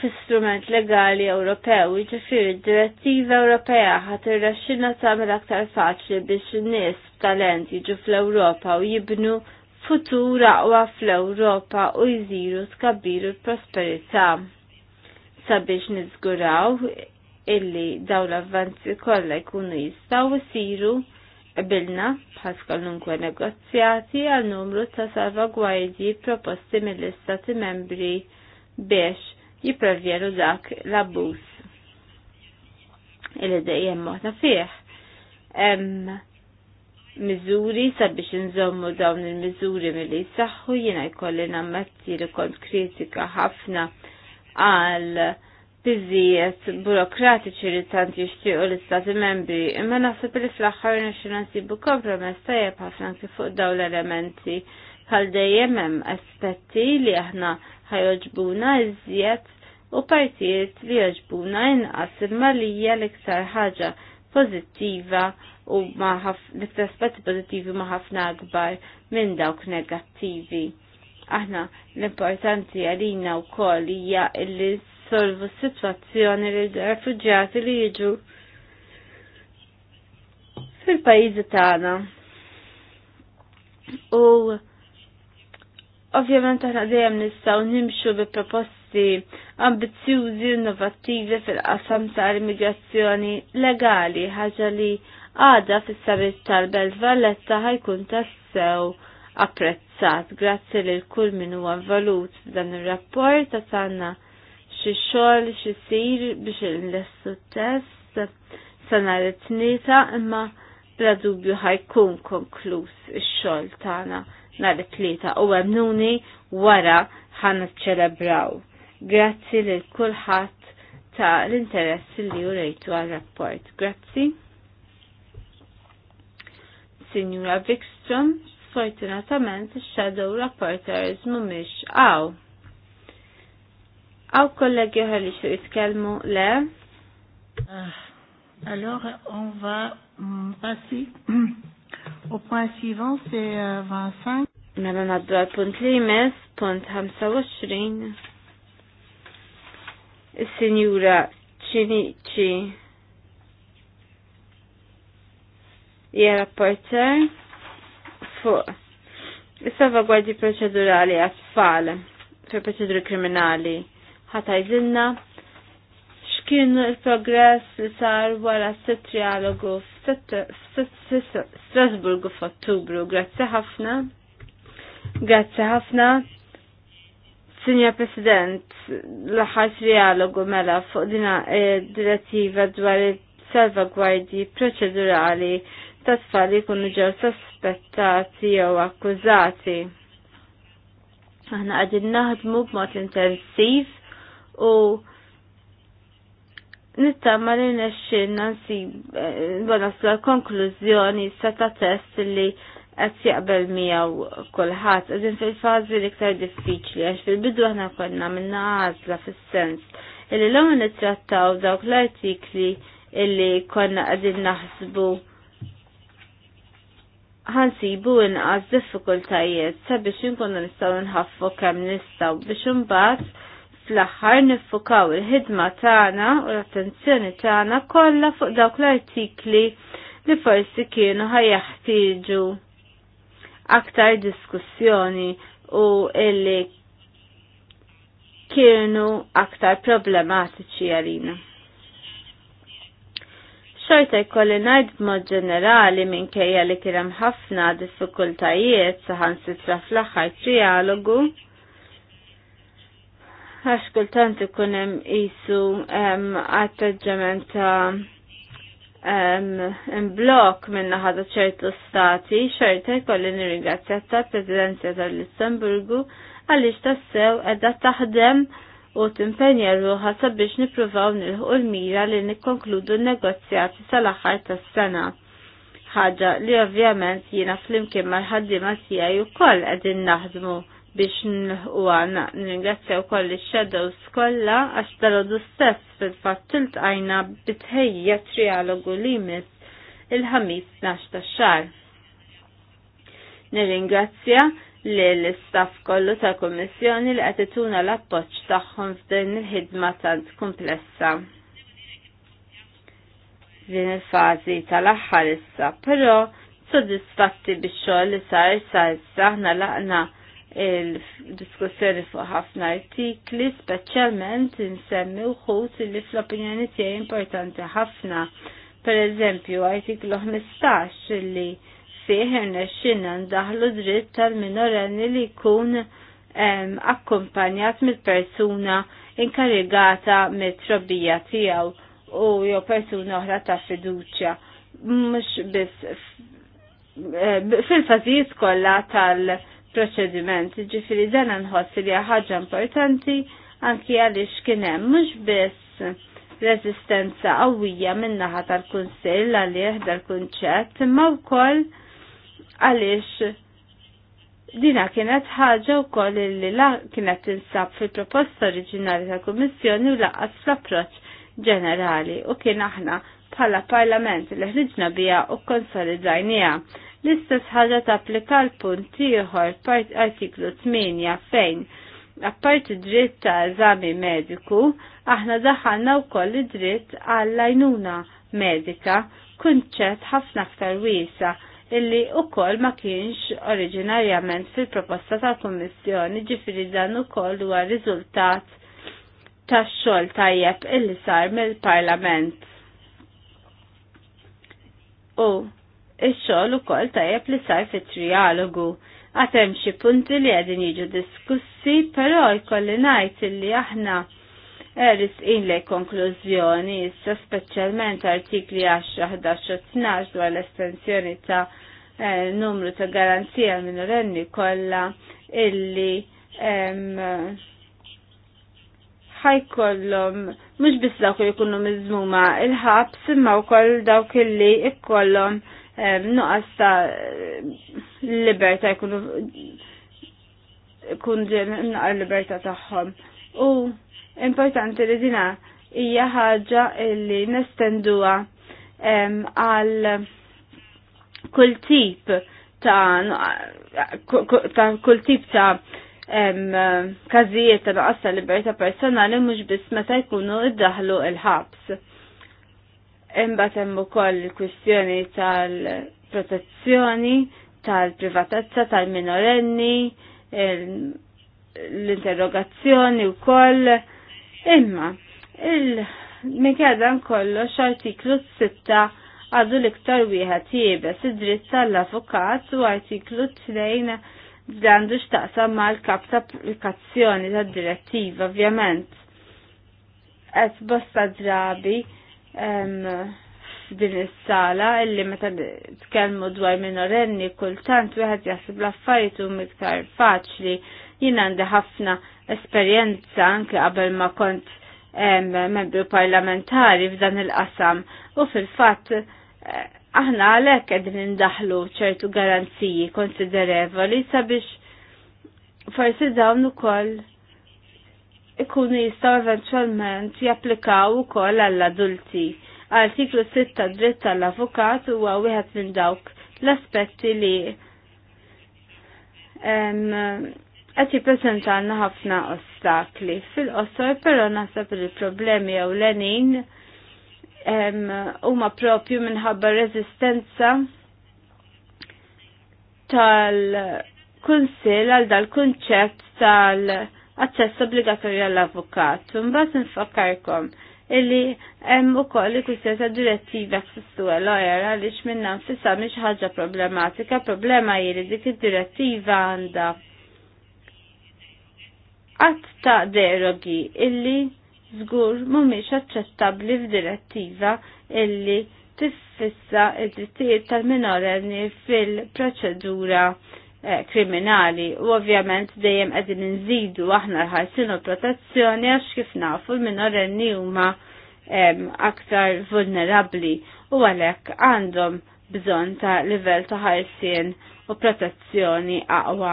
fi strument legali Ewropew, ġifiri direttiva Ewropea ħat irraxxina tagħmel aktar faċli biex in-nies b'talent jiġu fl-Ewropa u jibnu futur aqwa fl-Ewropa u jżiru tkabbiru l-prosperità. Sabiex niżguraw illi dawn l-avvanzi kollha jkunu jistgħu jsiru qbilna bħalunkwe negozjati għal numru ta' salvagwardji proposti mill-istati membri biex jipprevjeru dak l abbus il dejjem moħna fih. Hemm miżuri sabiex inżommu dawn il-miżuri milli jsaħħu jiena jkolli nammetti li kont kritika ħafna għal biżijiet burokratiċi li tant jixtiequ l-Istati membri, imma naħseb li fl-aħħar nixxu nsibu kompromess tajjeb ħafna kif fuq dawn l-elementi bħal dejjem hemm aspetti li aħna ħajoġbuna iżjed u partijiet li joġbuna inqas imma li hija l-iktar ħaġa pożittiva u ma l-iktar aspetti pożittivi ma ħafna akbar minn dawk negattivi. Aħna l-importanti għalina wkoll hija li solvu s-sitwazzjoni li refuġjati li jiġu fil-pajjiżi tagħna. U Ovvjament aħna dejjem nistgħu nimxu bi proposti ambizzjużi innovattivi fil-qasam tal-immigrazzjoni legali, ħaġa li għada fis-sabit tal-Belt Valletta ħajkun tassew apprezzat. Grazzi li l-kull min huwa involut f'dan ir-rapport ta' sanna xi xogħol xi sir biex inlessu test sa nhar it-tnieta imma bla dubju ħajkun konkluż ix-xogħol tagħna nhar it-tlieta u għemnuni wara ħan ċelebraw. Grazzi lil kulħadd ta' l-interess li u rejtu għal-rapport. Grazzi. Signora Vikstrom, fortunatament il-Shadow Rapporters mumiex għaw. Għaw kollegi uħar li xo jitkelmu le? Ah, alors, on va mm, passer U point suivant, c'est 25. Euh, mela naddu għal punt li jmess, punt 25. Il-Sinjura Ċinici. Hija rapporter fuq is-salvagwardji proċedurali għat-tfal fil proċeduri kriminali. Ħatajdilna x'kienu il-progress li sar wara s-trialogu Strasburgu f'Ottubru. Grazzi ħafna. Grazzi ħafna. Sinja President, l-ħar trialogu mela fuq dina eh, direttiva dwar il-salvagwardji proċedurali ta' tfal li kunu ġew sospettati jew akkużati. Aħna qegħdin naħdmu b'mod intensiv u nittama li nesċilna nsib eh, naslu konklużjoni seta' test li qed jaqbel miegħu kulħadd. Qegħdin fil-fażi l-iktar diffiċli għax fil-bidu għana konna minna għażla fis-sens illi l nittrattaw dawk l-artikli illi konna qegħdin naħsbu ħansibu inqas diffikultajiet sabiex inkunu nistgħu nħaffu kemm nistgħu biex imbagħad fl-aħħar niffukaw il-ħidma tagħna u l-attenzjoni tagħna kollha fuq dawk l-artikli li forsi kienu ħajjaħtieġu aktar diskussjoni u illi kienu aktar problematiċi għalina. Xorta jkolli ngħid b'mod ġenerali minkejja li kien hemm ħafna diffikultajiet saħansitra fl-aħħar trialogu għax kultant ikun hemm isu atteġġament ta' imblok minn naħa ċertu stati, xorta jkolli nirringrazzja tal-Presidenza tal-Lussemburgu għaliex tassew qiegħda taħdem u timpenja ruħa sabiex nippruvaw nilħu l-mira li nikkonkludu n-negozjati sal-aħħar tas-sena. Ħaġa li ovvjament jiena flimkien mal-ħaddiema u koll qegħdin naħdmu biex nħu għana nringrazzja u koll il-shadows kolla għax dalodu stess fil-fat għajna bitħejja trialogu li mis il-ħamis naċta ta' n Nirringrazzja li l-istaff kollu ta' komissjoni li għatituna l-appoċ tagħhom f'din il-ħidma tant komplessa. Din il-fazi tal-aħħar issa, però soddisfatti bix-xogħol li sar sa issa aħna laqna il-diskussjoni fuq ħafna artikli, speċjalment insemmi uħut li fl-opinjoni tiegħi importanti ħafna. Per eżempju, artiklu 15 li fih irnexxinna ndaħlu dritt tal-minorenni li jkun akkumpanjat mill-persuna inkarigata mit-trobbija tiegħu u jew persuna oħra ta' fiduċja. Mhux biss eh, fil-fażijiet kollha tal- proċediment. Ġifiri dan nħoss li ħaġa importanti anki għaliex kien hemm mhux biss rezistenza qawwija minnaħa tal-Kunsill għalih dal-kunċett u wkoll għaliex dina kienet ħaġa wkoll li la kienet tinsab fil-proposta oriġinali tal-Kummissjoni u laqqas fl-approċċ ġenerali u kien aħna bħala parlament li ħriġna bija u konsolidajnija L-istess ħaġa tapplika l-punt ieħor part artiklu 8 fejn apparti dritt ta' eżami mediku, aħna daħħalna wkoll id-dritt għall-lajnuna medika, kunċett ħafna aktar wiesa' illi u koll ma kienx oriġinarjament fil-proposta tal kummissjoni ġifiri dan u koll huwa riżultat ta' xogħol tajjeb illi sar mill-Parlament. U Ix-xogħol ukoll tajjeb li sar fit-trialogu. Għatem xi punti li għedin jiġu diskussi, però jkolli ngħid li aħna risqin le konklużjoni, issa speċjalment artikli 10, 11, 12 dwar l-estensjoni ta' eh, numru ta' garanzija minorenni kollha illi ħajkollhom mhux biss dawk li jkunu miżmuma il-ħabs imma wkoll dawk illi ikollhom nuqqas ta' libertà jkunu kun ġen naqra libertà tagħhom. U importanti li dina hija ħaġa li nestenduha għal kull tip ta' kull tip ta' każijiet ta' nuqqas ta' libertà personali mhux biss meta jkunu iddaħlu il-ħabs. Imbagħad hemm ukoll il-kwistjoni tal-protezzjoni tal-privatezza tal-minorenni, l-interrogazzjoni wkoll. Imma, il-mikjadan kollox artiklu 6 għadu l-iktar wieħed jiebes id-dritt tal-avukat u artiklu 2 għandu xtaqsam ma l-kap ta' applikazzjoni tad direttiva ovvjament. Qed bosta drabi din is-sala illi meta tkellmu dwar minorenni kultant wieħed jaħseb l-affarijiet huma iktar faċli. Jien għandi ħafna esperjenza anke qabel ma kont membru parlamentari f'dan il-qasam u fil-fatt eh, aħna għalhekk qegħdin indaħlu ċertu garanziji konsiderevoli sabiex forsi dawn ukoll ikunu jistaw eventualment japplikaw ukoll għall-adulti. Artiklu 6 dritt tal-avukat huwa wieħed minn dawk l-aspetti li qed jippreżentalna ħafna ostakli. Fil-qosor però naħseb il-problemi jew lenin huma propju minħabba reżistenza tal-kunsil għal dal-kunċett tal-, kunċett tal aċċess obbligatorju għall-avukat. Mbagħad nfakkarkom illi hemm ukoll il-kwistjoni direttiva fis-suwa lawyer għaliex minna nfisha mhix ħaġa problematika, problema jiri dik id-direttiva għandha qatt ta' derogi illi żgur mhumiex aċċettabbli f'direttiva illi tiffissa id-drittijiet tal-minorenni fil-proċedura Eh, kriminali u ovvjament dejjem qegħdin inżidu aħna l-ħarsin u protezzjoni għax kif nafu l-minorenni huma aktar vulnerabbli u għalhekk għandhom bżonn ta' livell ta' ħarsien u protezzjoni aqwa.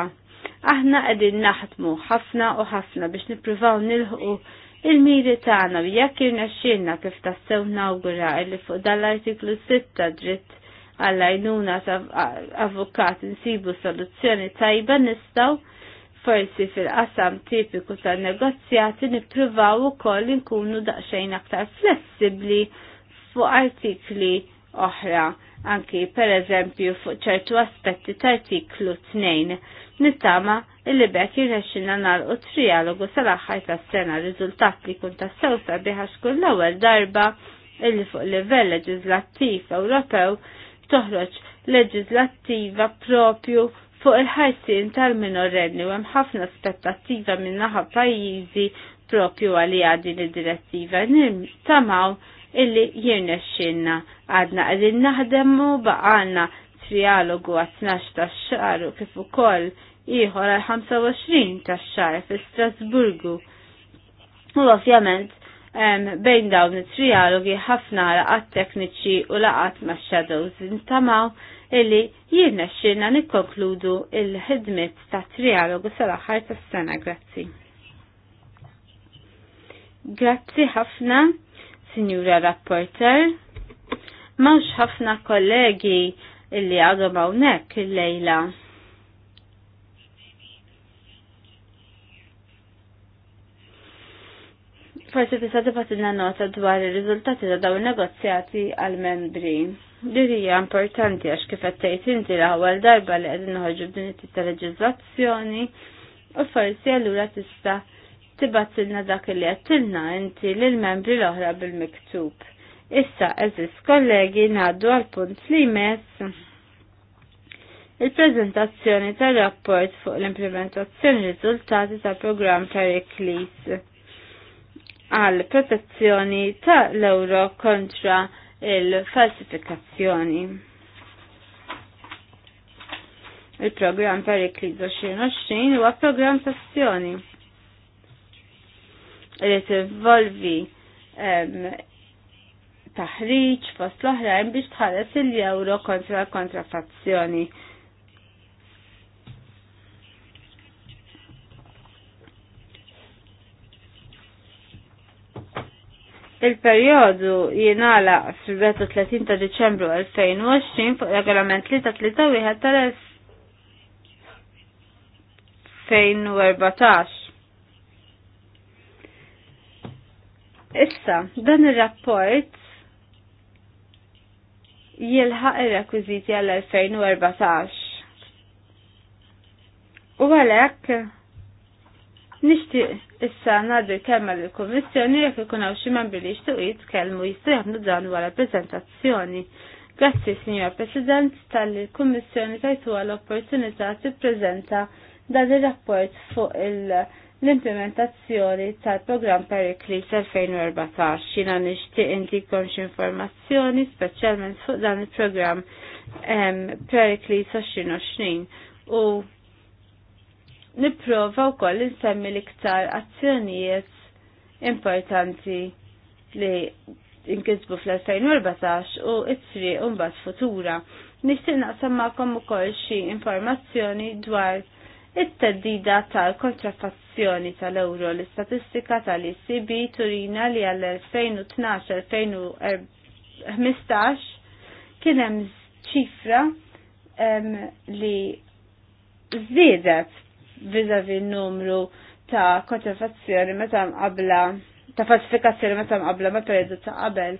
Aħna qegħdin naħdmu ħafna u ħafna biex nippruvaw nilħu il-miri tagħna u jekk irnexxielna kif tassew nawgura li fuq dal-artiklu 6 dritt għalla ta' avukat nsibu soluzzjoni tajba nistaw forsi fil-qasam tipiku ta' negozjati nipruvaw u koll nkunu daqxajn aktar flessibli fuq artikli oħra anki per eżempju fuq ċertu aspetti ta' artiklu 2. Nittama illi bekk jirrexxina nagħlqu trialogu sal-aħħar tas-sena riżultat li kun tas-sewsa biħax kull l-ewwel darba illi fuq livell leġislattiv Ewropew toħroġ leġislattiva propju fuq il ħajsin tal-minorenni u hemm ħafna aspettattiva minn naħa pajjiżi propju għali għadi l-direttiva. Nim illi jirna xinna għadna għadin naħdemmu baqalna trialogu għat ta' xaru kif ukoll ieħor għal 25 ta' xar fil Strasburgu. U ovvjament bejn dawn it-trialogi ħafna laqat tekniċi u laqat ma' shadows intamaw illi jirna xirna nikkonkludu il-ħidmit ta' trialogu sal-axar ta' s-sena, grazzi. Grazzi ħafna, Signora Rapporter. Mawx ħafna kollegi illi għadu hawnhekk il-lejla. Forsi tista' tibatilna nota dwar ir-riżultati ta' dawn negozjati għal membri. Din hija importanti għax kif qed inti l-ewwel darba li qegħdin noħorġu b'din it-tip ta' u forsi allura tista' tibatilna dak li għattilna inti lill membri l-oħra bil-miktub. Issa eżis kollegi naddu għal punt li mess il-prezentazzjoni tal-rapport fuq l-implementazzjoni riżultati tal-programm Pericles għal protezzjoni ta' l-euro kontra il-falsifikazzjoni. Il-program Perikli 2020 huwa program ta' azzjoni li tinvolvi taħriġ fost l-oħrajn biex tħares il-euro kontra kontrafazzjoni. kontra Il-perjodu jingħala fil-30 ta' Diċembru 2020 fuq regolament ta' tal-2014. Issa, dan ir-rapport jilħaq ir-rekwiżiti għall-2014. U għalhekk Nixtieq issa ngħaddi kelma lill-Kummissjoni jekk ikun hawn xi membri li jixtiequ jitkellmu jistgħu jagħmlu dan wara preżentazzjoni. Grazzi, Signor President, tal-Kummissjoni tajtuha l-opportunità tippreżenta dan ir-rapport fuq l-implementazzjoni tal-programm Pericles 2014 jina nishtiq intikom informazzjoni speċjalment fuq dan il-programm ehm, Pericles 2020 u nipprova wkoll insemmi l-iktar azzjonijiet importanti li inkisbu fl-2014 u it un mbagħad futura. Nixtieq naqsam magħkom ukoll xi informazzjoni dwar it-teddida tal-kontraffazzjoni tal-euro l-istatistika tal icb turina li għall-2012-2015 kien hemm ċifra li żiedet vizavi numru ta' konservazzjoni meta mqabla ta' falsifikazzjoni meta mqabla ma' periodu ta' qabel.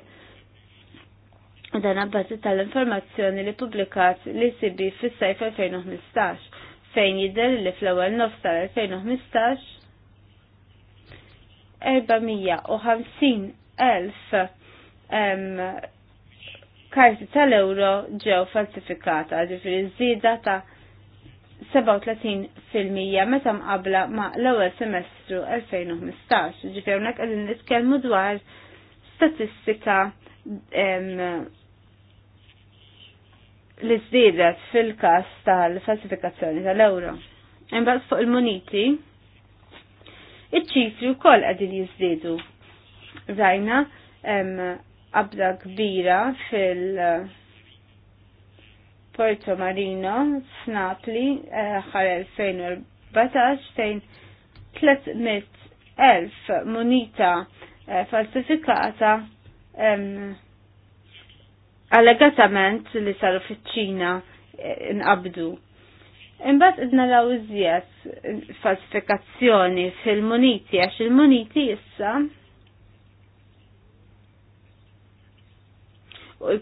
Dan abbażi tal-informazzjoni li publikat li sibi fis-sajf 2015 fejn jidher li fl-ewwel nofs tal-2015 450 elf karti tal-euro ġew falsifikata, ġifiri zida ta' 37% meta mqabla ma l-ewwel semestru 2015. Ġifier hawnhekk qegħdin nitkellmu dwar statistika li żdiedet fil-każ tal-falsifikazzjoni tal-ewro. Imbagħad fuq il-muniti, iċ-ċifri wkoll qegħdin jiżdiedu. Rajna qabda kbira fil- uh, Porto Marino Snapli eh, ħar 2014 fejn 300.000 munita eh, falsifikata allegatament li saru fiċ-Ċina inqabdu. Eh, Imbagħad qed naraw iżjed falsifikazzjoni fil-muniti għax il-muniti issa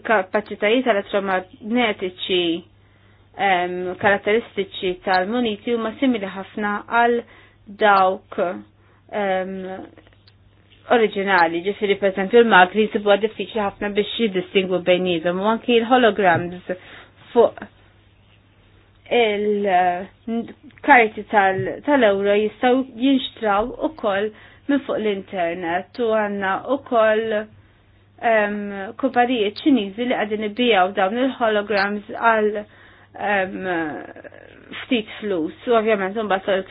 kapacitajiet elettromagnetiċi um, karatteristiċi tal-muniti huma simili ħafna għal dawk um, oriġinali, ġifiri per esempio l-magri jisibu diffiċli ħafna biex jidistingu bejnietom u anki l-holograms fuq il-karti tal-euro jistaw jinxtraw u koll minn fuq l-internet u għanna u koll kubarije ċiniżi li għadin ibijaw dawn il-holograms għal ftit flus. U ovvjament un basso il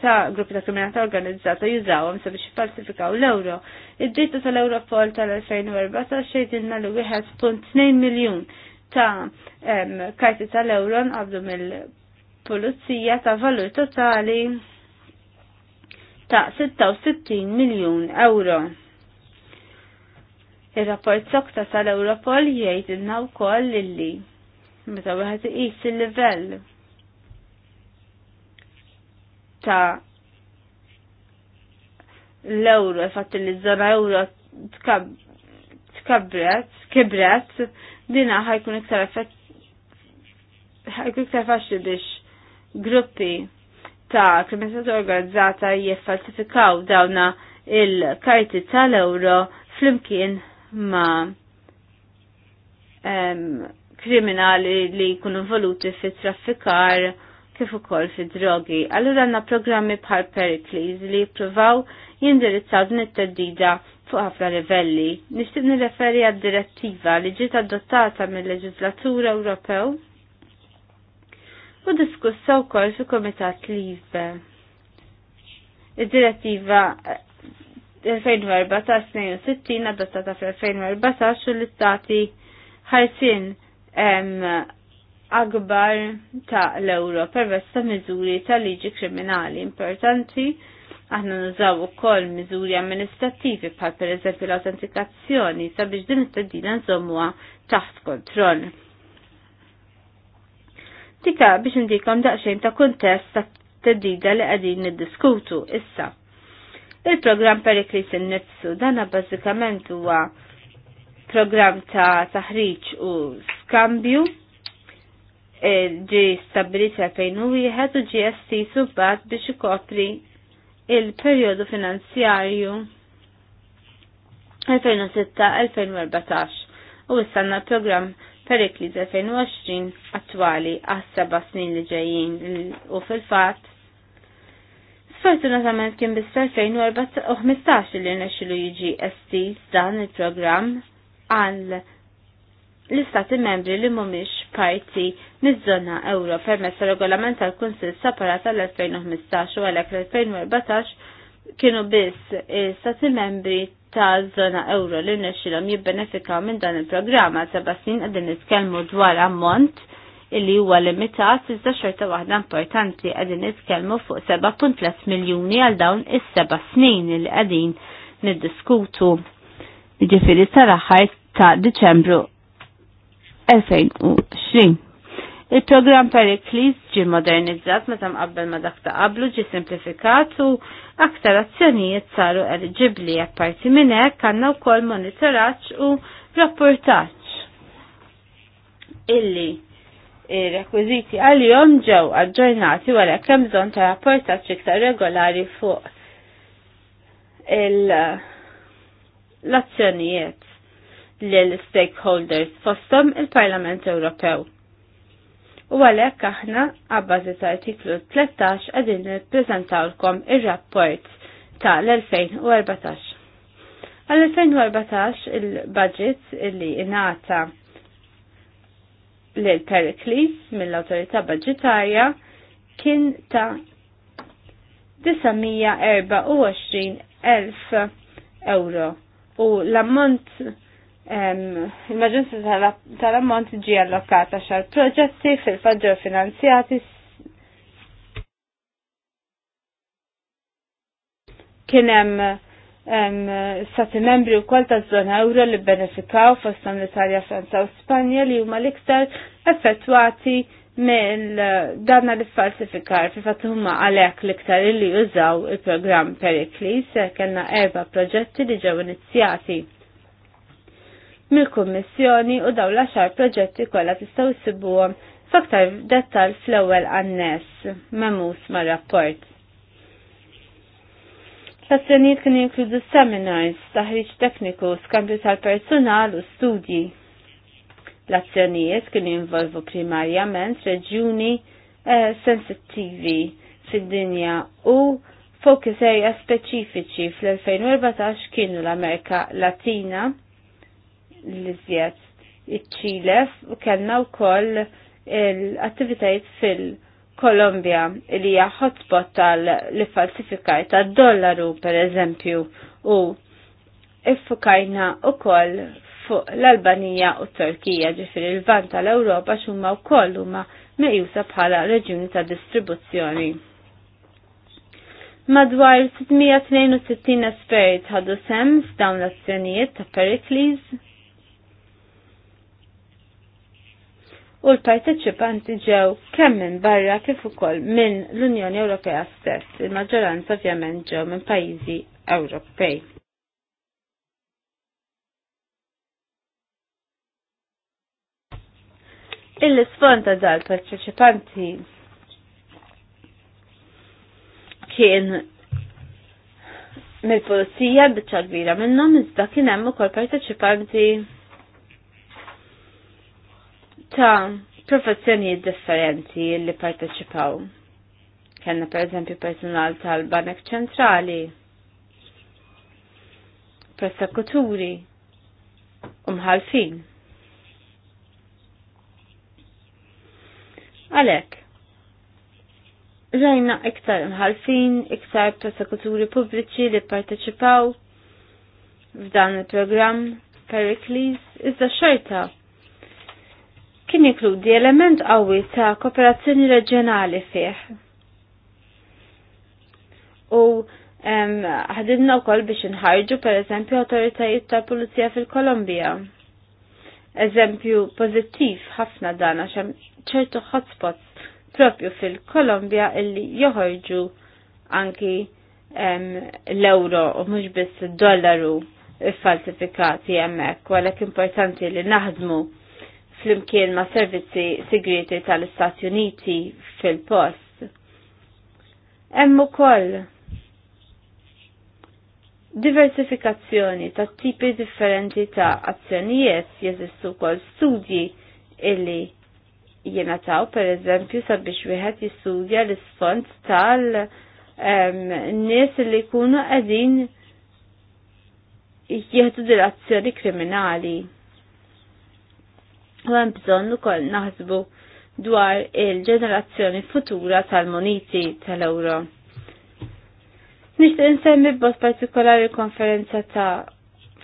ta' gruppi ta' kriminalta organizzata jużawhom sabiex falsifikaw l-euro. Id-dritta tal-Europol tal-2014 xejdinna li 1.2 miljun ta' karti tal-euro għabdu mill-pulizija ta' valur totali ta' 66 miljun euro. Il-rapport sokta tal-Europol jgħid inna wkoll lilli, meta wieħed iqis il-livell ta' l-euro, fatt li żona euro tkabret, kibret, dina ħajkun iktar effett ħajkun iktar faċli biex gruppi ta' kriminalità organizzata jiffalsifikaw dawna il-karti tal-euro flimkien ma um, kriminali li jkunu involuti fi traffikar kif ukoll fi drogi. Allura għandna programmi bħal Pericles li jippruvaw jindirizzaw din it-teddida fuq ħafna livelli. Nixtieq nirreferi għad-direttiva li ġiet adottata mill-Leġislatura Ewropew u diskussaw wkoll fi Komitat Libe. Id-direttiva 2014-62 adottata fl-2014 u l-istati ħarsin akbar ta' l-Euro pervers ta' miżuri ta' liġi kriminali importanti aħna nużaw ukoll miżuri amministrattivi bħal pereżempju l-autentikazzjoni sabiex din it-tedina nżommuha taħt kontroll. Tika biex ndikom daqsxejn ta' kuntest ta' teddida li qegħdin diskutu issa. Il-programm Periklis innifsu dana bażikament huwa program ta' taħriġ u skambju e, ġi stabilit għalfejn u ġi estisu bat biex ikopri il-periodu finanzjarju 2006-2014 u istanna l-programm Periklis 2020 attwali għas seba snin li ġejjin u fil-fat Fortunatament kien bis 2015 li nexilu jiġi esti dan il-programm għal l-istati membri li mumiex parti miż-żona euro permezz regolament tal-Kunsill separata l 2015 u għal l-2014 kienu biss stati membri tal zona euro li nexxilhom jibbenefikaw minn dan il-programma seba' snin qegħdin nitkellmu dwar ammont illi huwa limitat iżda xorta waħda importanti qegħdin nitkellmu fuq 7.3 miljuni għal dawn is-seba' snin li qegħdin niddiskutu. Ġifieri sar aħħar ta' Diċembru 2020. il programm Pericles ġi modernizzat meta mqabbel ma dak ta' qablu ġi simplifikat u aktar azzjonijiet saru eliġibbli apparti minn hekk għandna wkoll monitoraġġ u rapportaġġ illi ir-rekwiżiti għalihom ġew aġġornati wara kemm bżonn ta' rapporta iktar regolari fuq l-azzjonijiet l stakeholders fostom il-Parlament Ewropew. U għalhekk aħna għabbażi ta' artiklu 13 qegħdin nippreżentawlkom ir-rapport ta' l-2014. Għal-2014 il-budget illi ingħata lil Periklis mill-autorità budgetarja kien ta' 924.000 euro u l-ammont il maġunza tal-ammont ġi allokata xar proġetti fil-faġġor finanzjati kien hemm stati membri wkoll ta' żona euro li benefikaw fostom l-Italja, Franza u Spanja li huma l-iktar effettwati mill danna li falsifikar fi fatt huma għalhekk l-iktar li jużaw il-programm Pericles kellna erba' proġetti li ġew inizjati mill-Kummissjoni u dawn l-għaxar proġetti kollha tistgħu sibuħom f'aktar dettal fl-ewwel għannes memus mar-rapport. Sessjonijiet kien jinkludu seminars, taħriġ tekniku, skambju tal-personal u studji. L-azzjonijiet kienu jinvolvu primarjament reġjuni eh, sensittivi fid-dinja u fokus area speċifiċi fl-2014 kienu l-Amerika Latina, l-Izjed, il-ċile u kellna wkoll l-attivitajiet fil- Kolombja li hija hotspot tal falsifikaj tad-dollaru per eżempju u iffukajna ukoll fuq l-Albanija u Turkija ġifir il-vant tal-Ewropa xumma u koll huma meqjusa bħala reġjuni ta' distribuzzjoni. Madwar 662 esperit ħadu sem f'dawn l-azzjonijiet ta' Pericles, u l-parteċipanti ġew kemm minn barra kif ukoll minn l-Unjoni Ewropea stess, il-maġġoranza ovvjament ġew minn pajjiżi Ewropej. Il-sfonta dal-parteċipanti kien mill-polizija biċċa kbira minnhom iżda kien hemm ukoll parteċipanti ta' professjonijiet differenti li parteċipaw. Kenna per eżempju personal tal-Banek Ċentrali, prosekuturi, umħalfin. Għalek, rajna iktar umħalfin, iktar prosekuturi pubbliċi li parteċipaw f'dan il-programm Pericles iżda xorta kien jinkludi element qawwi ta' kooperazzjoni reġjonali fih. U ħadidna wkoll biex inħarġu pereżempju awtoritajiet ta' pulizija fil-Kolombija. Eżempju pożittiv ħafna dan għax ċertu hotspots propju fil-Kolombja illi joħorġu anki l-euro u mhux biss id-dollaru falsifikati hemmhekk, għalhekk importanti li naħdmu flimkien ma' servizzi segreti tal-Istati Uniti fil-post. Hemm ukoll diversifikazzjoni ta' tipi differenti ta' azzjonijiet jeżistu wkoll studji illi jenataw per eżempju sabiex wieħed jistudja l-isfond tal- nies li jkunu qegħdin jieħdu dil-azzjoni kriminali. U hemm bżonn ukoll naħsbu dwar il-ġenerazzjoni futura tal-moniti tal-euro. Nixtieq insemmi bost partikolari konferenza ta'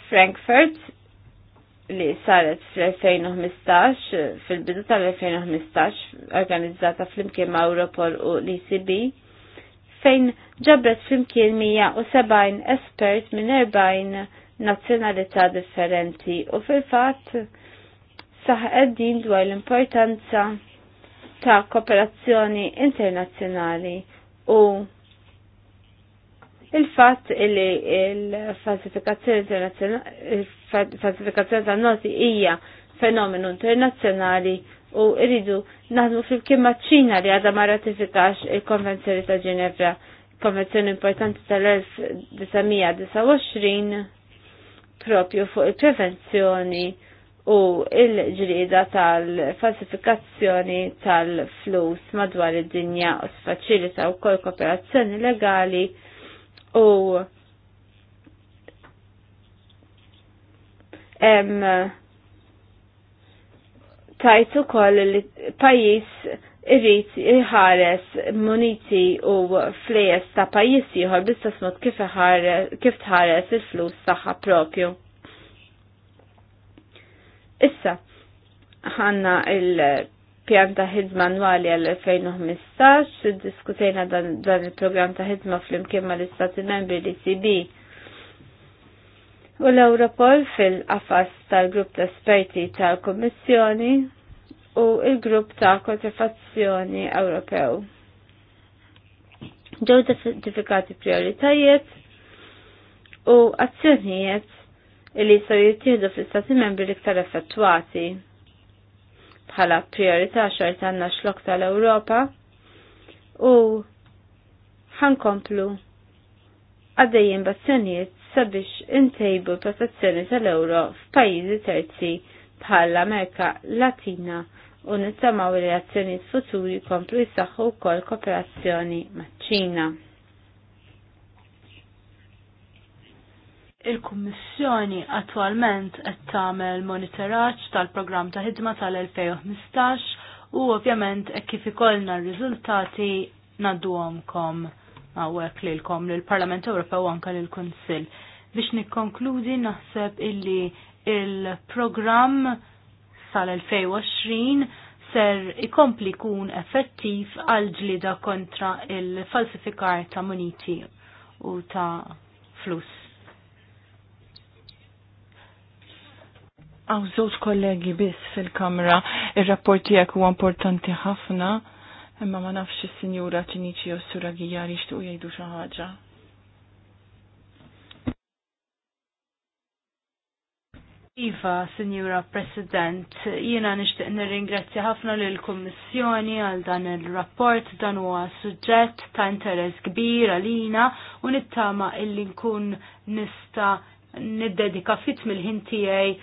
Frankfurt li saret fl-2015, fil-bidu tal-2015, organizzata fl-imkien ma' Europol u l-ECB, fejn ġabret fl-imkien 170 espert minn 40 nazzjonalità differenti u fil-fatt saħ din dwar l-importanza ta' kooperazzjoni internazzjonali u il-fatt li il-falsifikazzjoni internazzjonali il-falsifikazzjoni ta' noti hija fenomenu internazzjonali u iridu naħdmu fil kimma ċina li għadha ma ratifikax il-Konvenzjoni ta' Ġenevra, konvenzjoni importanti tal-1929 propju fuq il-prevenzjoni u il-ġrida tal-falsifikazzjoni tal-flus madwar id-dinja u sfaċilita u kol kooperazzjoni legali u em, tajtu kol il-pajis irrit iħares muniti u flejes ta' pajis jħor bistess mod kif tħares il-flus taħħa propju. Issa, ħanna il-pjan ta' ħidma nwali għal-2015, diskutejna dan, dan il-program ta' ħidma fl-imkien ma' l-Istati Membri l-ICB u l-Europol fil-qafas tal-grupp ta' esperti tal-Kommissjoni u il-grupp ta' kontrafazzjoni Ewropew. Ġew identifikati prioritajiet u azzjonijiet illi jistaw jittieħdu fl-istati membri l-iktar effettuati. Bħala priorità xorta għanna xlok tal-Ewropa u ħankomplu għaddejjien bazzjonijiet sabiex intejbu protezzjoni tal-euro f'pajjiżi terzi bħala Amerika Latina u nittamaw il-reazzjonijiet futuri komplu jissaxu kol kooperazzjoni maċ-Ċina. Il-Kummissjoni attualment qed tagħmel monitoraġġ tal-programm ta' ħidma tal-2015 u ovvjament kif ikollna r-riżultati nadduhomkom hawnhekk lilkom lill-Parlament Ewropew anke lill-Kunsill. Biex nikkonkludi naħseb illi il-programm sal-2020 ser ikompli kun effettiv għal ġlida kontra il-falsifikar ta' muniti u ta' flus. Għaw zoċ kollegi biss fil-kamra, ir-rapport tiegħek huwa importanti ħafna, imma ma nafx is-sinjura Ċiniċi u s-sura għijari jixtiequ jgħidu xi ħaġa. Iva, Sinjura President, jiena nixtieq nirringrazzja ħafna l kummissjoni għal dan il-rapport, dan huwa suġġett ta' interess kbir għalina u nittama illi nkun nista' niddedika fit mill-ħin tiegħi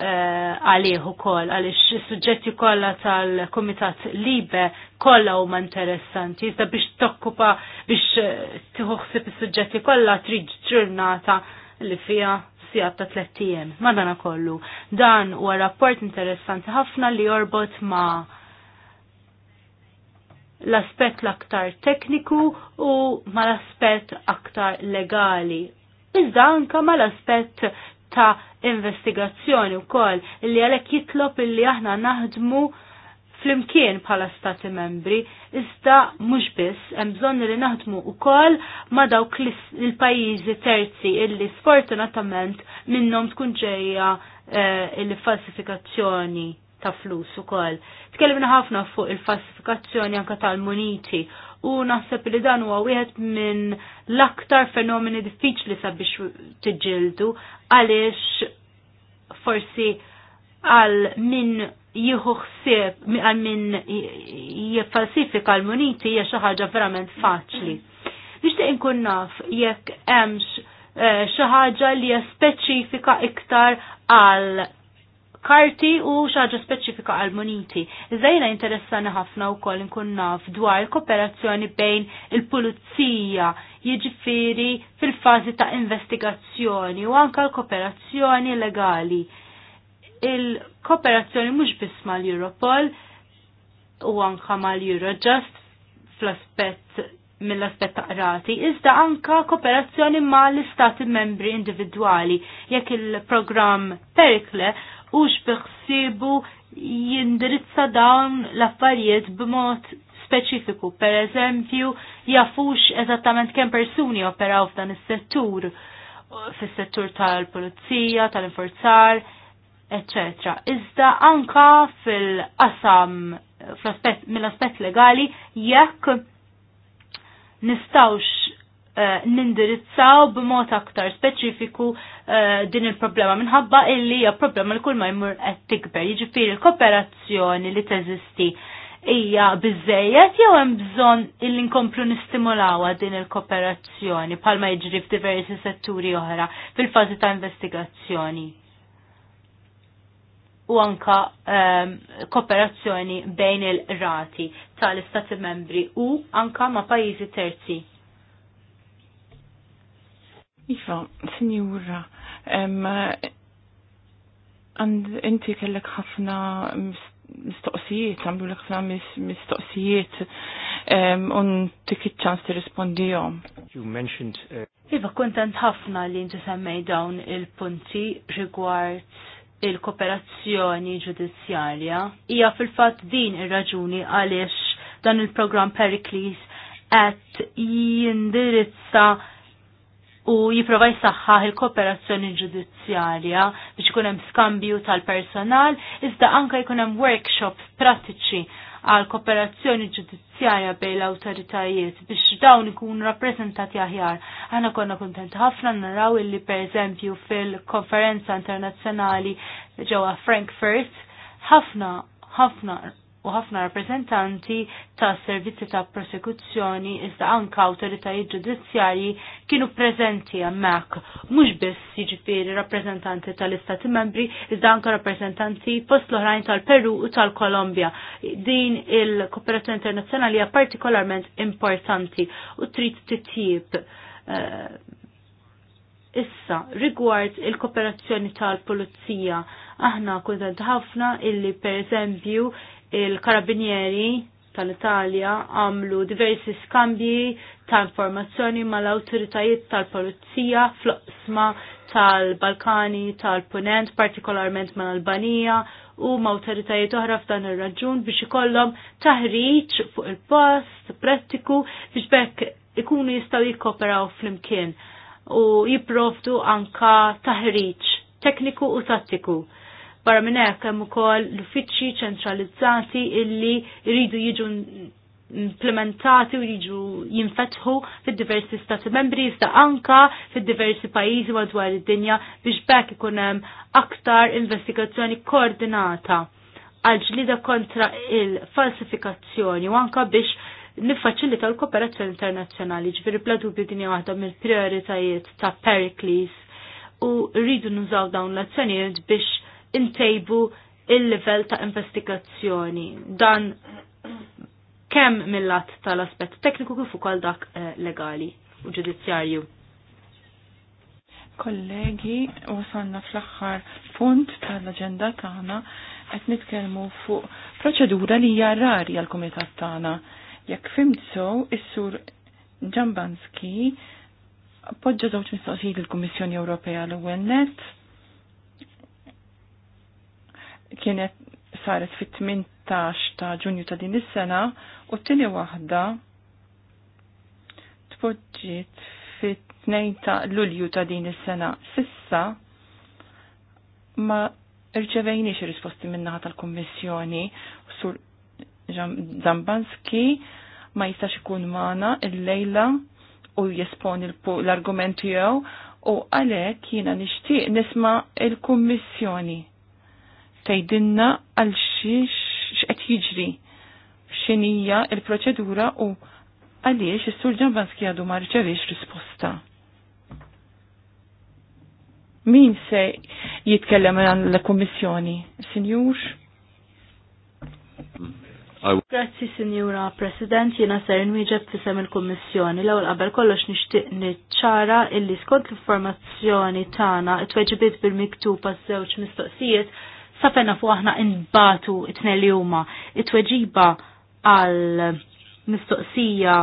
Eh, għalih ukoll għaliex is-suġġetti kollha tal-Kumitat Libe kollha huma interessanti, iżda biex tokkupa biex eh, tieħu ħsieb is-suġġetti kollha trid ġurnata li fiha sijab ta' tlettijiem. Madana kollu, dan huwa rapport interessanti ħafna li jorbot ma' l-aspett l-aktar tekniku u ma l-aspett aktar legali. Iżda anka ma l-aspett ta' investigazzjoni wkoll li għalhekk jitlob illi aħna naħdmu flimkien bħala stati membri, iżda mhux biss hemm bżonn li naħdmu wkoll ma' dawk il-pajjiżi terzi illi sfortunatament minnhom tkun ġejja eh, il-falsifikazzjoni ta' flus ukoll. Tkellimna ħafna fuq il-falsifikazzjoni anke tal-muniti u naħseb li dan huwa wieħed minn l-aktar fenomeni diffiċli sabiex tiġġieldu għaliex forsi għal min jieħu ħsieb għal min jiffalsifika l-muniti hija xi ħaġa verament faċli. Nixtieq inkun naf jekk hemmx eh, xi ħaġa li hija speċifika iktar għal karti u xaġa speċifika għal muniti. Zajna interessani ħafna u koll naf dwar kooperazzjoni bejn il-pulizija jieġifiri fil-fazi ta' investigazzjoni u anka l-kooperazzjoni legali. Il-kooperazzjoni mhux biss mal-Europol u anka mal-Eurojust fl-aspett mill aspet ta' rati, iżda anka kooperazzjoni mal istati membri individwali jekk il-programm Perikle u xbiħsibu jindirizza dawn l-affarijiet b'mod speċifiku. Per eżempju, jafux eżattament kemm persuni operaw f'dan is-settur, fis-settur tal-pulizija, tal-inforzar, etc. Iżda anka fil-qasam mill-aspett legali jekk nistawx eh, nindirizzaw b'mod aktar speċifiku Eh, din il-problema minħabba illi hija problema li kull ma jmur qed tikber. Jiġifieri l-kooperazzjoni li teżisti hija biżejjed jew hemm bżonn illi nkomplu nistimulawha din il-kooperazzjoni bħalma jiġri f'diversi setturi oħra fil-fażi ta' investigazzjoni. U anka um, kooperazzjoni bejn il-rati tal-Istati membri u anka ma' pajjiżi terzi. Iva, sinjura, Inti kellek ħafna mistoqsijiet, għamlu l ħafna mistoqsijiet un tikit ċans ti rispondijom. You mentioned... Uh, iva, kontent ħafna li inti semmej dawn il-punti rigward il-kooperazzjoni ġudizzjarja. Ija fil-fat din ir-raġuni għaliex dan il-program Pericles għet jindirizza u jiprova jsaħħaħ il-kooperazzjoni ġudizzjarja biex ikun hemm skambju tal-personal, iżda anke jkun hemm workshops pratiċi għal kooperazzjoni ġudizzjarja bejn l-awtoritajiet biex dawn ikunu rappreżentati aħjar. Aħna konna kuntent ħafna naraw illi pereżempju fil-konferenza internazzjonali ġewwa Frankfurt ħafna ħafna u ħafna rappresentanti ta' servizzi ta' prosekuzzjoni iżda anka awtoritajiet ġudizzjarji kienu preżenti hemmhekk, mhux biss jiġifieri rappreżentanti tal-Istati Membri iżda anka rappreżentanti post l-oħrajn tal-Peru u tal-Kolombja. Din il-kooperazzjoni internazzjonali hija partikolarment importanti u trid titjib. Eh, issa, rigward il-kooperazzjoni tal-Pulizija, aħna kuntent ħafna illi per eżempju il-karabinieri tal-Italja għamlu diversi skambji ta' informazzjoni mal-autoritajiet tal-Polizija fl-qsma tal-Balkani, tal-Punent, partikolarment mal-Albanija u ma' autoritajiet oħra f'dan ir-raġun biex ikollhom taħriġ fuq il-post prattiku biex bekk ikunu jistaw jikkoperaw fl-imkien u jipprovdu anka taħriġ tekniku u tattiku Barra minn hekk hemm ukoll l-uffiċċji ċentralizzati illi jridu jiġu implementati u jiġu jinfetħu fid-diversi stati membri, iżda anka fid-diversi pajjiżi madwar id-dinja biex bekk ikun hemm aktar investigazzjoni koordinata għal ġlida kontra il-falsifikazzjoni u anka biex niffaċilita l-kooperazzjoni internazzjonali, ġviri bla dubju dinja waħda mill-prioritajiet ta' Pericles u rridu nużaw dawn l-azzjonijiet biex intejbu il-level ta' investigazzjoni. Dan kemm mill tal-aspett tekniku kif ukoll dak eh, legali u ġudizzjarju. Kollegi, wasalna fl-aħħar punt tal-aġenda tagħna qed nitkellmu fuq proċedura li hija rari għal kumitat tagħna. Jekk fimt sew is-sur Ġambanski poġġa żewġ mistoqsijiet il-Kummissjoni Ewropea l-ewwel nett kienet saret fit-18 ta' ġunju ta' din is-sena u t-tieni waħda tpoġġiet fit-2 ta' Lulju ta' din is-sena. Sissa ma rċevejniex risposti minnaħa tal-Kummissjoni sur Zambanski ma jistax ikun mana il-lejla u jesponi l argumenti tiegħu u għalhekk jiena nixtieq nisma' il-Kummissjoni tgħidilna għal xiex x'qed jiġri x'inhija il-proċedura u għaliex is-Sur Ġambanski għadu ma rċeviex risposta. Min se jitkellem għan l-Komissjoni? Sinjur? Grazzi, Sinjura President, jena ser nwieġeb fisem il-Kommissjoni. L-ewwel qabel kollox nixtieq niċċara illi skont l-informazzjoni tagħna it-tweġibiet bil-miktub għaż-żewġ mistoqsijiet safenna fuq aħna inbatu it-tnel li huma it-tweġiba għal mistoqsija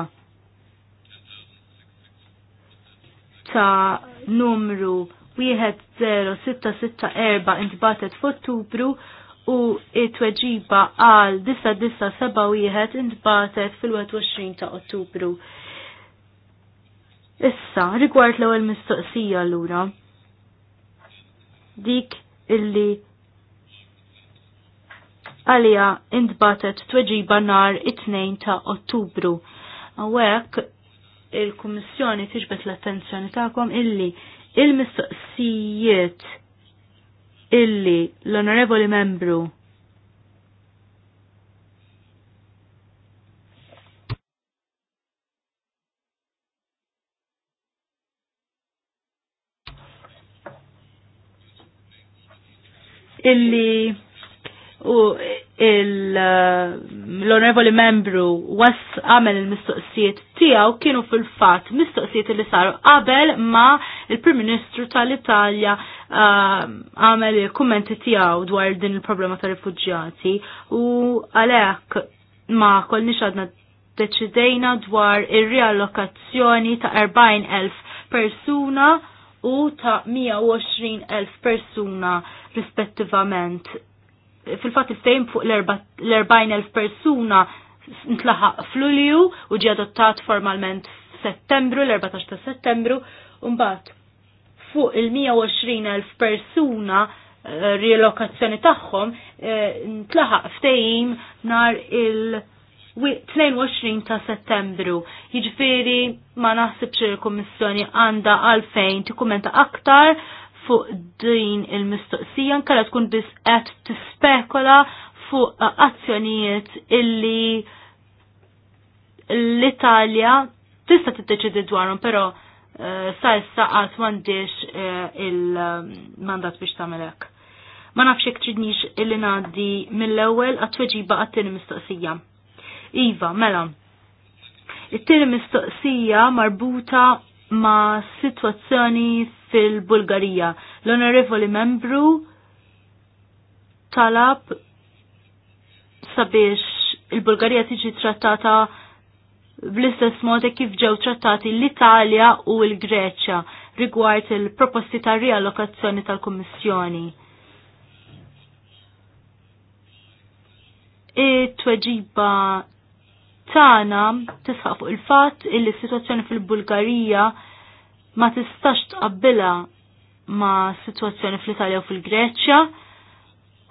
ta' numru 10664 intbatet f'Ottubru u it-tweġiba għal 9971 intbatet fil-21 ta' Ottubru. Issa, rigward l-ewwel mistoqsija l-ura. Dik illi għalija intbatet tweġiba nar it-2 ta' Ottubru. Għawek il-Kummissjoni tiġbet l-attenzjoni ta'kom illi il-mistoqsijiet illi l-Onorevoli Membru illi u eh, l-onorevoli membru was għamel il-mistoqsijiet tijaw kienu fil-fat mistoqsijiet li saru qabel ma il-Prim Ministru tal-Italja eh, għamel il-kommenti tijaw dwar din il-problema ta' rifugġjati u għalek ma kolni xadna deċidejna dwar ir-riallokazzjoni ta' 40.000 persuna u ta' 120.000 persuna rispettivament fil-fat il fuq l-40.000 persuna ntlaħaq f'Lulju u ġi adottat formalment settembru, l-14 ta' settembru, un-bat fuq il-120.000 persuna eh, rilokazzjoni tagħhom eh, ntlaħaq ftehim nar il- 22 ta' settembru. Jiġifieri ma naħsibx il-Kummissjoni għandha għalfejn tikkumenta aktar fuq din il-mistoqsija, nkella tkun biss qed tispekola fuq azzjonijiet illi l-Italja tista' tiddeċidi dwarhom, però eh, sa issa qatt m'għandix eh, il-mandat biex tagħmel hekk. Ma nafx jekk tridniex illi ngħaddi mill-ewwel għat-tweġiba għat-tieni mistoqsija. Iva, mela, it-tieni mistoqsija marbuta ma' situazzjoni fil-Bulgarija. L-onorevoli membru talab sabiex il-Bulgarija tiġi trattata bl-istess mod e kif ġew trattati l-Italja u l-Greċja rigward il-proposti ta' riallokazzjoni tal-Kummissjoni. it e tweġiba Tana tisħaq fuq il-fatt illi s-sitwazzjoni fil-Bulgarija ma tistax tqabbilha ma' sitwazzjoni fl-Italja u fil-Greċja,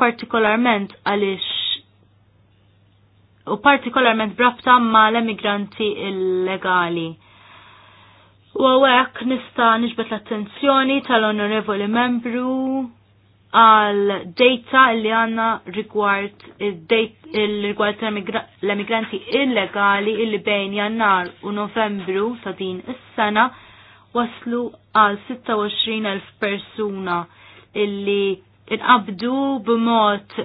partikolarment għaliex u partikolarment brabta ma l-emigranti illegali. U għawek nista nġbet l-attenzjoni tal-onorevoli membru għal data li għanna rigward il-rigward l-emigranti illegali illi bejn jannar u novembru ta' din is-sena waslu għal 26.000 persuna illi inqabdu b'mod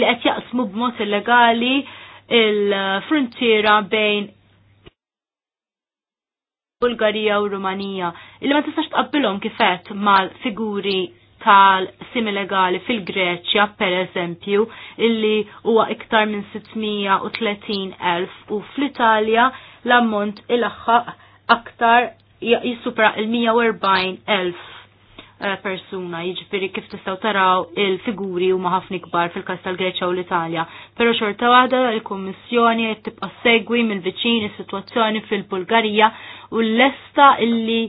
li qed jaqsmu b'mod illegali il-frontiera bejn Bulgarija u Rumanija. Illi ma tistax tqabbilhom kifet mal-figuri tal-simi legali fil-Greċja, per eżempju, illi huwa iktar minn 630.000 u fl-Italja l-ammont il-axħaq aktar jisupra il-140.000 eh, persuna, jiġifieri kif tistgħu taraw il-figuri huma ħafna kbar fil kas tal-Greċja u l-Italja. pero xorta waħda il-Kummissjoni qed tibqa' segwi mill-viċin is-sitwazzjoni fil-Bulgarija u l-lesta illi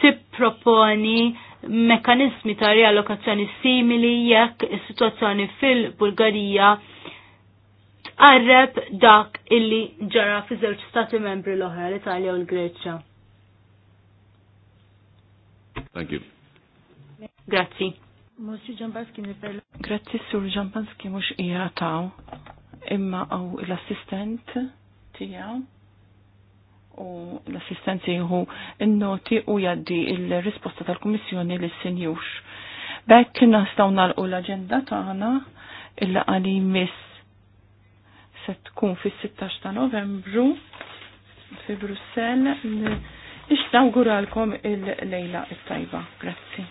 tipproponi mekkanizmi ta' riallokazzjoni simili jekk is-sitwazzjoni fil-Bulgarija tqarreb dak illi ġara fi żewġ stati membri l-oħra l-Italja u l-Greċja. Thank you. Grazzi. Mux ġampanski nifel. Grazzi sur ġampanski mux ija taw. Imma għaw l-assistent tijaw u l-assistenzi jħu il-noti u jaddi il-risposta tal-Komissjoni l senjux Bekk kina stawna l-agenda tagħna il-laqa li miss se tkun fis-16 ta' Novembru fi Brussell nixtawguralkom il-lejla it-tajba. Grazzi.